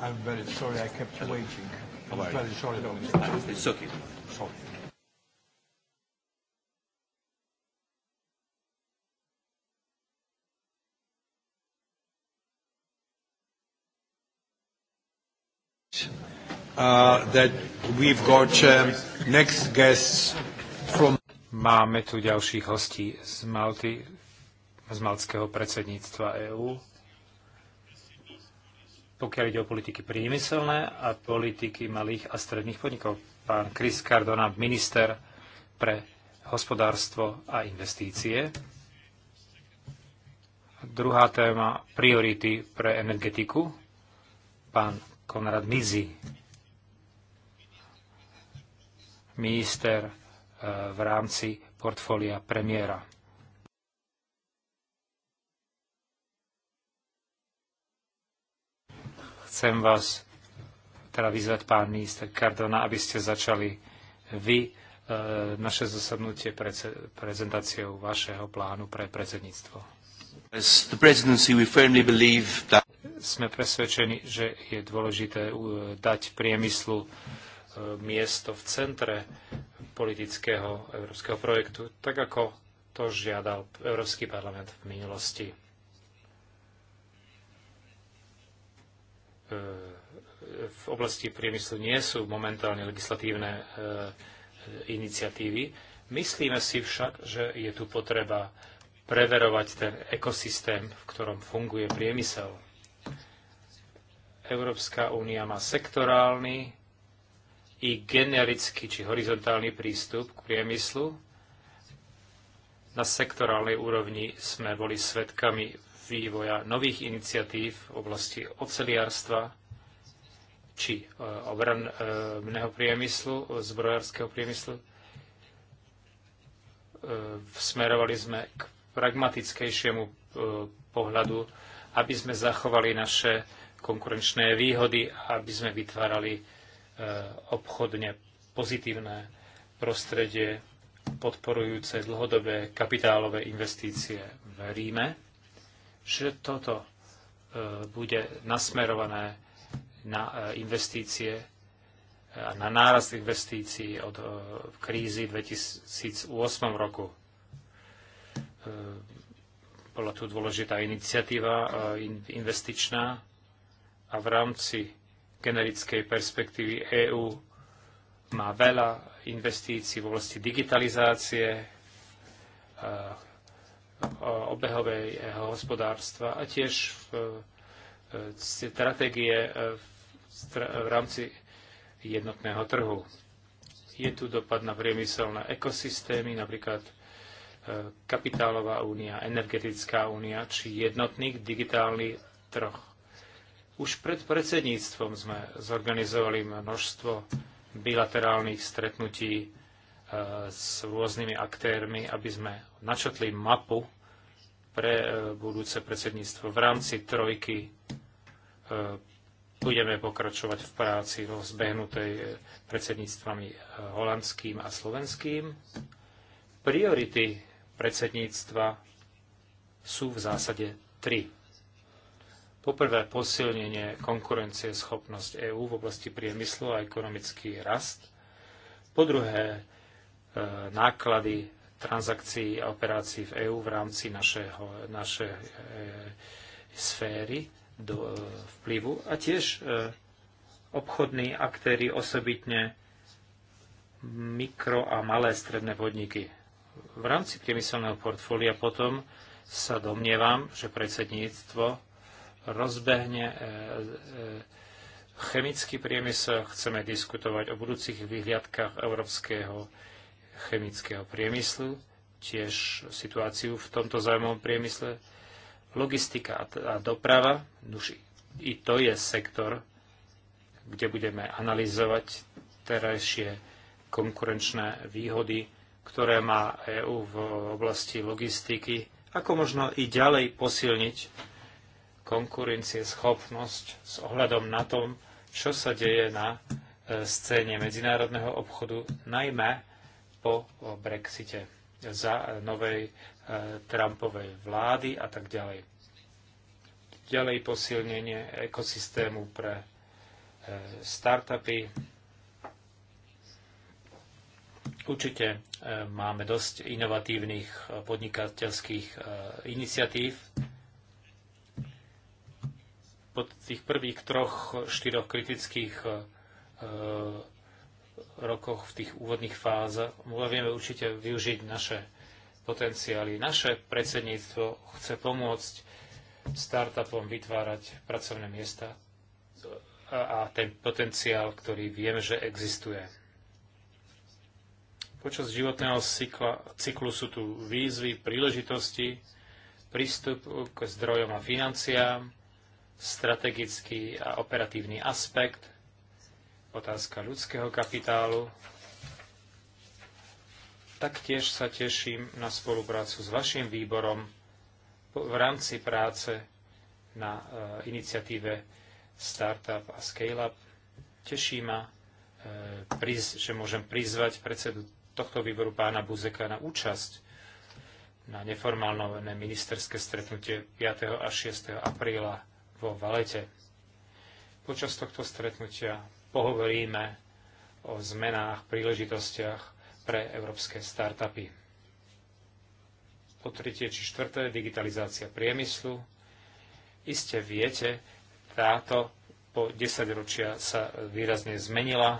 I'm very sorry I kept you waiting. I'm very sorry. It's okay. Uh, um, Máme tu ďalších hostí z Malty, z maltského predsedníctva EÚ. Pokiaľ ide o politiky priemyselné a politiky malých a stredných podnikov. Pán Chris Cardona, minister pre hospodárstvo a investície. Druhá téma priority pre energetiku. Pán Konrad Mizi, minister eh, v rámci portfólia premiéra. Chcem vás teda vyzvať pán minister Cardona, aby ste začali vy eh, naše zasadnutie prezentáciou vašeho plánu pre predsedníctvo. Sme presvedčení, že je dôležité eh, dať priemyslu miesto v centre politického európskeho projektu, tak ako to žiadal Európsky parlament v minulosti. E, v oblasti priemyslu nie sú momentálne legislatívne e, iniciatívy. Myslíme si však, že je tu potreba preverovať ten ekosystém, v ktorom funguje priemysel. Európska únia má sektorálny i generický či horizontálny prístup k priemyslu. Na sektorálnej úrovni sme boli svedkami vývoja nových iniciatív v oblasti oceliarstva či e, obranného e, priemyslu, zbrojárskeho priemyslu. E, smerovali sme k pragmatickejšiemu pohľadu, aby sme zachovali naše konkurenčné výhody, aby sme vytvárali Eh, obchodne pozitívne prostredie podporujúce dlhodobé kapitálové investície. Veríme, že toto eh, bude nasmerované na eh, investície a na nárast investícií od krízy v 2008 roku. Bola tu dôležitá iniciatíva investičná a v rámci generickej perspektívy EÚ má veľa investícií v oblasti digitalizácie, eh, obehového hospodárstva a tiež eh, stratégie eh, v rámci jednotného trhu. Je tu dopad na priemyselné ekosystémy, napríklad kapitálová únia, energetická únia či jednotný digitálny trh už pred predsedníctvom sme zorganizovali množstvo bilaterálnych stretnutí e, s rôznymi aktérmi, aby sme načetli mapu pre e, budúce predsedníctvo. V rámci trojky e, budeme pokračovať v práci rozbehnutej predsedníctvami holandským a slovenským. Priority predsedníctva sú v zásade tri Poprvé posilnenie konkurencie schopnosť EÚ v oblasti priemyslu a ekonomický rast. Po druhé e, náklady transakcií a operácií v EÚ v rámci našeho, našej e, sféry do, e, vplyvu a tiež e, obchodní aktéry, osobitne mikro a malé stredné podniky. V rámci priemyselného portfólia potom sa domnievam, že predsedníctvo rozbehne e, e, chemický priemysel. Chceme diskutovať o budúcich vyhliadkách európskeho chemického priemyslu, tiež situáciu v tomto zaujímavom priemysle. Logistika a doprava, už i to je sektor, kde budeme analyzovať terajšie konkurenčné výhody, ktoré má EÚ v oblasti logistiky, ako možno i ďalej posilniť konkurencieschopnosť s ohľadom na tom, čo sa deje na e, scéne medzinárodného obchodu, najmä po Brexite za e, novej e, Trumpovej vlády a tak ďalej. Ďalej posilnenie ekosystému pre startupy. Určite máme dosť inovatívnych podnikateľských iniciatív, po tých prvých troch, štyroch kritických e, e, rokoch, v tých úvodných fázach, vieme určite využiť naše potenciály. Naše predsedníctvo chce pomôcť startupom vytvárať pracovné miesta a ten potenciál, ktorý vieme, že existuje. Počas životného cykla, cyklu sú tu výzvy, príležitosti, prístup k zdrojom a financiám, strategický a operatívny aspekt, otázka ľudského kapitálu. Taktiež sa teším na spoluprácu s vašim výborom v rámci práce na e, iniciatíve Startup a Scale-up. Teší ma, e, že môžem prizvať predsedu tohto výboru pána Buzeka na účasť na neformálne ministerské stretnutie 5. a 6. apríla vo Valete. Počas tohto stretnutia pohovoríme o zmenách, príležitostiach pre európske startupy. Po tretie či štvrté, digitalizácia priemyslu. Iste viete, táto po 10 ročia sa výrazne zmenila.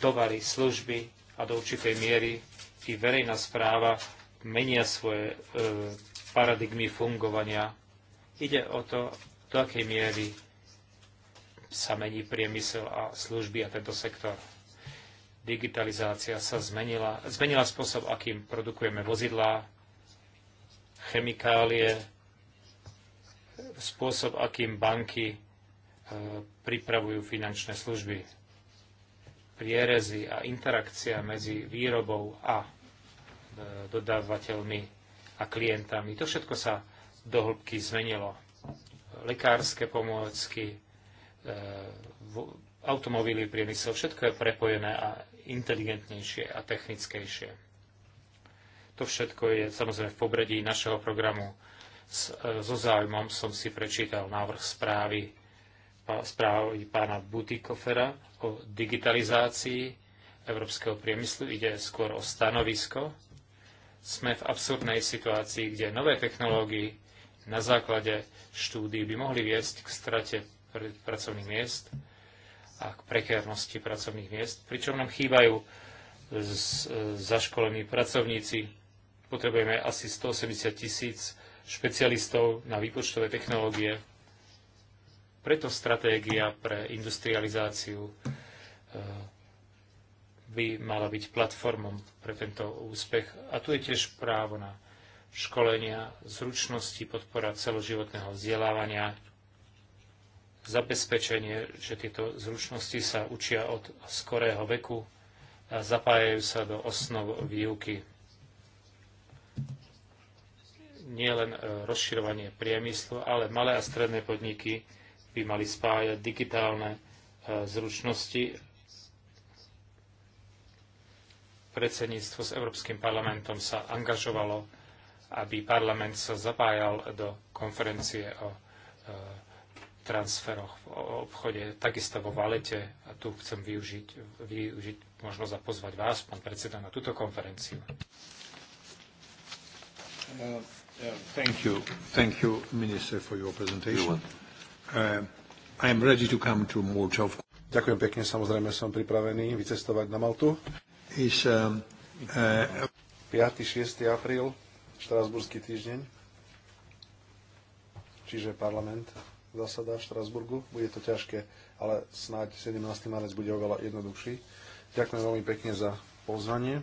Tovary, služby a do určitej miery i verejná správa menia svoje e, paradigmy fungovania. Ide o to, do akej miery sa mení priemysel a služby a tento sektor. Digitalizácia sa zmenila, zmenila spôsob, akým produkujeme vozidlá, chemikálie, spôsob, akým banky e, pripravujú finančné služby, prierezy a interakcia medzi výrobou a e, dodávateľmi a klientami. To všetko sa do hĺbky zmenilo lekárske pomôcky, e, automobily, priemysel, všetko je prepojené a inteligentnejšie a technickejšie. To všetko je samozrejme v pobredí našeho programu. E, so záujmom som si prečítal návrh správy, správy pána Butikofera o digitalizácii európskeho priemyslu. Ide skôr o stanovisko. Sme v absurdnej situácii, kde nové technológie na základe štúdií by mohli viesť k strate pr pracovných miest a k prekérnosti pracovných miest, pričom nám chýbajú e, zaškolení pracovníci. Potrebujeme asi 180 tisíc špecialistov na výpočtové technológie. Preto stratégia pre industrializáciu e, by mala byť platformom pre tento úspech. A tu je tiež právo na školenia, zručnosti, podpora celoživotného vzdelávania, zabezpečenie, že tieto zručnosti sa učia od skorého veku a zapájajú sa do osnov výuky. Nie len e, rozširovanie priemyslu, ale malé a stredné podniky by mali spájať digitálne e, zručnosti predsedníctvo s Európskym parlamentom sa angažovalo aby parlament sa zapájal do konferencie o e, transferoch v obchode, takisto vo valete. A tu chcem využiť, využiť možno zapozvať vás, pán predseda, na túto konferenciu. Uh, uh, thank you. Thank you, minister, for your presentation. Uh, I am ready to come to Malta. Ďakujem pekne, samozrejme som pripravený vycestovať na Maltu. Is, um, uh, 5. 6. apríl štrasburský týždeň. Čiže parlament zasadá v Štrasburgu. Bude to ťažké, ale snáď 17. marec bude oveľa jednoduchší. Ďakujem veľmi pekne za pozvanie.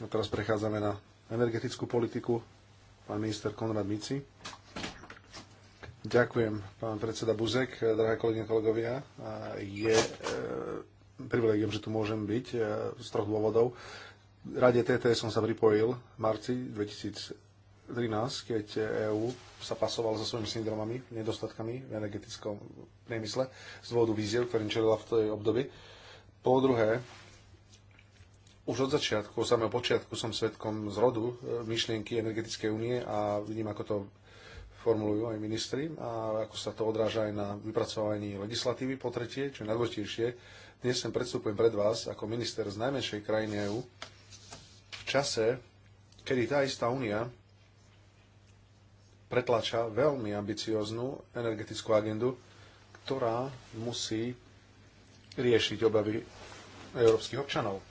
A teraz prechádzame na energetickú politiku. Pán minister Konrad Mici. Ďakujem, pán predseda Buzek, drahé kolegyne, kolegovia. Je eh, privilegium, že tu môžem byť eh, z troch dôvodov. Rade TT som sa pripojil v marci 2013, keď EÚ sa pasoval so svojimi syndromami, nedostatkami v energetickom priemysle z dôvodu víziev, ktorým čelila v tej období. Po druhé, už od začiatku, od samého počiatku som svetkom zrodu e, myšlienky energetickej únie a vidím, ako to formulujú aj ministri a ako sa to odráža aj na vypracovaní legislatívy po tretie, čo je najdôležitejšie. Dnes sem predstupujem pred vás ako minister z najmenšej krajiny EÚ, čase, kedy tá istá únia pretláča veľmi ambicióznu energetickú agendu, ktorá musí riešiť obavy európskych občanov.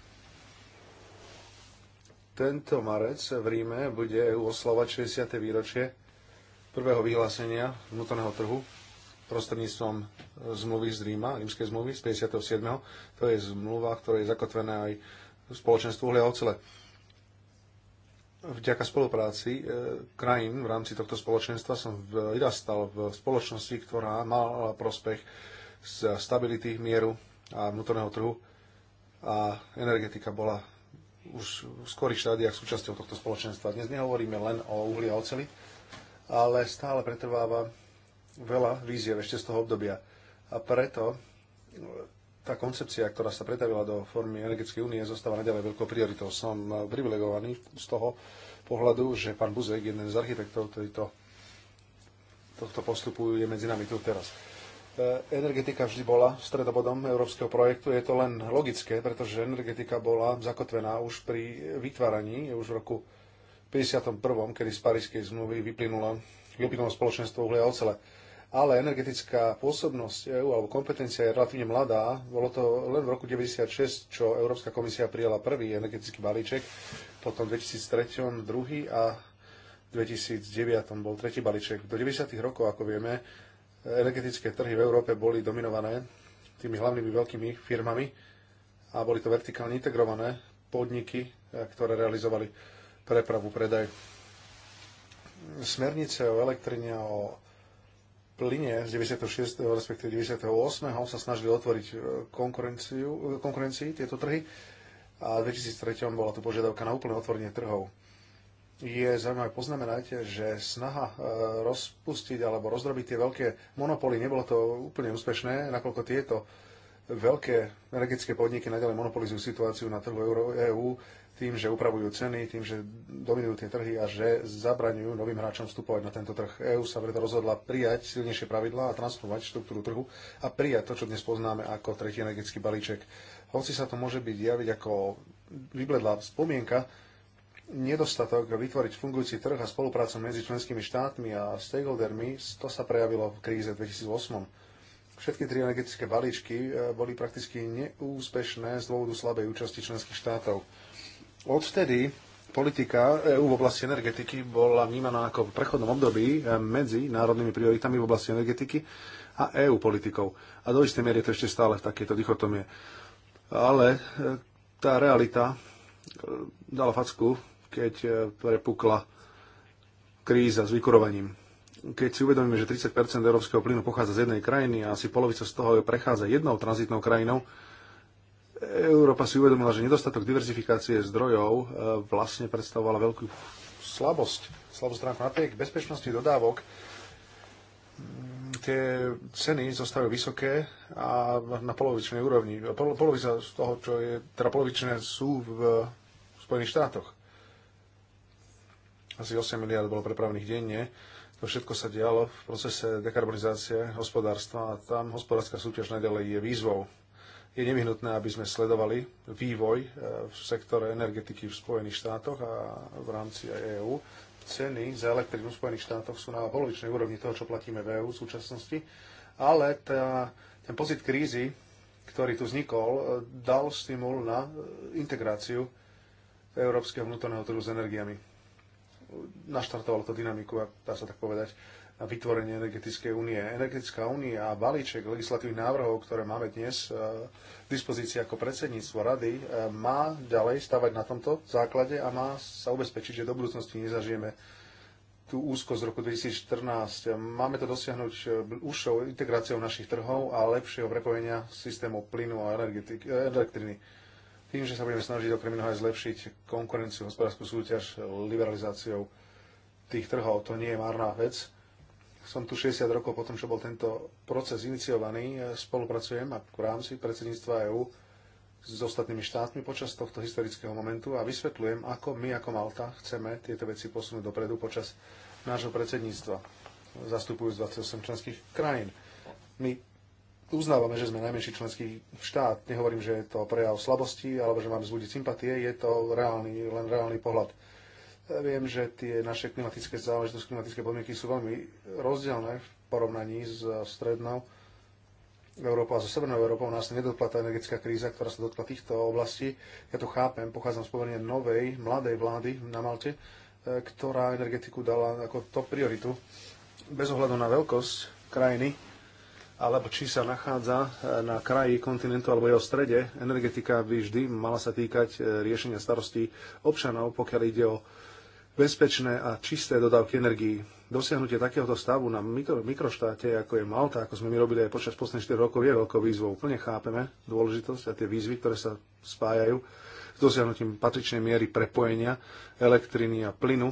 Tento marec v Ríme bude EU oslovať 60. výročie prvého vyhlásenia vnútorného trhu prostredníctvom zmluvy z Ríma, rímskej zmluvy z 57. To je zmluva, ktorá je zakotvená aj spoločenstvo uhlia a ocele vďaka spolupráci e, krajín v rámci tohto spoločenstva som vyrastal v spoločnosti, ktorá mala prospech z stability, mieru a vnútorného trhu a energetika bola už v skorých štádiách súčasťou tohto spoločenstva. Dnes nehovoríme len o uhli a oceli, ale stále pretrváva veľa víziev ešte z toho obdobia. A preto tá koncepcia, ktorá sa pretavila do formy energetickej únie, zostáva naďalej veľkou prioritou. Som privilegovaný z toho pohľadu, že pán Buzek, jeden z architektov tejto, tohto postupu, je medzi nami tu teraz. E, energetika vždy bola stredobodom európskeho projektu. Je to len logické, pretože energetika bola zakotvená už pri vytváraní, už v roku 51., kedy z Parískej zmluvy vyplynulo, vyplynulo spoločenstvo uhlia a ocele ale energetická pôsobnosť EÚ alebo kompetencia je relatívne mladá. Bolo to len v roku 1996, čo Európska komisia prijala prvý energetický balíček, potom v 2003 druhý a v 2009 bol tretí balíček. Do 90. rokov, ako vieme, energetické trhy v Európe boli dominované tými hlavnými veľkými firmami a boli to vertikálne integrované podniky, e, ktoré realizovali prepravu, predaj. Smernice o elektrine, o plyne z 96. respektíve 98. sa snažili otvoriť e, konkurenciu, e, konkurencii tieto trhy a v 2003. bola tu požiadavka na úplné otvorenie trhov. Je zaujímavé poznamenať, že snaha e, rozpustiť alebo rozrobiť tie veľké monopóly nebolo to úplne úspešné, nakoľko tieto veľké energetické podniky nadalej monopolizujú situáciu na trhu EÚ tým, že upravujú ceny, tým, že dominujú tie trhy a že zabraňujú novým hráčom vstupovať na tento trh. EÚ sa preto rozhodla prijať silnejšie pravidlá a transformovať štruktúru trhu a prijať to, čo dnes poznáme ako tretí energetický balíček. Hoci sa to môže byť javiť ako vybledlá spomienka, nedostatok vytvoriť fungujúci trh a spoluprácu medzi členskými štátmi a stakeholdermi, to sa prejavilo v kríze 2008 všetky tri energetické balíčky e, boli prakticky neúspešné z dôvodu slabej účasti členských štátov. Odvtedy politika EÚ v oblasti energetiky bola vnímaná ako v prechodnom období e, medzi národnými prioritami v oblasti energetiky a EU politikou. A do istej miery je to ešte stále v takejto dichotomie. Ale e, tá realita e, dala facku, keď prepukla kríza s vykurovaním. Keď si uvedomíme, že 30 európskeho plynu pochádza z jednej krajiny a asi polovica z toho prechádza jednou tranzitnou krajinou, Európa si uvedomila, že nedostatok diverzifikácie zdrojov e, vlastne predstavovala veľkú slabosť, slabú stránku. Napriek bezpečnosti dodávok mm, tie ceny zostávajú vysoké a na polovičnej úrovni. Polovica z toho, čo je, teda polovičné sú v Spojených štátoch. Asi 8 miliard bolo prepravných denne. To všetko sa dialo v procese dekarbonizácie hospodárstva a tam hospodárska súťaž nadalej je výzvou je nevyhnutné, aby sme sledovali vývoj e, v sektore energetiky v Spojených štátoch a v rámci aj EÚ. Ceny za elektrinu v Spojených štátoch sú na polovičnej úrovni toho, čo platíme v EÚ v súčasnosti, ale tá, ten pocit krízy, ktorý tu vznikol, e, dal stimul na e, integráciu európskeho vnútorného trhu s energiami. Naštartovalo to dynamiku, dá sa tak povedať a vytvorenie energetickej únie. Energetická únia a balíček legislatívnych návrhov, ktoré máme dnes e, v dispozícii ako predsedníctvo rady, e, má ďalej stavať na tomto základe a má sa ubezpečiť, že do budúcnosti nezažijeme tú úzkosť z roku 2014. Máme to dosiahnuť e, užšou integráciou našich trhov a lepšieho prepojenia systému plynu a elektriny. Tým, že sa budeme snažiť okrem iného aj zlepšiť konkurenciu, hospodárskú súťaž liberalizáciou tých trhov, to nie je márna vec som tu 60 rokov potom, čo bol tento proces iniciovaný, spolupracujem a v rámci predsedníctva EÚ s ostatnými štátmi počas tohto historického momentu a vysvetľujem, ako my ako Malta chceme tieto veci posunúť dopredu počas nášho predsedníctva, zastupujúc 28 členských krajín. My uznávame, že sme najmenší členský štát. Nehovorím, že je to prejav slabosti alebo že máme zbudiť sympatie, je to reálny, len reálny pohľad Viem, že tie naše klimatické záležitosti, klimatické podmienky sú veľmi rozdielne v porovnaní s strednou Európou a so severnou Európou. Nás nedotkla tá energetická kríza, ktorá sa dotkla týchto oblastí. Ja to chápem, pochádzam z pomerne novej, mladej vlády na Malte, e, ktorá energetiku dala ako top prioritu bez ohľadu na veľkosť krajiny alebo či sa nachádza e, na kraji kontinentu alebo jeho strede, energetika by vždy mala sa týkať e, riešenia starostí občanov, pokiaľ ide o bezpečné a čisté dodávky energií. Dosiahnutie takéhoto stavu na mikro, mikroštáte, ako je Malta, ako sme my robili aj počas posledných 4 rokov, je veľkou výzvou. Plne chápeme dôležitosť a tie výzvy, ktoré sa spájajú s dosiahnutím patričnej miery prepojenia elektriny a plynu,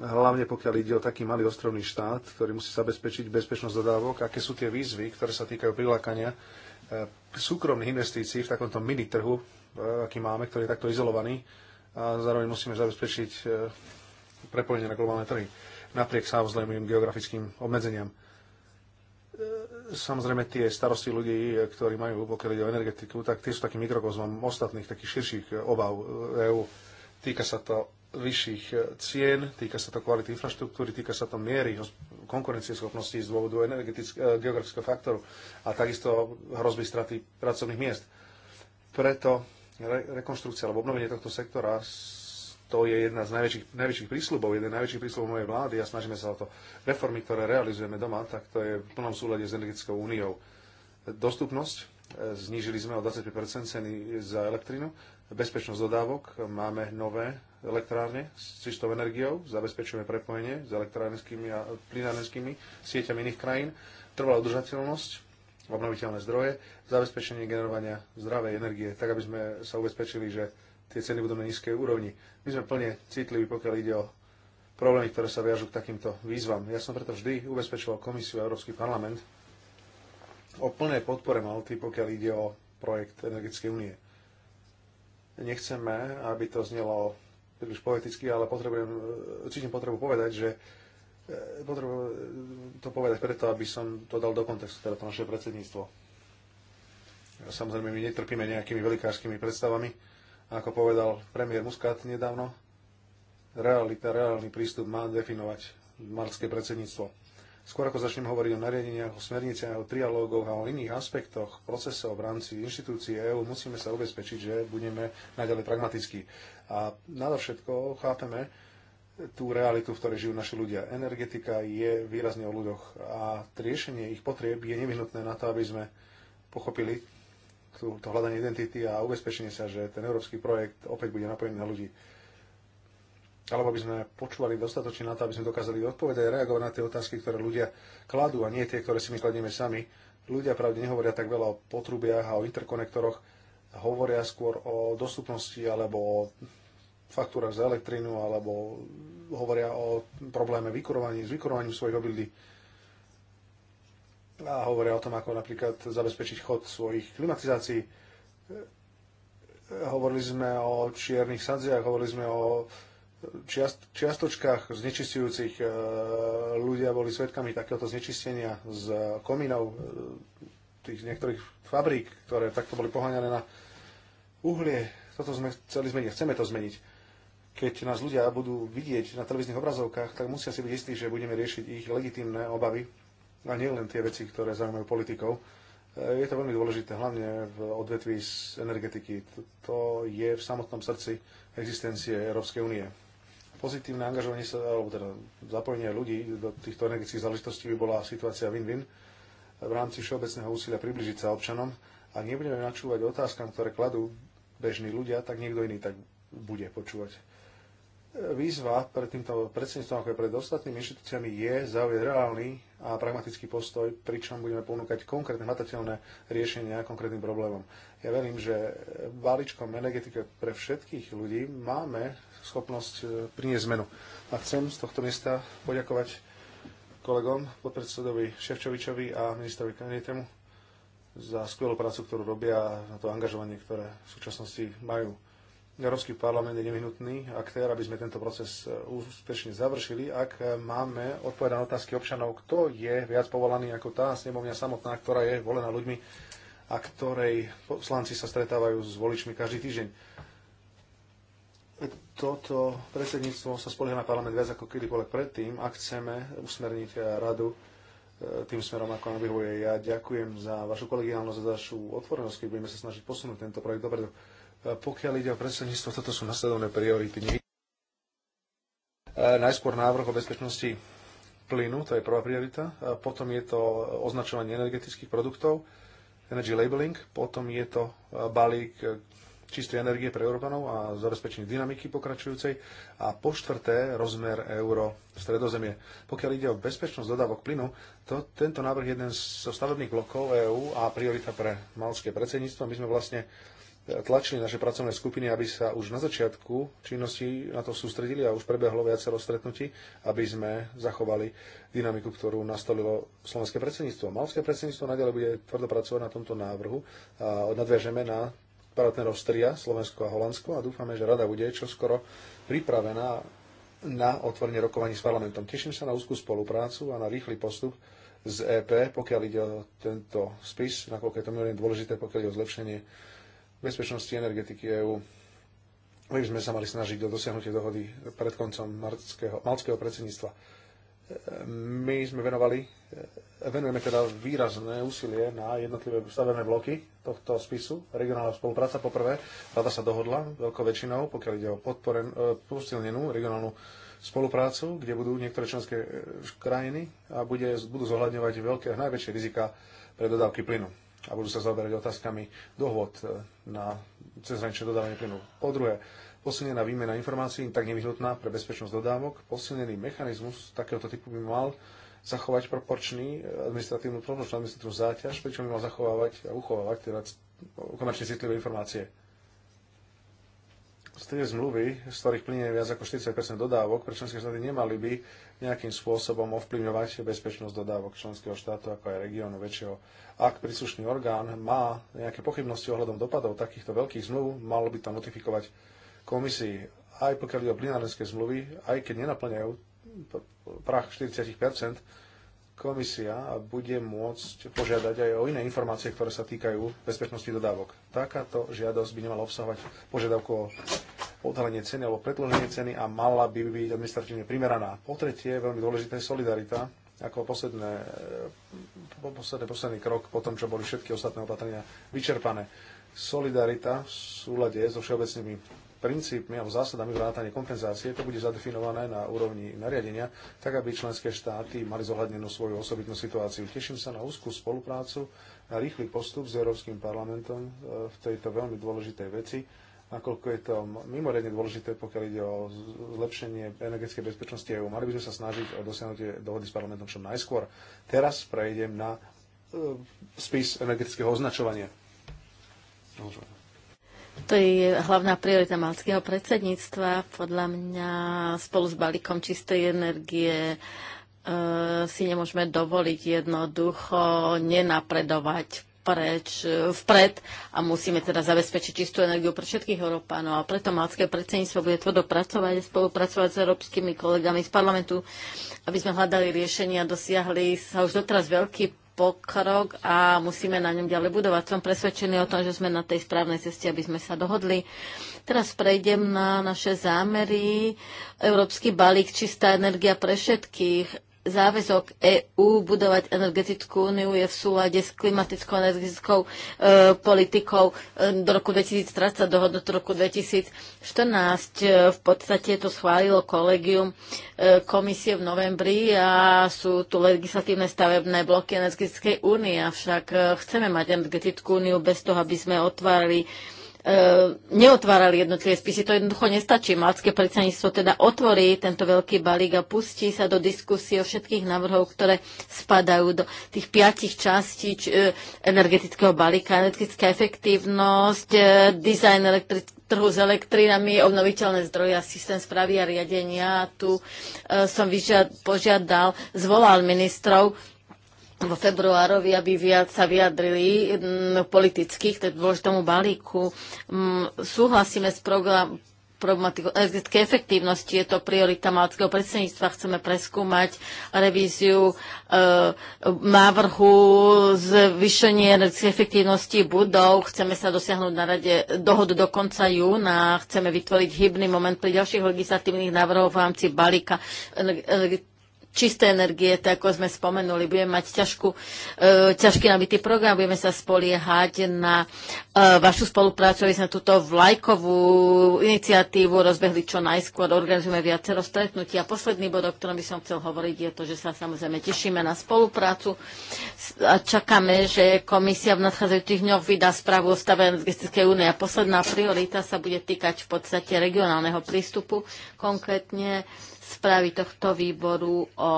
hlavne pokiaľ ide o taký malý ostrovný štát, ktorý musí zabezpečiť bezpečnosť dodávok, aké sú tie výzvy, ktoré sa týkajú prilákania eh, súkromných investícií v takomto mini trhu, eh, aký máme, ktorý je takto izolovaný a zároveň musíme zabezpečiť eh, prepojenie na globálne trhy, napriek samozrejmým geografickým obmedzeniam. E, samozrejme tie starosti ľudí, e, ktorí majú hlboké ide o energetiku, tak tie sú takým mikrokozmom ostatných takých širších e, obav EÚ. Týka sa to vyšších cien, týka sa to kvality infraštruktúry, týka sa to miery konkurencieschopnosti z dôvodu geografického faktoru a takisto hrozby straty pracovných miest. Preto re- rekonštrukcia alebo obnovenie tohto sektora to je jedna z najväčších, najväčších prísľubov, jeden z najväčších prísľubov mojej vlády a snažíme sa o to. Reformy, ktoré realizujeme doma, tak to je v plnom súlade s Energetickou úniou. Dostupnosť, e, znížili sme o 25 ceny za elektrinu, bezpečnosť dodávok, máme nové elektrárne s čistou energiou, zabezpečujeme prepojenie s elektrárenskými a plynárenskými sieťami iných krajín, trvalá udržateľnosť, obnoviteľné zdroje, zabezpečenie generovania zdravej energie, tak aby sme sa ubezpečili, že tie ceny budú na nízkej úrovni. My sme plne citliví, pokiaľ ide o problémy, ktoré sa viažú k takýmto výzvam. Ja som preto vždy ubezpečoval komisiu a Európsky parlament o plnej podpore Malty, pokiaľ ide o projekt Energetickej únie. Nechceme, aby to znelo príliš poeticky, ale potrebujem, e, cítim potrebu povedať, že e, potrebujem to povedať preto, aby som to dal do kontextu, teda to naše predsedníctvo. Samozrejme, my netrpíme nejakými velikárskymi predstavami, ako povedal premiér Muscat nedávno, realita, reálny prístup má definovať malské predsedníctvo. Skôr ako začnem hovoriť o nariadeniach, o smerniciach, o trialógoch a o iných aspektoch procesov v rámci inštitúcií EÚ, musíme sa ubezpečiť, že budeme naďalej pragmatickí. A nadovšetko chápeme tú realitu, v ktorej žijú naši ľudia. Energetika je výrazne o ľuďoch a riešenie ich potrieb je nevyhnutné na to, aby sme pochopili tú, to hľadanie identity a ubezpečenie sa, že ten európsky projekt opäť bude napojený na ľudí. Alebo aby sme počúvali dostatočne na to, aby sme dokázali odpovedať a reagovať na tie otázky, ktoré ľudia kladú a nie tie, ktoré si my kladieme sami. Ľudia pravde nehovoria tak veľa o potrubiach a o interkonektoroch, hovoria skôr o dostupnosti alebo o faktúrach za elektrínu alebo hovoria o probléme vykurovaní, s vykurovaním svojich obildy a hovoria o tom, ako napríklad zabezpečiť chod svojich klimatizácií. Hovorili sme o čiernych sadziach, hovorili sme o čiast, čiastočkách znečistujúcich. E, ľudia boli svedkami takéhoto znečistenia z komínov e, tých niektorých fabrík, ktoré takto boli poháňané na uhlie. Toto sme chceli zmeniť, chceme to zmeniť. Keď nás ľudia budú vidieť na televíznych obrazovkách, tak musia si byť istí, že budeme riešiť ich legitímne obavy a nie len tie veci, ktoré zaujímajú politikov. E, je to veľmi dôležité, hlavne v odvetví z energetiky. To je v samotnom srdci existencie Európskej únie. Pozitívne angažovanie sa, alebo teda zapojenie ľudí do týchto energetických záležitostí by bola situácia win-win v rámci všeobecného úsilia približiť sa občanom. a nebudeme načúvať otázkam, ktoré kladú bežní ľudia, tak niekto iný tak bude počúvať Výzva pred týmto predsedníctvom, ako aj pred ostatnými inštitúciami, je zaujať reálny a pragmatický postoj, pričom budeme ponúkať konkrétne hmatateľné riešenia konkrétnym problémom. Ja verím, že balíčkom energetika pre všetkých ľudí máme schopnosť e, priniesť zmenu. A chcem z tohto miesta poďakovať kolegom, podpredsedovi Ševčovičovi a ministrovi Kanietemu za skvelú prácu, ktorú robia a to angažovanie, ktoré v súčasnosti majú. Európsky parlament je nevyhnutný aktér, aby sme tento proces e, úspešne završili, ak e, máme odpovedať na otázky občanov, kto je viac povolaný ako tá snemovňa samotná, ktorá je volená ľuďmi a ktorej poslanci sa stretávajú s voličmi každý týždeň. Toto predsedníctvo sa spolieha na parlament viac ako kedykoľvek predtým, ak chceme usmerniť radu e, tým smerom, ako vyhovuje. Ja ďakujem za vašu kolegiálnosť, za vašu otvorenosť, keď budeme sa snažiť posunúť tento projekt dopredu. Pokiaľ ide o predsedníctvo, toto sú nasledovné priority. E, najskôr návrh o bezpečnosti plynu, to je prvá priorita. E, potom je to označovanie energetických produktov, energy labeling. Potom je to e, balík čistej energie pre Európanov a zabezpečenie dynamiky pokračujúcej. A po štvrté, rozmer euro v stredozemie. Pokiaľ ide o bezpečnosť dodávok plynu, to, tento návrh je jeden zo stavebných blokov EÚ a priorita pre malské predsedníctvo. My sme vlastne tlačili naše pracovné skupiny, aby sa už na začiatku činnosti na to sústredili a už prebehlo viacero stretnutí, aby sme zachovali dynamiku, ktorú nastolilo slovenské predsedníctvo. Malské predsedníctvo nadalej bude tvrdo pracovať na tomto návrhu a nadviažeme na partnerov Stria, Slovensko a Holandsko a dúfame, že rada bude čoskoro pripravená na otvorenie rokovaní s parlamentom. Teším sa na úzkú spoluprácu a na rýchly postup z EP, pokiaľ ide o tento spis, nakoľko je to mimoriadne dôležité, pokiaľ ide o zlepšenie bezpečnosti energetiky EÚ. My by sme sa mali snažiť do dosiahnutie dohody pred koncom maltského, malckého predsedníctva. My sme venovali, venujeme teda výrazné úsilie na jednotlivé stavebné bloky tohto spisu. Regionálna spolupráca poprvé, rada sa dohodla veľkou väčšinou, pokiaľ ide o podporen, e, posilnenú regionálnu spoluprácu, kde budú niektoré členské e, krajiny a bude, budú zohľadňovať veľké, najväčšie rizika pre dodávky plynu a budú sa zaoberať otázkami dohod e, na cezhraničné dodávanie plynu. Po druhé, posilnená výmena informácií, tak nevyhnutná pre bezpečnosť dodávok, posilnený mechanizmus takéhoto typu by mal zachovať proporčný e, administratívnu, proporčnú administratívnu záťaž, pričom by mal zachovávať a uchovávať teda komerčne citlivé informácie z tej zmluvy, z ktorých plynie viac ako 40 dodávok, pre členské štáty nemali by nejakým spôsobom ovplyvňovať bezpečnosť dodávok členského štátu, ako aj regiónu väčšieho. Ak príslušný orgán má nejaké pochybnosti ohľadom dopadov takýchto veľkých zmluv, malo by to notifikovať komisii, aj pokiaľ ide o plinárenské zmluvy, aj keď nenaplňajú prach 40 komisia bude môcť požiadať aj o iné informácie, ktoré sa týkajú bezpečnosti dodávok. Takáto žiadosť by nemala obsahovať požiadavku o odhalenie ceny alebo predloženie ceny a mala by byť administratívne primeraná. Po tretie, veľmi dôležitá je solidarita ako posledné, posledný, posledný krok po tom, čo boli všetky ostatné opatrenia vyčerpané. Solidarita v súlade so všeobecnými princípmi alebo zásadami vrátane kompenzácie. To bude zadefinované na úrovni nariadenia, tak aby členské štáty mali zohľadnenú svoju osobitnú situáciu. Teším sa na úzkú spoluprácu, na rýchly postup s Európskym parlamentom e, v tejto veľmi dôležitej veci, nakoľko je to mimoriadne dôležité, pokiaľ ide o zlepšenie energetickej bezpečnosti EU. Mali by sme sa snažiť o dosiahnutie dohody s parlamentom čo najskôr. Teraz prejdem na e, spis energetického označovania. Môžeme. To je hlavná priorita malského predsedníctva. Podľa mňa spolu s balíkom čistej energie e, si nemôžeme dovoliť jednoducho nenapredovať preč, vpred a musíme teda zabezpečiť čistú energiu pre všetkých Európanov. A preto malské predsedníctvo bude tvrdo pracovať, spolupracovať s európskymi kolegami z parlamentu, aby sme hľadali riešenia, dosiahli sa už doteraz veľký pokrok a musíme na ňom ďalej budovať. Som presvedčený o tom, že sme na tej správnej ceste, aby sme sa dohodli. Teraz prejdem na naše zámery. Európsky balík, čistá energia pre všetkých záväzok EÚ budovať energetickú úniu je v súlade s klimatickou energetickou e, politikou e, do roku 2030, do roku 2014. E, v podstate to schválilo kolegium e, komisie v novembri a sú tu legislatívne stavebné bloky energetickej únie, avšak e, chceme mať energetickú úniu bez toho, aby sme otvárali e, E, neotvárali jednotlivé spisy. To jednoducho nestačí. Malcké predsedníctvo teda otvorí tento veľký balík a pustí sa do diskusie o všetkých návrhov, ktoré spadajú do tých piatich častí e, energetického balíka. Energetická efektívnosť, e, dizajn elektrického trhu s elektrinami, obnoviteľné zdroje a systém správy a riadenia. Tu som vyžiad, požiadal, zvolal ministrov vo februárovi, aby viac sa vyjadrili mm, politických, teda dôležitému balíku. Mm, súhlasíme s program, problematiku energetickej efektívnosti. Je to priorita malackého predsedníctva. Chceme preskúmať revíziu e, návrhu zvýšenie energetickej efektívnosti budov. Chceme sa dosiahnuť na rade dohodu do konca júna. Chceme vytvoriť hybný moment pri ďalších legislatívnych návrhoch v rámci balíka energetickej čisté energie, tak ako sme spomenuli, budeme mať ťažkú, e, ťažký nabitý program, budeme sa spoliehať na e, vašu spoluprácu, aby sme túto vlajkovú iniciatívu rozbehli čo najskôr, organizujeme viacero stretnutí. A posledný bod, o ktorom by som chcel hovoriť, je to, že sa samozrejme tešíme na spoluprácu a čakáme, že komisia v nadchádzajúcich dňoch vydá správu o stave energetickej únie. A posledná priorita sa bude týkať v podstate regionálneho prístupu, konkrétne správy tohto výboru o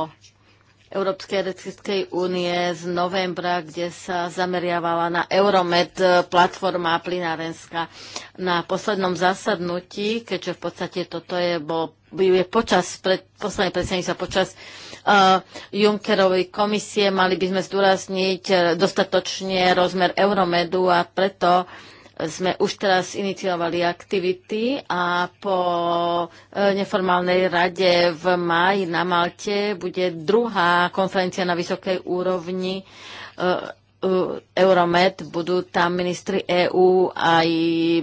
Európskej elektrickej únie z novembra, kde sa zameriavala na Euromed e, platforma plinárenská. Na poslednom zasadnutí, keďže v podstate toto je, bol, je počas, pred, posledné sa počas uh, Junckerovej komisie, mali by sme zdôrazniť e, dostatočne rozmer Euromedu a preto uh, sme už teraz iniciovali aktivity a po e, neformálnej rade v máji na Malte bude druhá konferencia na vysokej úrovni e, E, Euromed budú tam ministri EÚ aj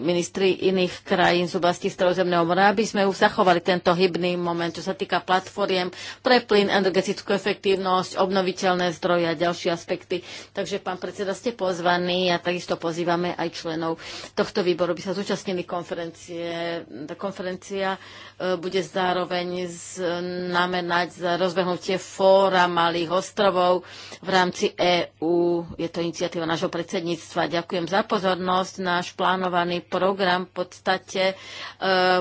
ministri iných krajín z oblasti Stredozemného mora, aby sme už zachovali tento hybný moment, čo sa týka platformiem pre plyn, energetickú efektívnosť, obnoviteľné zdroje a ďalšie aspekty. Takže, pán predseda, ste pozvaní a takisto pozývame aj členov tohto výboru, by sa zúčastnili konferencie. Tá konferencia e, bude zároveň znamenať rozbehnutie fóra malých ostrovov v rámci EÚ je to iniciatíva nášho predsedníctva. Ďakujem za pozornosť. Náš plánovaný program v podstate e,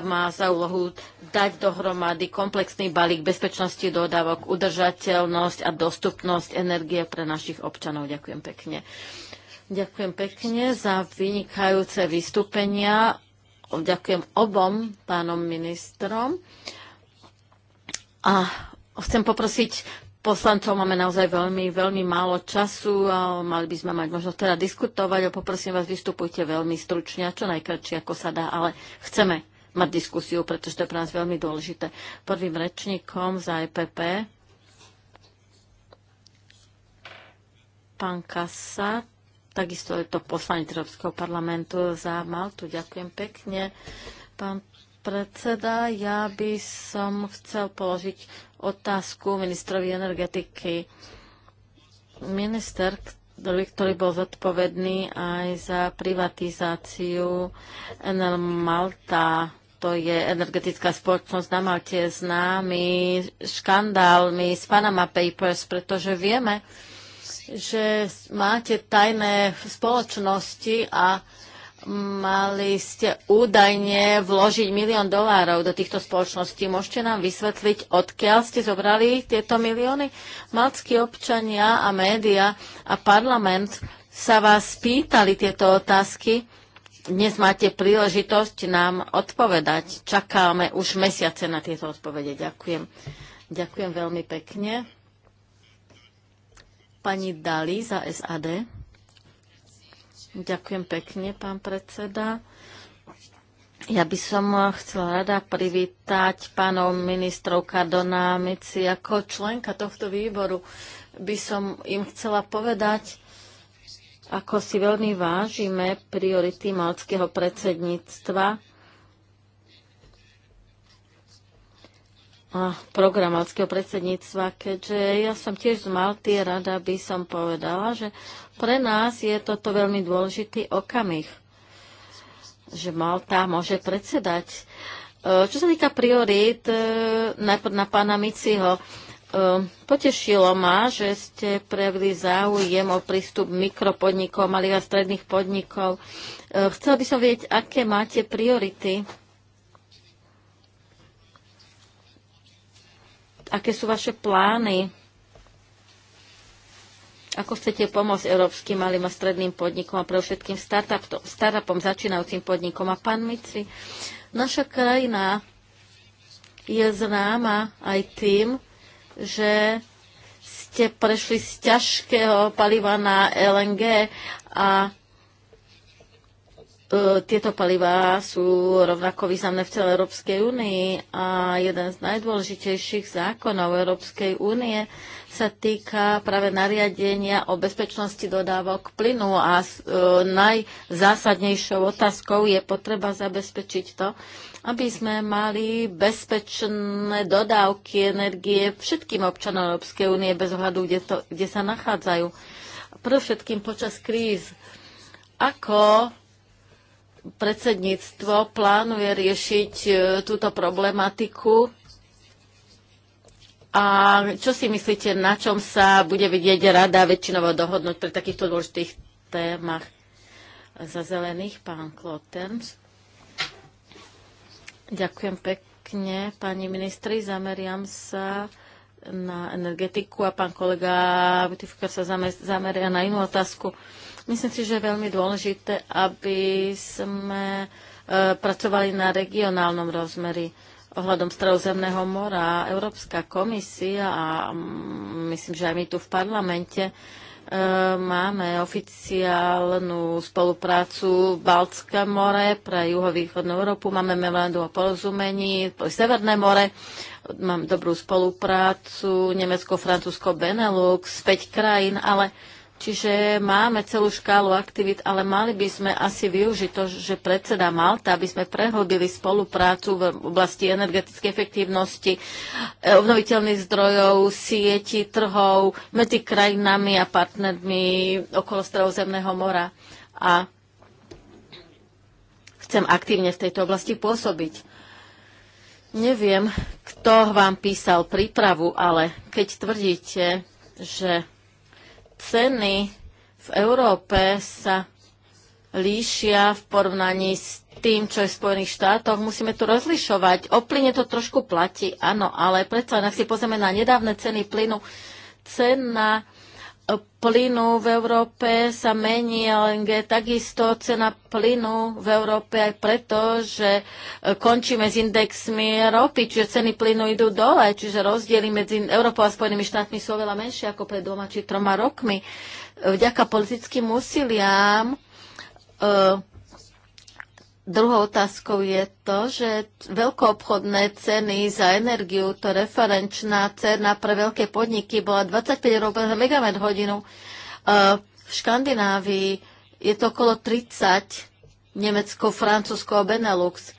má za úlohu dať dohromady komplexný balík bezpečnosti dodávok, udržateľnosť a dostupnosť energie pre našich občanov. Ďakujem pekne. Ďakujem pekne za vynikajúce vystúpenia. Ďakujem obom pánom ministrom. A chcem poprosiť poslancov máme naozaj veľmi, veľmi málo času a mali by sme mať možnosť teda diskutovať a poprosím vás, vystupujte veľmi stručne a čo najkračšie, ako sa dá, ale chceme mať diskusiu, pretože to je pre nás veľmi dôležité. Prvým rečníkom za EPP pán Kasa, takisto je to poslanec Európskeho parlamentu za Maltu. Ďakujem pekne. Pán predseda, ja by som chcel položiť otázku ministrovi energetiky. Minister, ktorý bol zodpovedný aj za privatizáciu NL Malta, to je energetická spoločnosť na Malte, známy škandálmi z Panama Papers, pretože vieme, že máte tajné spoločnosti a Mali ste údajne vložiť milión dolárov do týchto spoločností. Môžete nám vysvetliť, odkiaľ ste zobrali tieto milióny? Malckí občania a média a parlament sa vás pýtali tieto otázky. Dnes máte príležitosť nám odpovedať. Čakáme už mesiace na tieto odpovede. Ďakujem. Ďakujem veľmi pekne. Pani Dali za SAD. Ďakujem pekne, pán predseda. Ja by som chcela rada privítať pánov ministrov Kadona Mici. Ako členka tohto výboru by som im chcela povedať, ako si veľmi vážime priority malckého predsedníctva program malského predsedníctva, keďže ja som tiež z Malty, rada by som povedala, že pre nás je toto veľmi dôležitý okamih, že Malta môže predsedať. E, čo sa týka priorít, e, najprv na pána Miciho, e, potešilo ma, že ste prejavili záujem o prístup mikropodnikov, malých a stredných podnikov. Chcela by som vedieť, aké máte priority Aké sú vaše plány? Ako chcete pomôcť európskym malým a stredným podnikom a pre všetkým startupom, start začínajúcim podnikom? A pán Mici, naša krajina je známa aj tým, že ste prešli z ťažkého paliva na LNG a E, tieto palivá sú rovnako významné v celej Európskej únii a jeden z najdôležitejších zákonov Európskej únie sa týka práve nariadenia o bezpečnosti dodávok plynu a e, najzásadnejšou otázkou je potreba zabezpečiť to, aby sme mali bezpečné dodávky energie všetkým občanom Európskej únie bez ohľadu, kde, to, kde sa nachádzajú. Pre všetkým počas kríz. Ako predsedníctvo plánuje riešiť e, túto problematiku. A čo si myslíte, na čom sa bude vidieť rada väčšinovo dohodnúť pri takýchto dôležitých témach? Za zelených pán Klotens? Ďakujem pekne, pani ministri. Zameriam sa na energetiku a pán kolega Butifka sa zameria na inú otázku. Uh, Myslím si, že je veľmi dôležité, aby sme e, pracovali na regionálnom rozmeri ohľadom Stredozemného mora. Európska komisia a mm, myslím, že aj my tu v parlamente e, máme oficiálnu spoluprácu Baltské more pre juhovýchodnú Európu, máme memorandum o porozumení, Severné more, mám dobrú spoluprácu Nemecko, Francúzsko, Benelux, 5 krajín, ale Čiže máme celú škálu aktivít, ale mali by sme asi využiť to, že predseda Malta, aby sme prehlbili spoluprácu v oblasti energetickej efektívnosti, eh, obnoviteľných zdrojov, sieti, trhov medzi krajinami a partnermi okolo Stredozemného mora. A chcem aktívne v tejto oblasti pôsobiť. Neviem, kto vám písal prípravu, ale keď tvrdíte, že ceny v Európe sa líšia v porovnaní s tým, čo je v Spojených štátoch. Musíme tu rozlišovať. O plyne to trošku platí, áno, ale predsa, ak si pozrieme na nedávne ceny plynu, cena plynu v Európe sa mení LNG, takisto cena plynu v Európe aj preto, že e, končíme s indexmi ropy, čiže ceny plynu idú dole, čiže rozdiely medzi Európou a Spojenými štátmi sú oveľa menšie ako pred dvoma či troma rokmi. E, vďaka politickým úsiliám e, Druhou otázkou je to, že veľkoobchodné ceny za energiu, to referenčná cena pre veľké podniky bola 25 eur za megawatt hodinu. E, v Škandinávii je to okolo 30, Nemecko, Francúzsko a Benelux.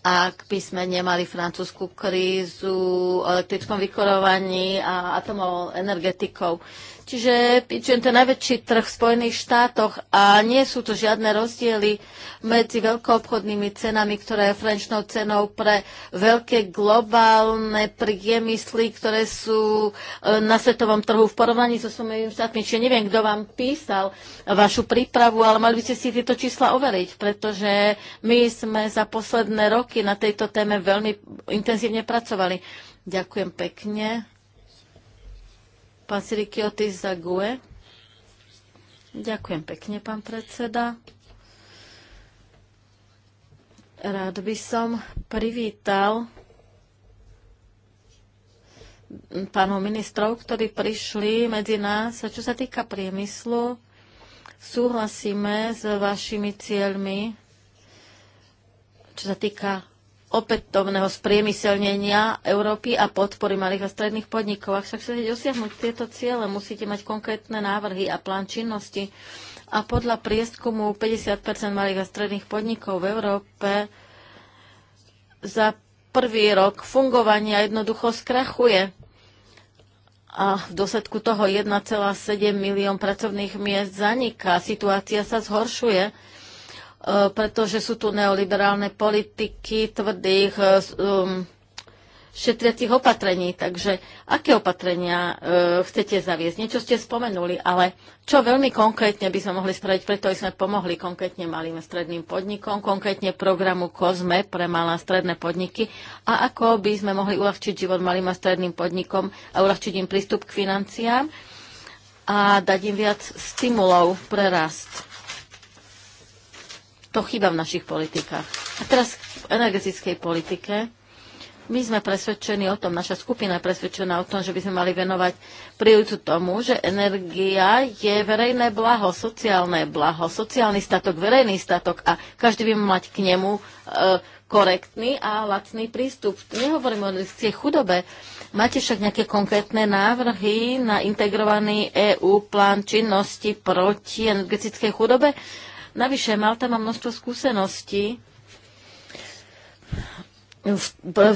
Ak by sme nemali francúzsku krízu o elektrickom vykorovaní a atomovou energetikou, Čiže je to najväčší trh v Spojených štátoch a nie sú to žiadne rozdiely medzi veľkoobchodnými cenami, ktoré je frenčnou cenou pre veľké globálne priemysly, ktoré sú e, na svetovom trhu v porovnaní so Spojenými štátmi. Čiže neviem, kto vám písal vašu prípravu, ale mali by ste si tieto čísla overiť, pretože my sme za posledné roky na tejto téme veľmi intenzívne pracovali. Ďakujem pekne. Pán Sirikiotis za GUE. Ďakujem pekne, pán predseda. Rád by som privítal pánov ministrov, ktorí prišli medzi nás. A čo sa týka priemyslu, súhlasíme s vašimi cieľmi, čo sa týka opätovného spriemyselnenia Európy a podpory malých a stredných podnikov. Ak sa chcete dosiahnuť tieto ciele, musíte mať konkrétne návrhy a plán činnosti. A podľa prieskumu 50 malých a stredných podnikov v Európe za prvý rok fungovania jednoducho skrachuje a v dôsledku toho 1,7 milión pracovných miest zaniká. Situácia sa zhoršuje Eh, pretože sú tu neoliberálne politiky tvrdých eh, um, šetriacich opatrení. Takže aké opatrenia uh, chcete zaviesť? Niečo ste spomenuli, ale čo veľmi konkrétne by sme mohli spraviť, preto sme pomohli konkrétne malým stredným podnikom, konkrétne programu COSME pre malé a stredné podniky a ako by sme mohli uľahčiť život malým a stredným podnikom a uľahčiť im prístup k financiám a dať im viac stimulov pre rast. To chýba v našich politikách. A teraz v energetickej politike. My sme presvedčení o tom, naša skupina je presvedčená o tom, že by sme mali venovať prioritu tomu, že energia je verejné blaho, sociálne blaho, sociálny statok, verejný statok a každý by mal mať k nemu e, korektný a lacný prístup. Nehovorím o ľudskej chudobe. Máte však nejaké konkrétne návrhy na integrovaný EU plán činnosti proti energetickej chudobe? Navyše, Malta má množstvo skúseností,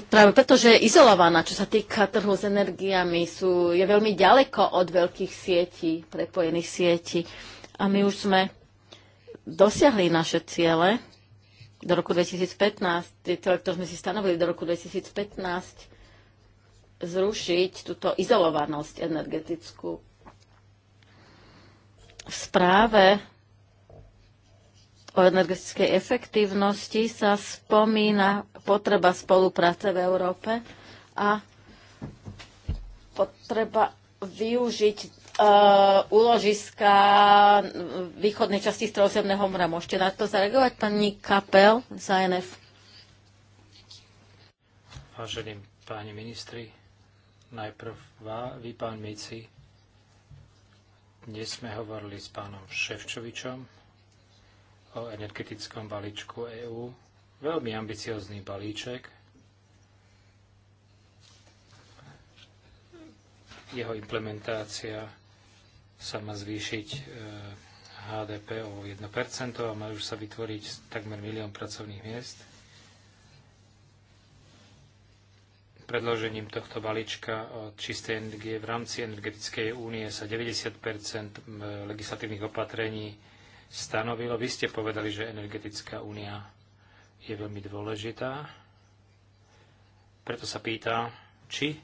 Práve preto, že je izolovaná, čo sa týka trhu s energiami, sú, je veľmi ďaleko od veľkých sietí, prepojených sietí. A my už sme dosiahli naše ciele do roku 2015, tie ciele, ktoré sme si stanovili do roku 2015, zrušiť túto izolovanosť energetickú. V správe o energetickej efektívnosti sa spomína potreba spolupráce v Európe a potreba využiť uh, úložiska východnej časti Strozemného mora. Môžete na to zareagovať, pani Kapel za NF. Vážení páni ministri, najprv vá, vy, pán Mici, dnes sme hovorili s pánom Ševčovičom, o energetickom balíčku EÚ. Veľmi ambiciózny balíček. Jeho implementácia sa má zvýšiť e, HDP o 1% a má už sa vytvoriť takmer milión pracovných miest. Predložením tohto balíčka o čistej energie v rámci energetickej únie sa 90 legislatívnych opatrení stanovilo. Vy ste povedali, že energetická únia je veľmi dôležitá. Preto sa pýtam, či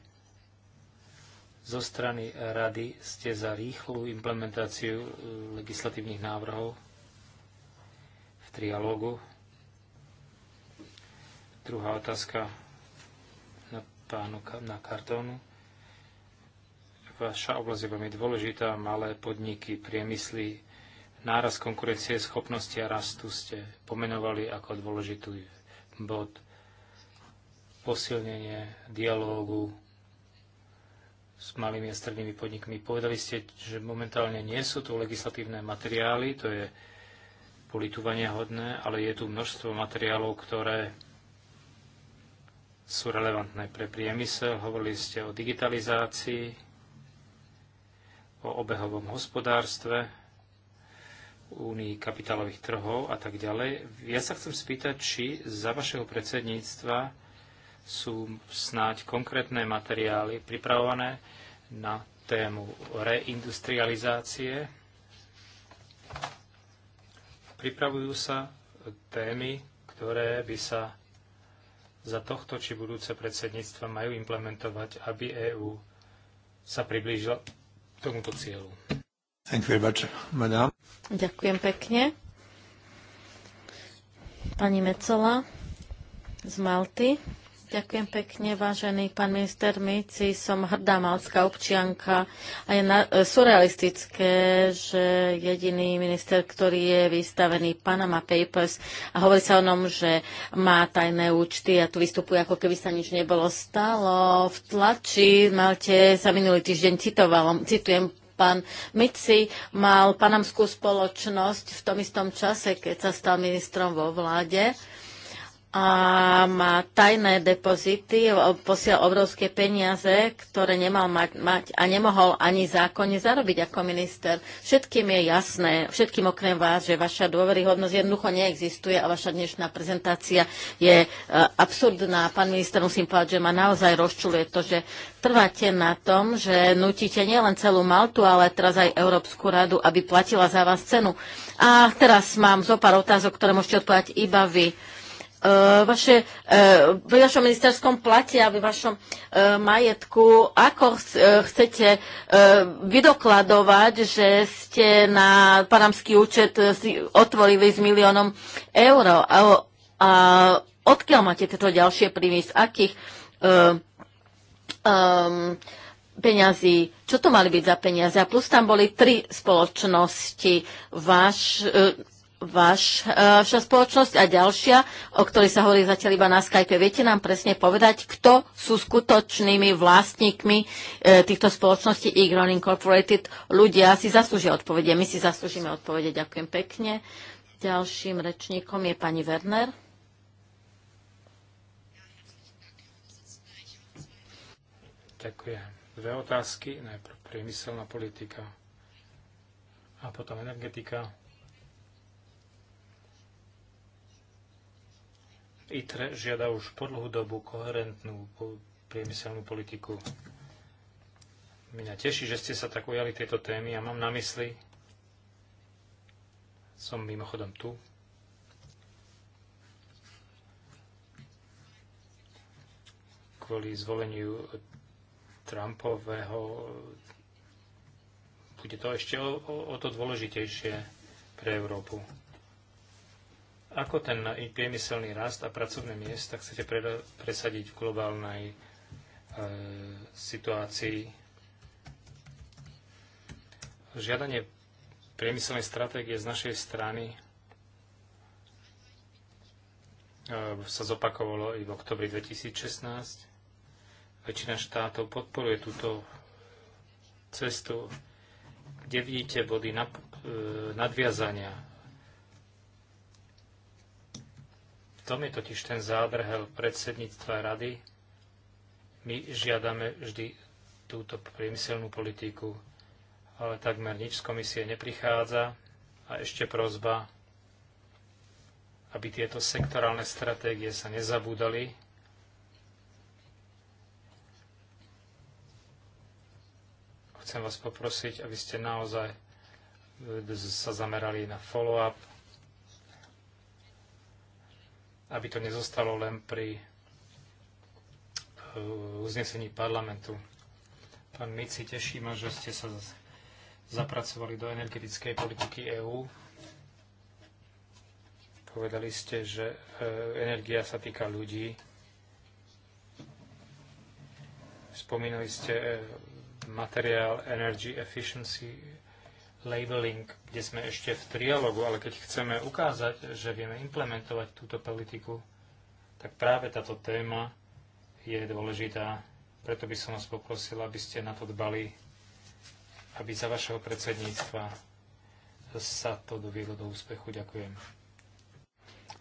zo strany rady ste za rýchlu implementáciu e, legislatívnych návrhov v trialógu. Druhá otázka na pánu na kartónu. Vaša oblasť je veľmi dôležitá, malé podniky, priemysly, náraz konkurencie schopnosti a rastu ste pomenovali ako dôležitý bod posilnenie dialógu s malými a strednými podnikmi. Povedali ste, že momentálne nie sú tu legislatívne materiály, to je politovania hodné, ale je tu množstvo materiálov, ktoré sú relevantné pre priemysel. Hovorili ste o digitalizácii, o obehovom hospodárstve, únii kapitálových trhov a tak ďalej. Ja sa chcem spýtať, či za vašeho predsedníctva sú snáď konkrétne materiály pripravované na tému reindustrializácie. Pripravujú sa témy, ktoré by sa za tohto či budúce predsedníctva majú implementovať, aby EÚ sa priblížila k tomuto cieľu. Ďakujem pekne. Pani Mecola z Malty. Ďakujem pekne, vážený pán minister Mici. Som hrdá malská občianka a je na, e, surrealistické, že jediný minister, ktorý je vystavený Panama Papers a hovorí sa o ňom, že má tajné účty a tu vystupuje, ako keby sa nič nebolo stalo. V tlači v Malte sa minulý týždeň citovalo, citujem Pán Mici mal panamskú spoločnosť v tom istom čase, keď sa stal ministrom vo vláde a má tajné depozity, posiel obrovské peniaze, ktoré nemal mať, mať a nemohol ani zákonne zarobiť ako minister. Všetkým je jasné, všetkým okrem vás, že vaša dôveryhodnosť jednoducho neexistuje a vaša dnešná prezentácia je e, absurdná. Pán minister, musím povedať, že ma naozaj rozčuluje to, že trváte na tom, že nutíte nielen celú Maltu, ale teraz aj Európsku radu, aby platila za vás cenu. A teraz mám zo pár otázok, ktoré môžete odpovedať iba vy E, vaše, e, v vašom ministerskom plate a v vašom e, majetku, ako chcete vydokladovať, že ste na panamský účet otvorili s miliónom eur. A, a odkiaľ máte tieto ďalšie príjmy? Z akých um, um, peňazí? Čo to mali byť za peniaze? A plus tam boli tri spoločnosti. Váš, Eh, vaša spoločnosť a ďalšia, o ktorej sa hovorí zatiaľ iba na Skype. Viete nám presne povedať, kto sú skutočnými vlastníkmi eh, týchto spoločností Egron Incorporated? Ľudia si zaslúžia odpovede, my si zaslúžime odpovede. Ďakujem pekne. Ďalším rečníkom je pani Werner. Ďakujem. Dve otázky. Najprv priemyselná politika a potom energetika ITR žiada už po dlhú dobu koherentnú priemyselnú politiku. Mňa teší, že ste sa tak ujali tieto témy a mám na mysli, som mimochodom tu, kvôli zvoleniu Trumpového bude to ešte o, o, o to dôležitejšie pre Európu. Ako ten priemyselný rast a pracovné miesta chcete presadiť v globálnej e, situácii? Žiadanie priemyselnej stratégie z našej strany e, sa zopakovalo i v oktobri 2016. Väčšina štátov podporuje túto cestu. Kde vidíte body e, nadviazania tom je totiž ten zábrhel predsedníctva rady. My žiadame vždy túto priemyselnú politiku, ale takmer nič z komisie neprichádza. A ešte prozba, aby tieto sektorálne stratégie sa nezabúdali. Chcem vás poprosiť, aby ste naozaj e, sa zamerali na follow-up aby to nezostalo len pri e, uznesení parlamentu. Pán Mici, teší ma, že ste sa zapracovali do energetickej politiky EÚ. Povedali ste, že e, energia sa týka ľudí. Spomínali ste e, materiál Energy Efficiency labeling, kde sme ešte v trialogu, ale keď chceme ukázať, že vieme implementovať túto politiku, tak práve táto téma je dôležitá. Preto by som vás poprosil, aby ste na to dbali, aby za vašeho predsedníctva sa to dovedlo do úspechu. Ďakujem.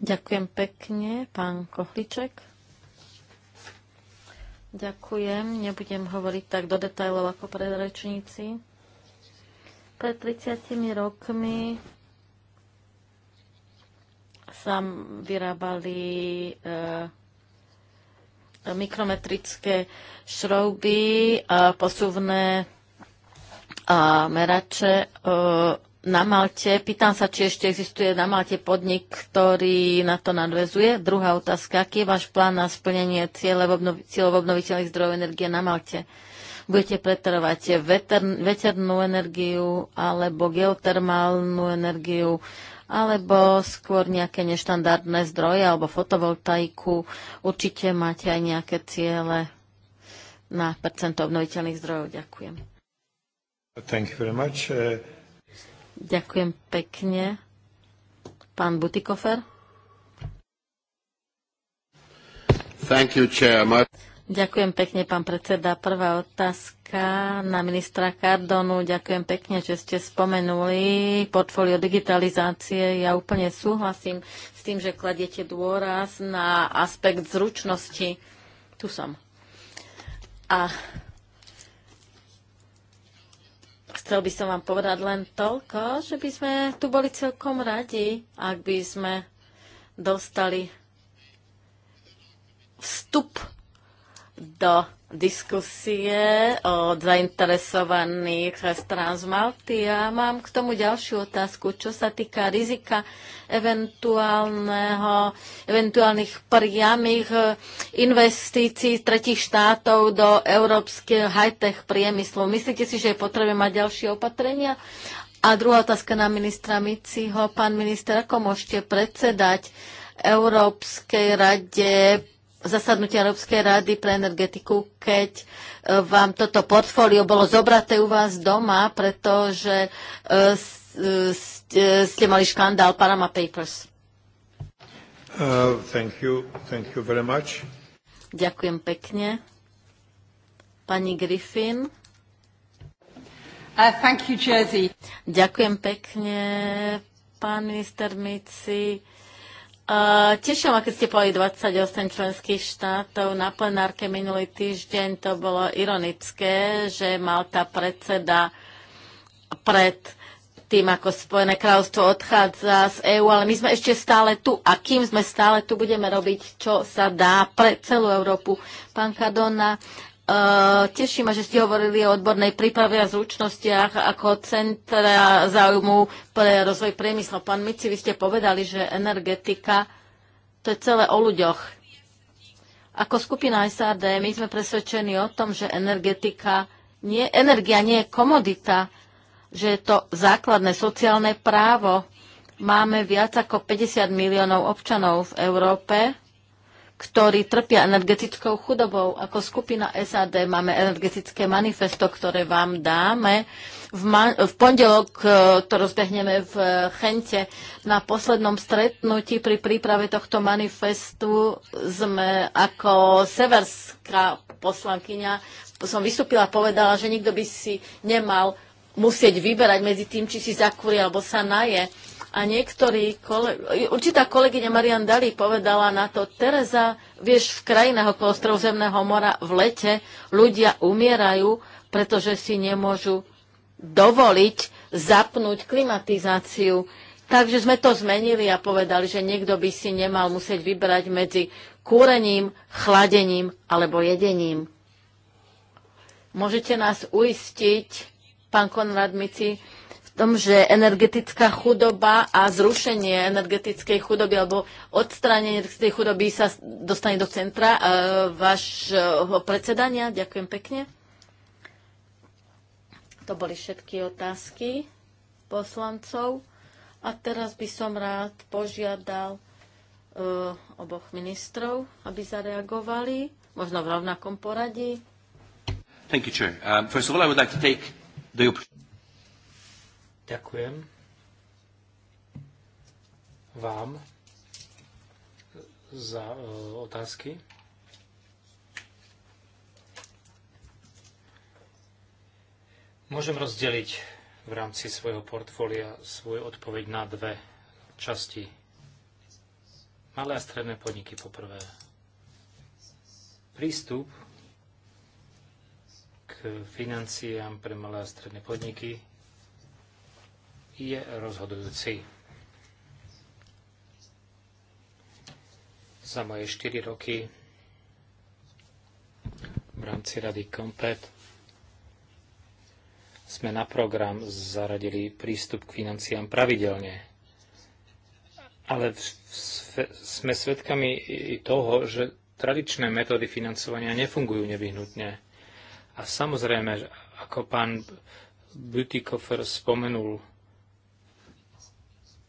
Ďakujem pekne, pán Kohliček. Ďakujem, nebudem hovoriť tak do detajlov ako predrečníci. Pred 30 rokmi sa vyrábali e, mikrometrické šrouby, a posuvné a merače. E, na Malte. Pýtam sa, či ešte existuje na Malte podnik, ktorý na to nadvezuje. Druhá otázka, aký je váš plán na splnenie cieľov obnoviteľných zdrojov energie na Malte? budete pretrvať veternú energiu alebo geotermálnu energiu alebo skôr nejaké neštandardné zdroje alebo fotovoltaiku. Určite máte aj nejaké ciele na percento obnoviteľných zdrojov. Ďakujem. Thank you very much. Ďakujem pekne. Pán Butikofer. Thank you, Chair. Ďakujem pekne, pán predseda. Prvá otázka na ministra Cardonu. Ďakujem pekne, že ste spomenuli portfólio digitalizácie. Ja úplne súhlasím s tým, že kladiete dôraz na aspekt zručnosti. Tu som. A chcel by som vám povedať len toľko, že by sme tu boli celkom radi, ak by sme dostali vstup do diskusie od zainteresovaných strán z Malty. Ja mám k tomu ďalšiu otázku, čo sa týka rizika eventuálneho, eventuálnych priamých eh, investícií tretich štátov do európskeho high-tech priemyslu. Myslíte si, že je potrebné mať ďalšie opatrenia? A druhá otázka na ministra Miciho. Pán minister, ako môžete predsedať Európskej rade zasadnutia Európskej rady pre energetiku, keď e, vám toto portfólio bolo zobraté u vás doma, pretože e, e, ste, mali škandál Panama Papers. Uh, thank you. Thank you very much. Ďakujem pekne. Pani Griffin. Uh, thank you, Jersey. Ďakujem pekne, pán minister Mici teším ma, keď ste povedali 28 členských štátov. Na plenárke minulý týždeň to bolo ironické, že Malta predseda pred tým, ako Spojené kráľovstvo odchádza z EÚ, ale my sme ešte stále tu a kým sme stále tu, budeme robiť, čo sa dá pre celú Európu. Pán Kadona, Teším eh, teší ma, že ste hovorili o odbornej príprave a zručnostiach ako centra záujmu pre rozvoj priemyslu. Pán Mici, vy ste povedali, že energetika to je celé o ľuďoch. Ako skupina SAD my sme presvedčení o tom, že energetika nie, energia nie je komodita, že je to základné sociálne právo. Máme viac ako 50 miliónov občanov v Európe, ktorí trpia energetickou chudobou. Ako skupina SAD máme energetické manifesto, ktoré vám dáme. V, ma- v pondelok e, to rozbehneme v e, Chente. Na poslednom stretnutí pri príprave tohto manifestu sme ako severská poslankyňa som vystúpila a povedala, že nikto by si nemal musieť vyberať medzi tým, či si zakúri alebo sa naje a niektorí, kole, určitá kolegyňa Marian Dali povedala na to, Tereza, vieš, v krajinách okolo Stredozemného mora v lete ľudia umierajú, pretože si nemôžu dovoliť zapnúť klimatizáciu. Takže sme to zmenili a povedali, že niekto by si nemal musieť vybrať medzi kúrením, chladením alebo jedením. Môžete nás uistiť, pán Konrad Mici, tom, že energetická chudoba a zrušenie energetickej chudoby alebo odstránenie tej chudoby sa dostane do centra e, vášho predsedania. Ďakujem pekne. To boli všetky otázky poslancov. A teraz by som rád požiadal e, oboch ministrov, aby zareagovali, možno v rovnakom poradí. Thank you, Chair. Um, first of all, I would like to take the opportunity Ďakujem vám za e, otázky. Môžem rozdeliť v rámci svojho portfólia svoju odpoveď na dve časti. Malé a stredné podniky poprvé. Prístup k financiám pre malé a stredné podniky je rozhodujúci. Za moje 4 roky v rámci Rady Kompet sme na program zaradili prístup k financiám pravidelne. Ale sme svedkami i toho, že tradičné metódy financovania nefungujú nevyhnutne. A samozrejme, ako pán Butikofer spomenul,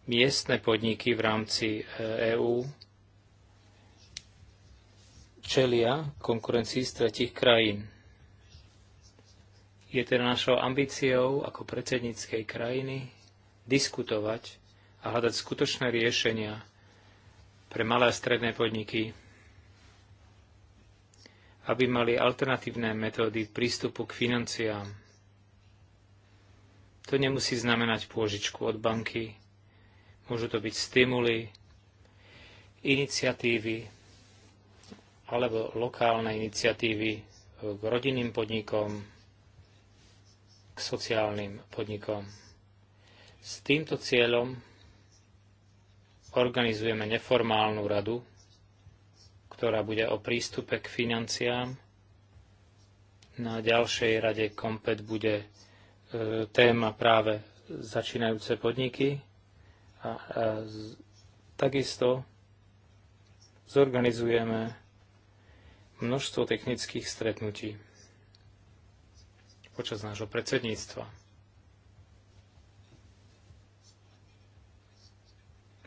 miestne podniky v rámci EÚ eh, e čelia konkurencii z tretich krajín. Je teda našou ambíciou ako predsedníckej krajiny diskutovať a hľadať skutočné riešenia pre malé a stredné podniky, aby mali alternatívne metódy prístupu k financiám. To nemusí znamenať pôžičku od banky, Môžu to byť stimuly, iniciatívy alebo lokálne iniciatívy k rodinným podnikom, k sociálnym podnikom. S týmto cieľom organizujeme neformálnu radu, ktorá bude o prístupe k financiám. Na ďalšej rade Kompet bude e, téma práve začínajúce podniky. A, a z, takisto zorganizujeme množstvo technických stretnutí počas nášho predsedníctva.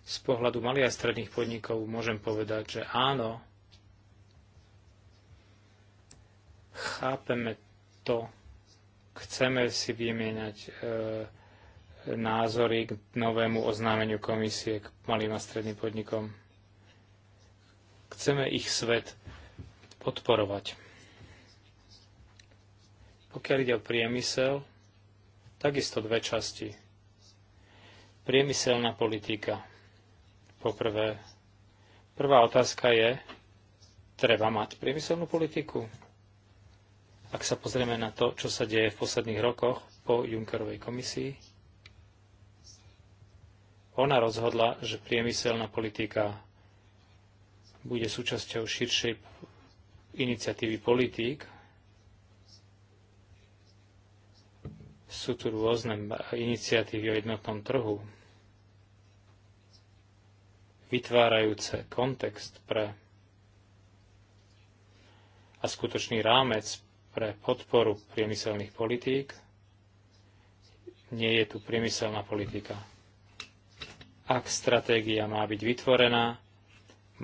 Z pohľadu malých a stredných podnikov môžem povedať, že áno, chápeme to, chceme si vymieňať e, názory k novému oznámeniu komisie k malým a stredným podnikom. Chceme ich svet podporovať. Pokiaľ ide o priemysel, takisto dve časti. Priemyselná politika. Poprvé, prvá otázka je, treba mať priemyselnú politiku? Ak sa pozrieme na to, čo sa deje v posledných rokoch po Junckerovej komisii, ona rozhodla, že priemyselná politika bude súčasťou širšej iniciatívy politík. Sú tu rôzne iniciatívy o jednotnom trhu, vytvárajúce kontext pre a skutočný rámec pre podporu priemyselných politík. Nie je tu priemyselná politika. Ak stratégia má byť vytvorená,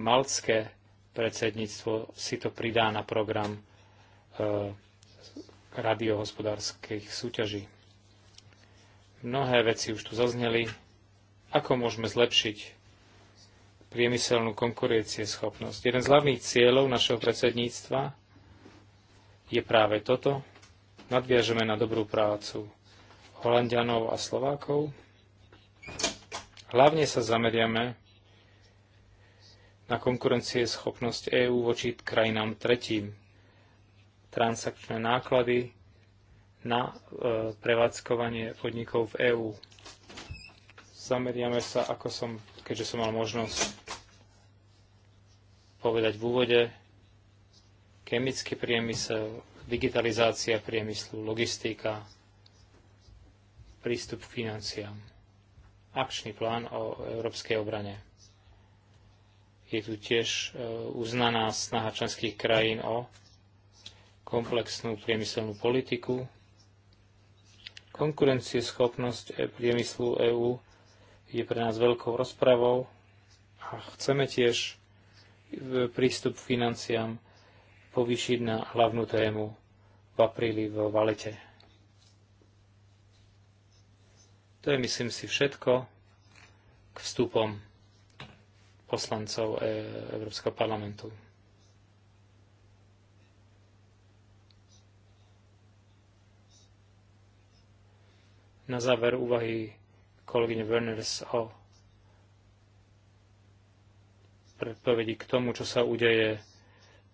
malcké predsedníctvo si to pridá na program e, radiohospodárskych súťaží. Mnohé veci už tu zazneli. Ako môžeme zlepšiť priemyselnú konkurencieschopnosť? Jeden z hlavných cieľov našeho predsedníctva je práve toto. Nadviažeme na dobrú prácu Holandianov a Slovákov Hlavne sa zameriame na konkurencieschopnosť EÚ voči krajinám tretím, transakčné náklady na e, prevádzkovanie podnikov v EÚ. Zameriame sa, ako som, keďže som mal možnosť povedať v úvode, chemický priemysel, digitalizácia priemyslu, logistika, prístup k financiám akčný plán o európskej obrane. Je tu tiež e, uznaná snaha členských krajín o komplexnú priemyselnú politiku, Konkurencieschopnosť e, priemyslu EÚ je pre nás veľkou rozpravou a chceme tiež e, prístup k financiám povýšiť na hlavnú tému v apríli v Valete. To je, myslím si, všetko k vstupom poslancov e, Európskeho parlamentu. Na záver úvahy kolegyne Werners o predpovedi k tomu, čo sa udeje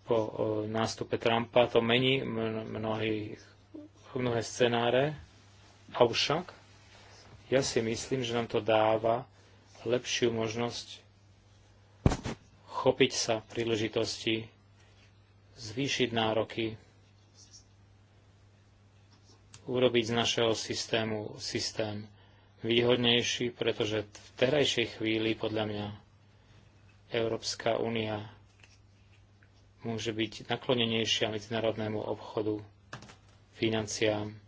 po e, nástupe Trumpa. To mení mnohé scenáre. Avšak ja si myslím, že nám to dáva lepšiu možnosť chopiť sa príležitosti, zvýšiť nároky, urobiť z našeho systému systém výhodnejší, pretože v terajšej chvíli podľa mňa Európska únia môže byť naklonenejšia medzinárodnému obchodu, financiám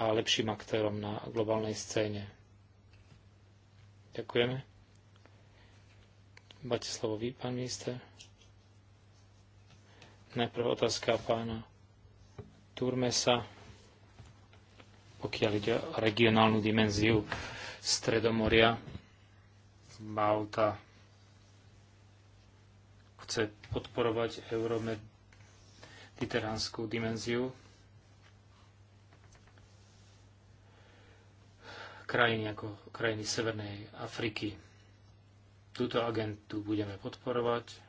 a lepším aktérom na globálnej scéne. Ďakujeme. Máte slovo vy, pán minister. Najprv otázka pána Turmesa, pokiaľ ide o regionálnu dimenziu Stredomoria. Malta chce podporovať euromediteránskú dimenziu krajiny ako krajiny Severnej Afriky. Túto agentu budeme podporovať.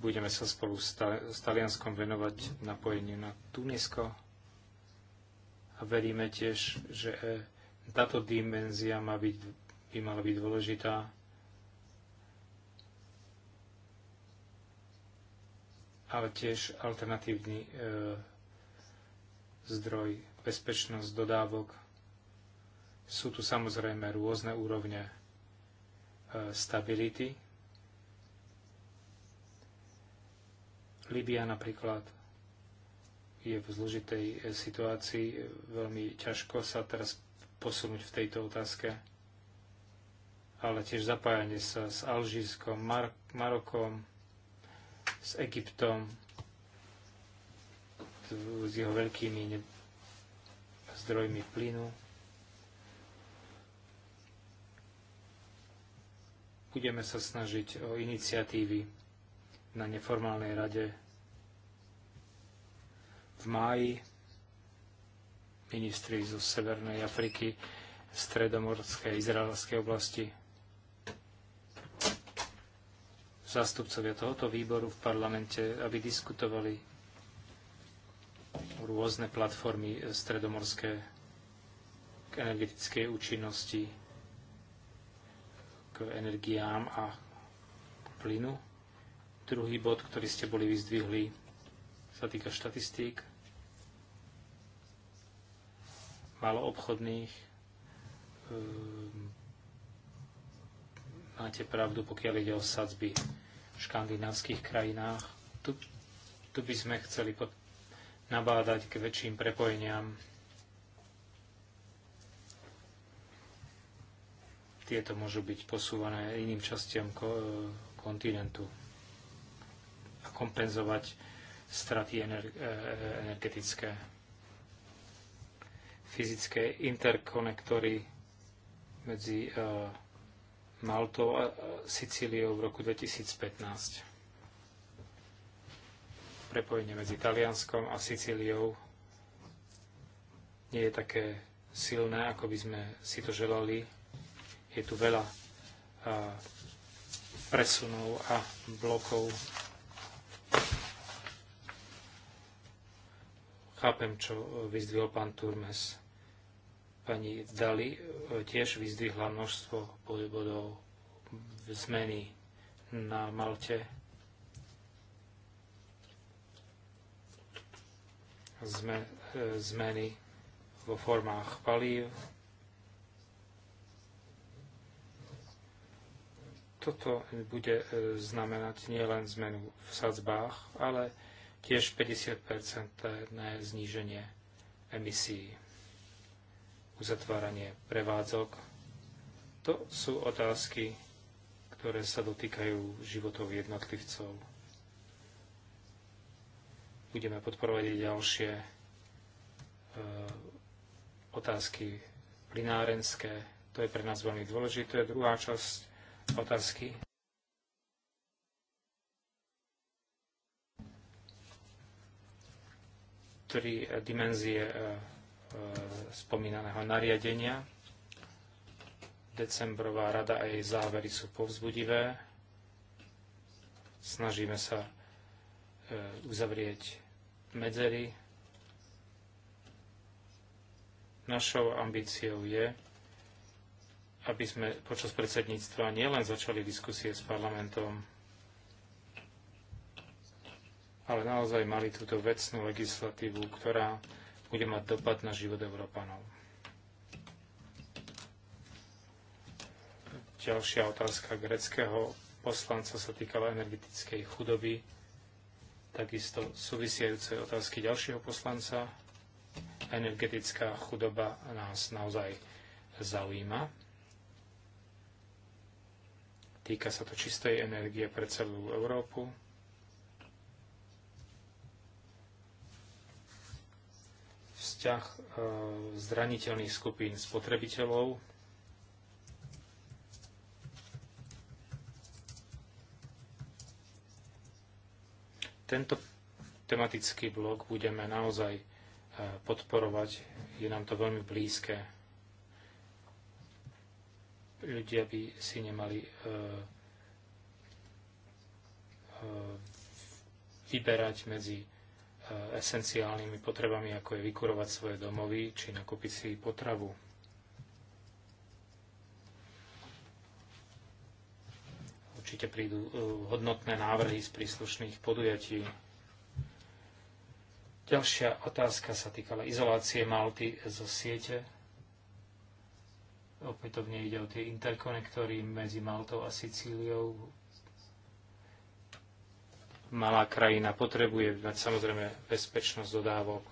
Budeme sa spolu s Talianskom venovať napojeniu na Tunisko a veríme tiež, že e, táto dimenzia má byť, by mala byť dôležitá ale tiež alternatívny e, zdroj, bezpečnosť dodávok. Sú tu samozrejme rôzne úrovne e, stability. Libia napríklad je v zložitej e, situácii, e, veľmi ťažko sa teraz posunúť v tejto otázke, ale tiež zapájanie sa s Alžírskom, Mar- Marokom, s Egyptom, s jeho veľkými zdrojmi plynu. Budeme sa snažiť o iniciatívy na neformálnej rade v máji. Ministri zo Severnej Afriky, Stredomorskej a Izraelskej oblasti zástupcovia tohoto výboru v parlamente, aby diskutovali rôzne platformy e, stredomorské k energetickej účinnosti, k energiám a plynu. Druhý bod, ktorý ste boli vyzdvihli, sa týka štatistík maloobchodných. E, máte pravdu, pokiaľ ide o sadzby v škandinávskych krajinách. Tu, tu by sme chceli pod, nabádať k väčším prepojeniam. Tieto môžu byť posúvané iným častiam kontinentu a kompenzovať straty e, energetické. Fyzické interkonektory medzi uh, Maltou a Sicíliou v roku 2015. Prepojenie medzi Talianskom a Sicíliou nie je také silné, ako by sme si to želali. Je tu veľa presunov a blokov. Chápem, čo vyzdvihol pán Turmes Pani Dali e, tiež vyzdvihla množstvo bodov zmeny na Malte. Zme, e, zmeny vo formách palív. Toto bude e, znamenať nielen zmenu v sadzbách, ale tiež 50-percentné zníženie emisí uzatváranie prevádzok. To sú otázky, ktoré sa dotýkajú životov jednotlivcov. Budeme podporovať aj ďalšie e, otázky plinárenské. To je pre nás veľmi dôležité. Druhá časť otázky. Tri dimenzie e, E, spomínaného nariadenia. Decembrová rada a jej závery sú povzbudivé. Snažíme sa e, uzavrieť medzery. Našou ambíciou je, aby sme počas predsedníctva nielen začali diskusie s parlamentom, ale naozaj mali túto vecnú legislatívu, ktorá bude mať dopad na život Európanov. Ďalšia otázka greckého poslanca sa týkala energetickej chudoby, takisto súvisiajúce otázky ďalšieho poslanca. Energetická chudoba nás naozaj zaujíma. Týka sa to čistej energie pre celú Európu vzťah e, zraniteľných skupín spotrebiteľov. Tento tematický blok budeme naozaj e, podporovať. Je nám to veľmi blízke. Ľudia by si nemali e, vyberať medzi E, esenciálnymi potrebami, ako je vykurovať svoje domovy či nakúpiť si potravu. Určite prídu e, hodnotné návrhy z príslušných podujatí. Ďalšia otázka sa týkala izolácie Malty zo siete. Opätovne ide o tie interkonektory medzi Maltou a Sicíliou, malá krajina potrebuje mať samozrejme bezpečnosť dodávok.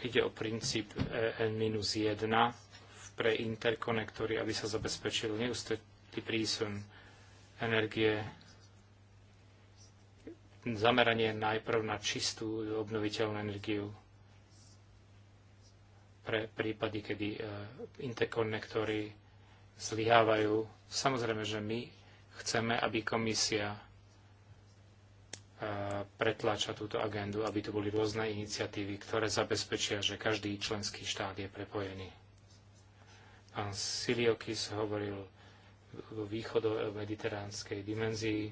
Ide o princíp EN-1 pre interkonektory, aby sa zabezpečil neustetý prísun energie. Zameranie najprv na čistú obnoviteľnú energiu pre prípady, kedy e, interkonektory zlyhávajú. Samozrejme, že my chceme, aby komisia e, pretláča túto agendu, aby tu boli rôzne iniciatívy, ktoré zabezpečia, že každý členský štát je prepojený. Pán Siliokis hovoril o východo-mediteránskej dimenzii.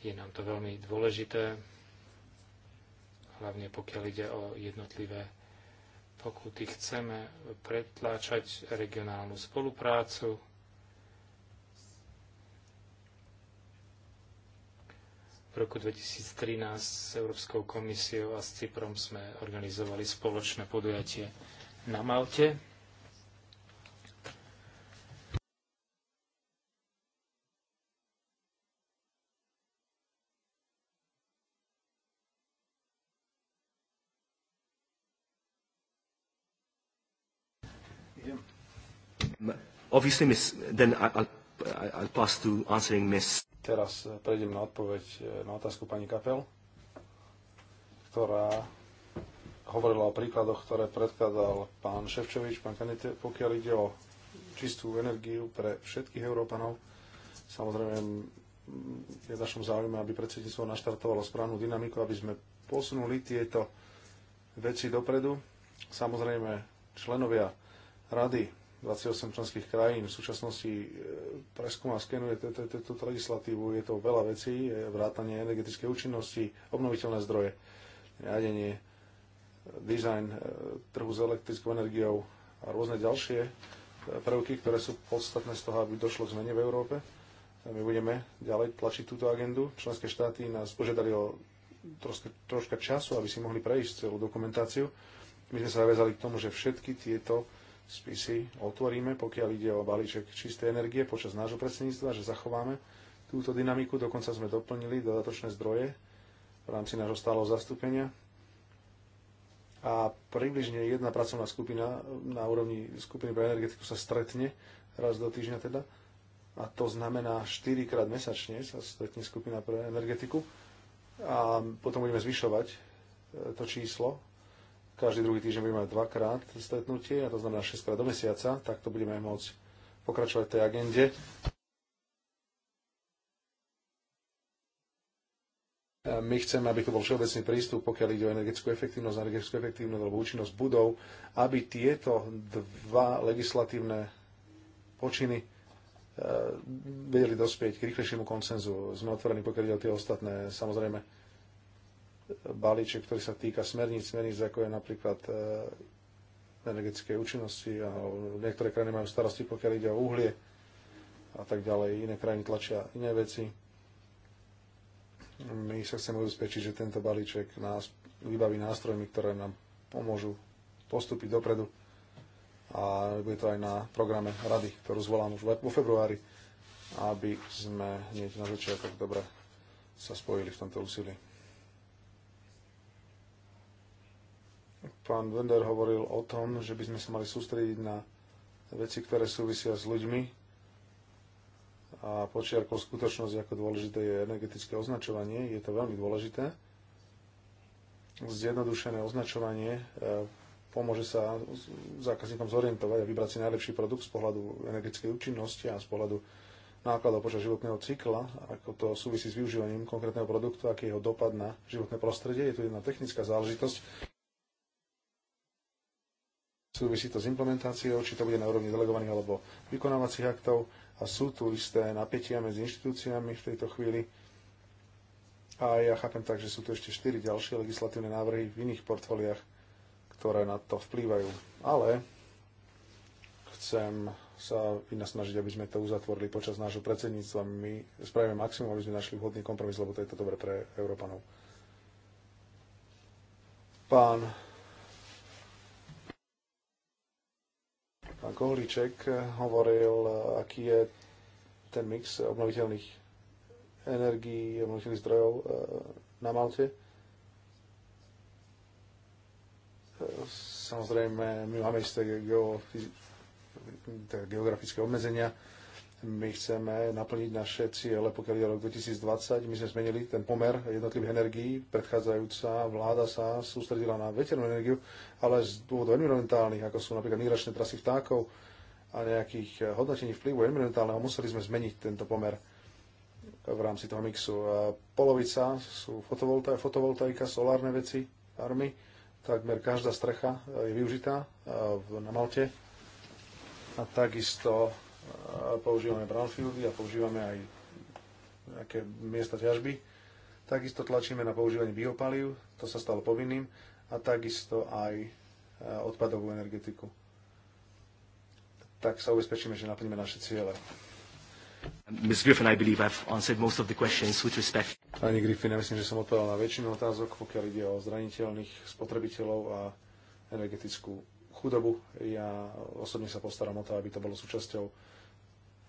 Je nám to veľmi dôležité, hlavne pokiaľ ide o jednotlivé pokuty, chceme pretláčať regionálnu spoluprácu. V roku 2013 s Európskou komisiou a s Cyprom sme organizovali spoločné podujatie na Malte. Obviously, miss, then I'll, I'll pass to answering miss. Teraz eh, prejdem na odpoveď eh, na otázku pani Kapel, ktorá hovorila o príkladoch, ktoré predkladal pán Ševčovič, pán Kanete, pokiaľ ide o čistú energiu pre všetkých Európanov. Samozrejme, je v našom záujme, aby predsedníctvo naštartovalo správnu dynamiku, aby sme posunuli tieto veci dopredu. Samozrejme, členovia rady 28 členských krajín v súčasnosti e, preskúma, skenuje túto legislatívu. Je to veľa vecí, e, vrátanie energetickej účinnosti, obnoviteľné zdroje, riadenie, e, dizajn trhu s elektrickou energiou a rôzne ďalšie prvky, ktoré sú podstatné z toho, aby došlo k zmene v Európe. My budeme ďalej tlačiť túto agendu. Členské štáty nás požiadali o troška, troška času, aby si mohli prejsť celú dokumentáciu. My sme sa zaviazali k tomu, že všetky tieto spisy otvoríme, pokiaľ ide o balíček čistej energie počas nášho predsedníctva, že zachováme túto dynamiku. Dokonca sme doplnili dodatočné zdroje v rámci nášho stáleho zastúpenia. A približne jedna pracovná skupina na úrovni skupiny pre energetiku sa stretne raz do týždňa teda. A to znamená 4 krát mesačne sa stretne skupina pre energetiku. A potom budeme zvyšovať e, to číslo každý druhý týždeň budeme mať dvakrát stretnutie, a to znamená 6 krát do mesiaca, tak to budeme aj môcť pokračovať v tej agende. My chceme, aby to bol všeobecný prístup, pokiaľ ide o energetickú efektívnosť, energetickú efektívnosť alebo účinnosť budov, aby tieto dva legislatívne počiny e, vedeli dospieť k rýchlejšiemu konsenzu. Sme otvorení, pokiaľ ide o tie ostatné, samozrejme balíček, ktorý sa týka smerníc, smerníc ako je napríklad e, energetickej účinnosti a niektoré krajiny majú starosti, pokiaľ ide o uhlie a tak ďalej. Iné krajiny tlačia iné veci. My sa chceme ubezpečiť, že tento balíček nás vybaví nástrojmi, ktoré nám pomôžu postúpiť dopredu a bude to aj na programe rady, ktorú zvolám už vo februári, aby sme hneď na začiatok dobre sa spojili v tomto úsilí. Pán Wender hovoril o tom, že by sme sa mali sústrediť na veci, ktoré súvisia s ľuďmi a počiarkol skutočnosť, ako dôležité je energetické označovanie. Je to veľmi dôležité. Zjednodušené označovanie e, pomôže sa zákazníkom zorientovať a vybrať si najlepší produkt z pohľadu energetickej účinnosti a z pohľadu nákladov počas životného cykla, ako to súvisí s využívaním konkrétneho produktu, aký je jeho dopad na životné prostredie. Je tu jedna technická záležitosť, Súvisí to s implementáciou, či to bude na úrovni delegovaných alebo vykonávacích aktov a sú tu isté napätia medzi inštitúciami v tejto chvíli. A ja chápem tak, že sú tu ešte 4 ďalšie legislatívne návrhy v iných portfóliách, ktoré na to vplývajú. Ale chcem sa snažiť, aby sme to uzatvorili počas nášho predsedníctva. My spravíme maximum, aby sme našli vhodný kompromis, lebo to je to dobre pre Európanov. Pán Pán eh, hovoril, eh, aký je ten mix obnoviteľných energií, obnoviteľných zdrojov eh, na Malte. Samozrejme, my máme isté teda geografické obmedzenia, my chceme naplniť naše ciele, pokiaľ je rok 2020. My sme zmenili ten pomer jednotlivých energií. Predchádzajúca vláda sa sústredila na veternú energiu, ale z dôvodov environmentálnych, ako sú napríklad migračné trasy vtákov a nejakých eh, hodnotení vplyvu environmentálneho, museli sme zmeniť tento pomer v rámci toho mixu. Polovica sú fotovoltaika, fotovoltaika solárne veci, army. Takmer každá strecha eh, je využitá eh, na Malte. A takisto používame brownfieldy a používame aj nejaké miesta ťažby. Takisto tlačíme na používanie biopalív, to sa stalo povinným, a takisto aj e, odpadovú energetiku. Tak sa ubezpečíme, že naplníme naše ciele. Ms. Griffin, I believe I've answered most of the questions with respect. Pani Griffin, ja myslím, že som odpovedal na väčšinu otázok, pokiaľ ide o zraniteľných spotrebiteľov a energetickú chudobu. Ja osobne sa postaram o to, aby to bolo súčasťou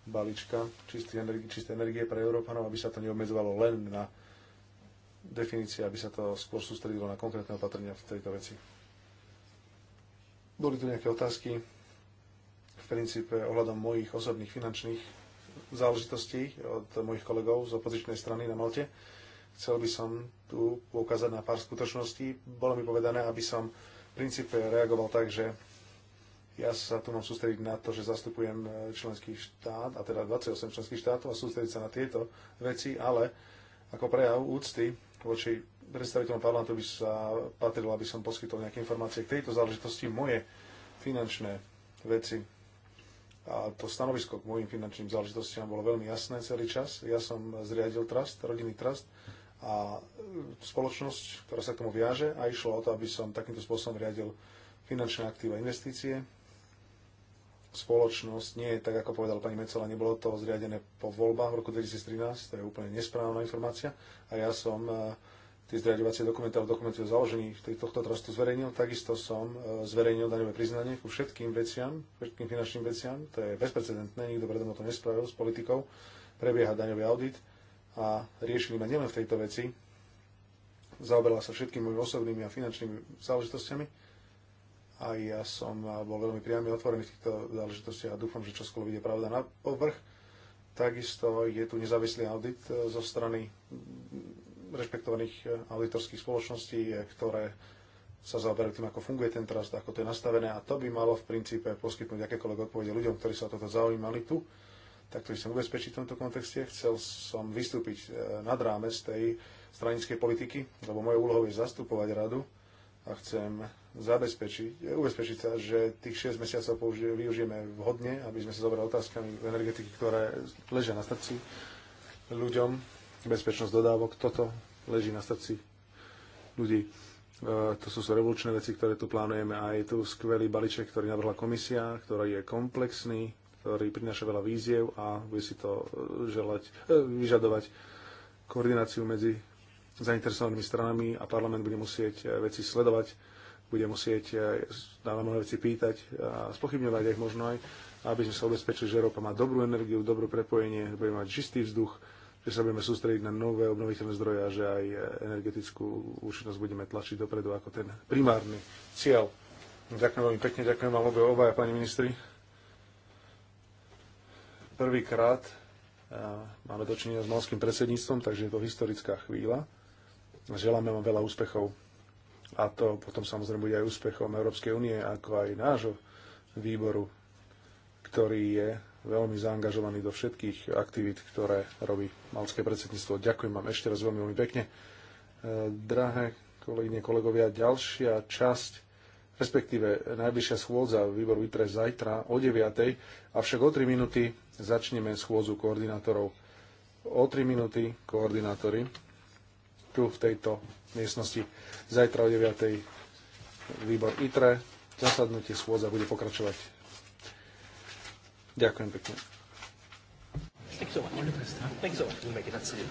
balíčka čistej energie, čisté energie pre Európanov, aby sa to neobmedzovalo len na definície, aby sa to skôr sústredilo na konkrétne opatrenia v tejto veci. Boli tu nejaké otázky v princípe ohľadom mojich osobných finančných záležitostí od mojich kolegov z opozičnej strany na Malte. Chcel by som tu poukázať na pár skutočností. Bolo mi povedané, aby som v princípe reagoval tak, že ja sa tu mám sústrediť na to, že zastupujem e, členský štát, a teda 28 členských štátov a sústrediť sa na tieto veci, ale ako prejav úcty voči predstaviteľom parlamentu by sa patrilo, aby som poskytol nejaké informácie k tejto záležitosti, moje finančné veci. A to stanovisko k mojim finančným záležitostiam bolo veľmi jasné celý čas. Ja som zriadil trust, rodinný trust, a e, spoločnosť, ktorá sa k tomu viaže a išlo o to, aby som takýmto spôsobom riadil finančné aktíva investície spoločnosť nie je, tak ako povedal pani Mecela, nebolo to zriadené po voľbách v roku 2013, to je úplne nesprávna informácia a ja som eh, tie zriadovacie dokumenty alebo dokumenty o založení tohto trustu zverejnil. Takisto som eh, zverejnil daňové priznanie ku všetkým veciam, všetkým finančným veciam. To je bezprecedentné, nikto predo to nespravil s politikou. Prebieha daňový audit a riešili ma nielen v tejto veci, zaoberala sa všetkými mojimi osobnými a finančnými záležitostiami, a ja som bol veľmi priamy otvorený v týchto záležitostiach a dúfam, že čoskoro vyjde pravda na povrch. Takisto je tu nezávislý audit e, zo strany rešpektovaných e, auditorských spoločností, e, ktoré sa zaoberajú tým, ako funguje ten trust, ako to je nastavené a to by malo v princípe poskytnúť akékoľvek odpovede ľuďom, ktorí sa o toto zaujímali tu. Tak to by som ubezpečiť v tomto kontexte. Chcel som vystúpiť nad rámec tej stranickej politiky, lebo mojou úlohou je zastupovať radu a chcem zabezpečiť, ubezpečiť sa, že tých 6 mesiacov použije, využijeme vhodne, aby sme sa zobrali otázkami energetiky, ktoré ležia na srdci ľuďom, bezpečnosť dodávok, toto leží na srdci ľudí. E, to sú, sú revolučné veci, ktoré tu plánujeme a je tu skvelý balíček, ktorý navrhla komisia, ktorý je komplexný, ktorý prináša veľa víziev a bude si to e, želať, e, vyžadovať koordináciu medzi zainteresovanými stranami a parlament bude musieť veci sledovať bude musieť na e, mnohé veci pýtať a spochybňovať ich možno aj, aby sme sa ubezpečili, že Európa má dobrú energiu, dobré prepojenie, bude mať čistý vzduch, že sa budeme sústrediť na nové obnoviteľné zdroje a že aj e, energetickú účinnosť budeme tlačiť dopredu ako ten primárny cieľ. Ďakujem veľmi pekne, ďakujem vám obe obaja, pani ministri. Prvýkrát e, máme dočinenia s malským predsedníctvom, takže je to historická chvíľa. Želáme vám veľa úspechov a to potom samozrejme bude aj úspechom Európskej únie, ako aj nášho výboru, ktorý je veľmi zaangažovaný do všetkých aktivít, ktoré robí malské predsedníctvo. Ďakujem vám ešte raz veľmi, veľmi pekne. E, drahé kolegyne, kolegovia, ďalšia časť respektíve najbližšia schôdza výboru vytre zajtra o 9. Avšak o 3 minúty začneme schôdzu koordinátorov. O 3 minúty koordinátory tu v tejto miestnosti. Zajtra o 9. výbor ITRE. Zasadnutie schôdza bude pokračovať. Ďakujem pekne. Thanks so much. Thanks so much. We'll make it. That's it.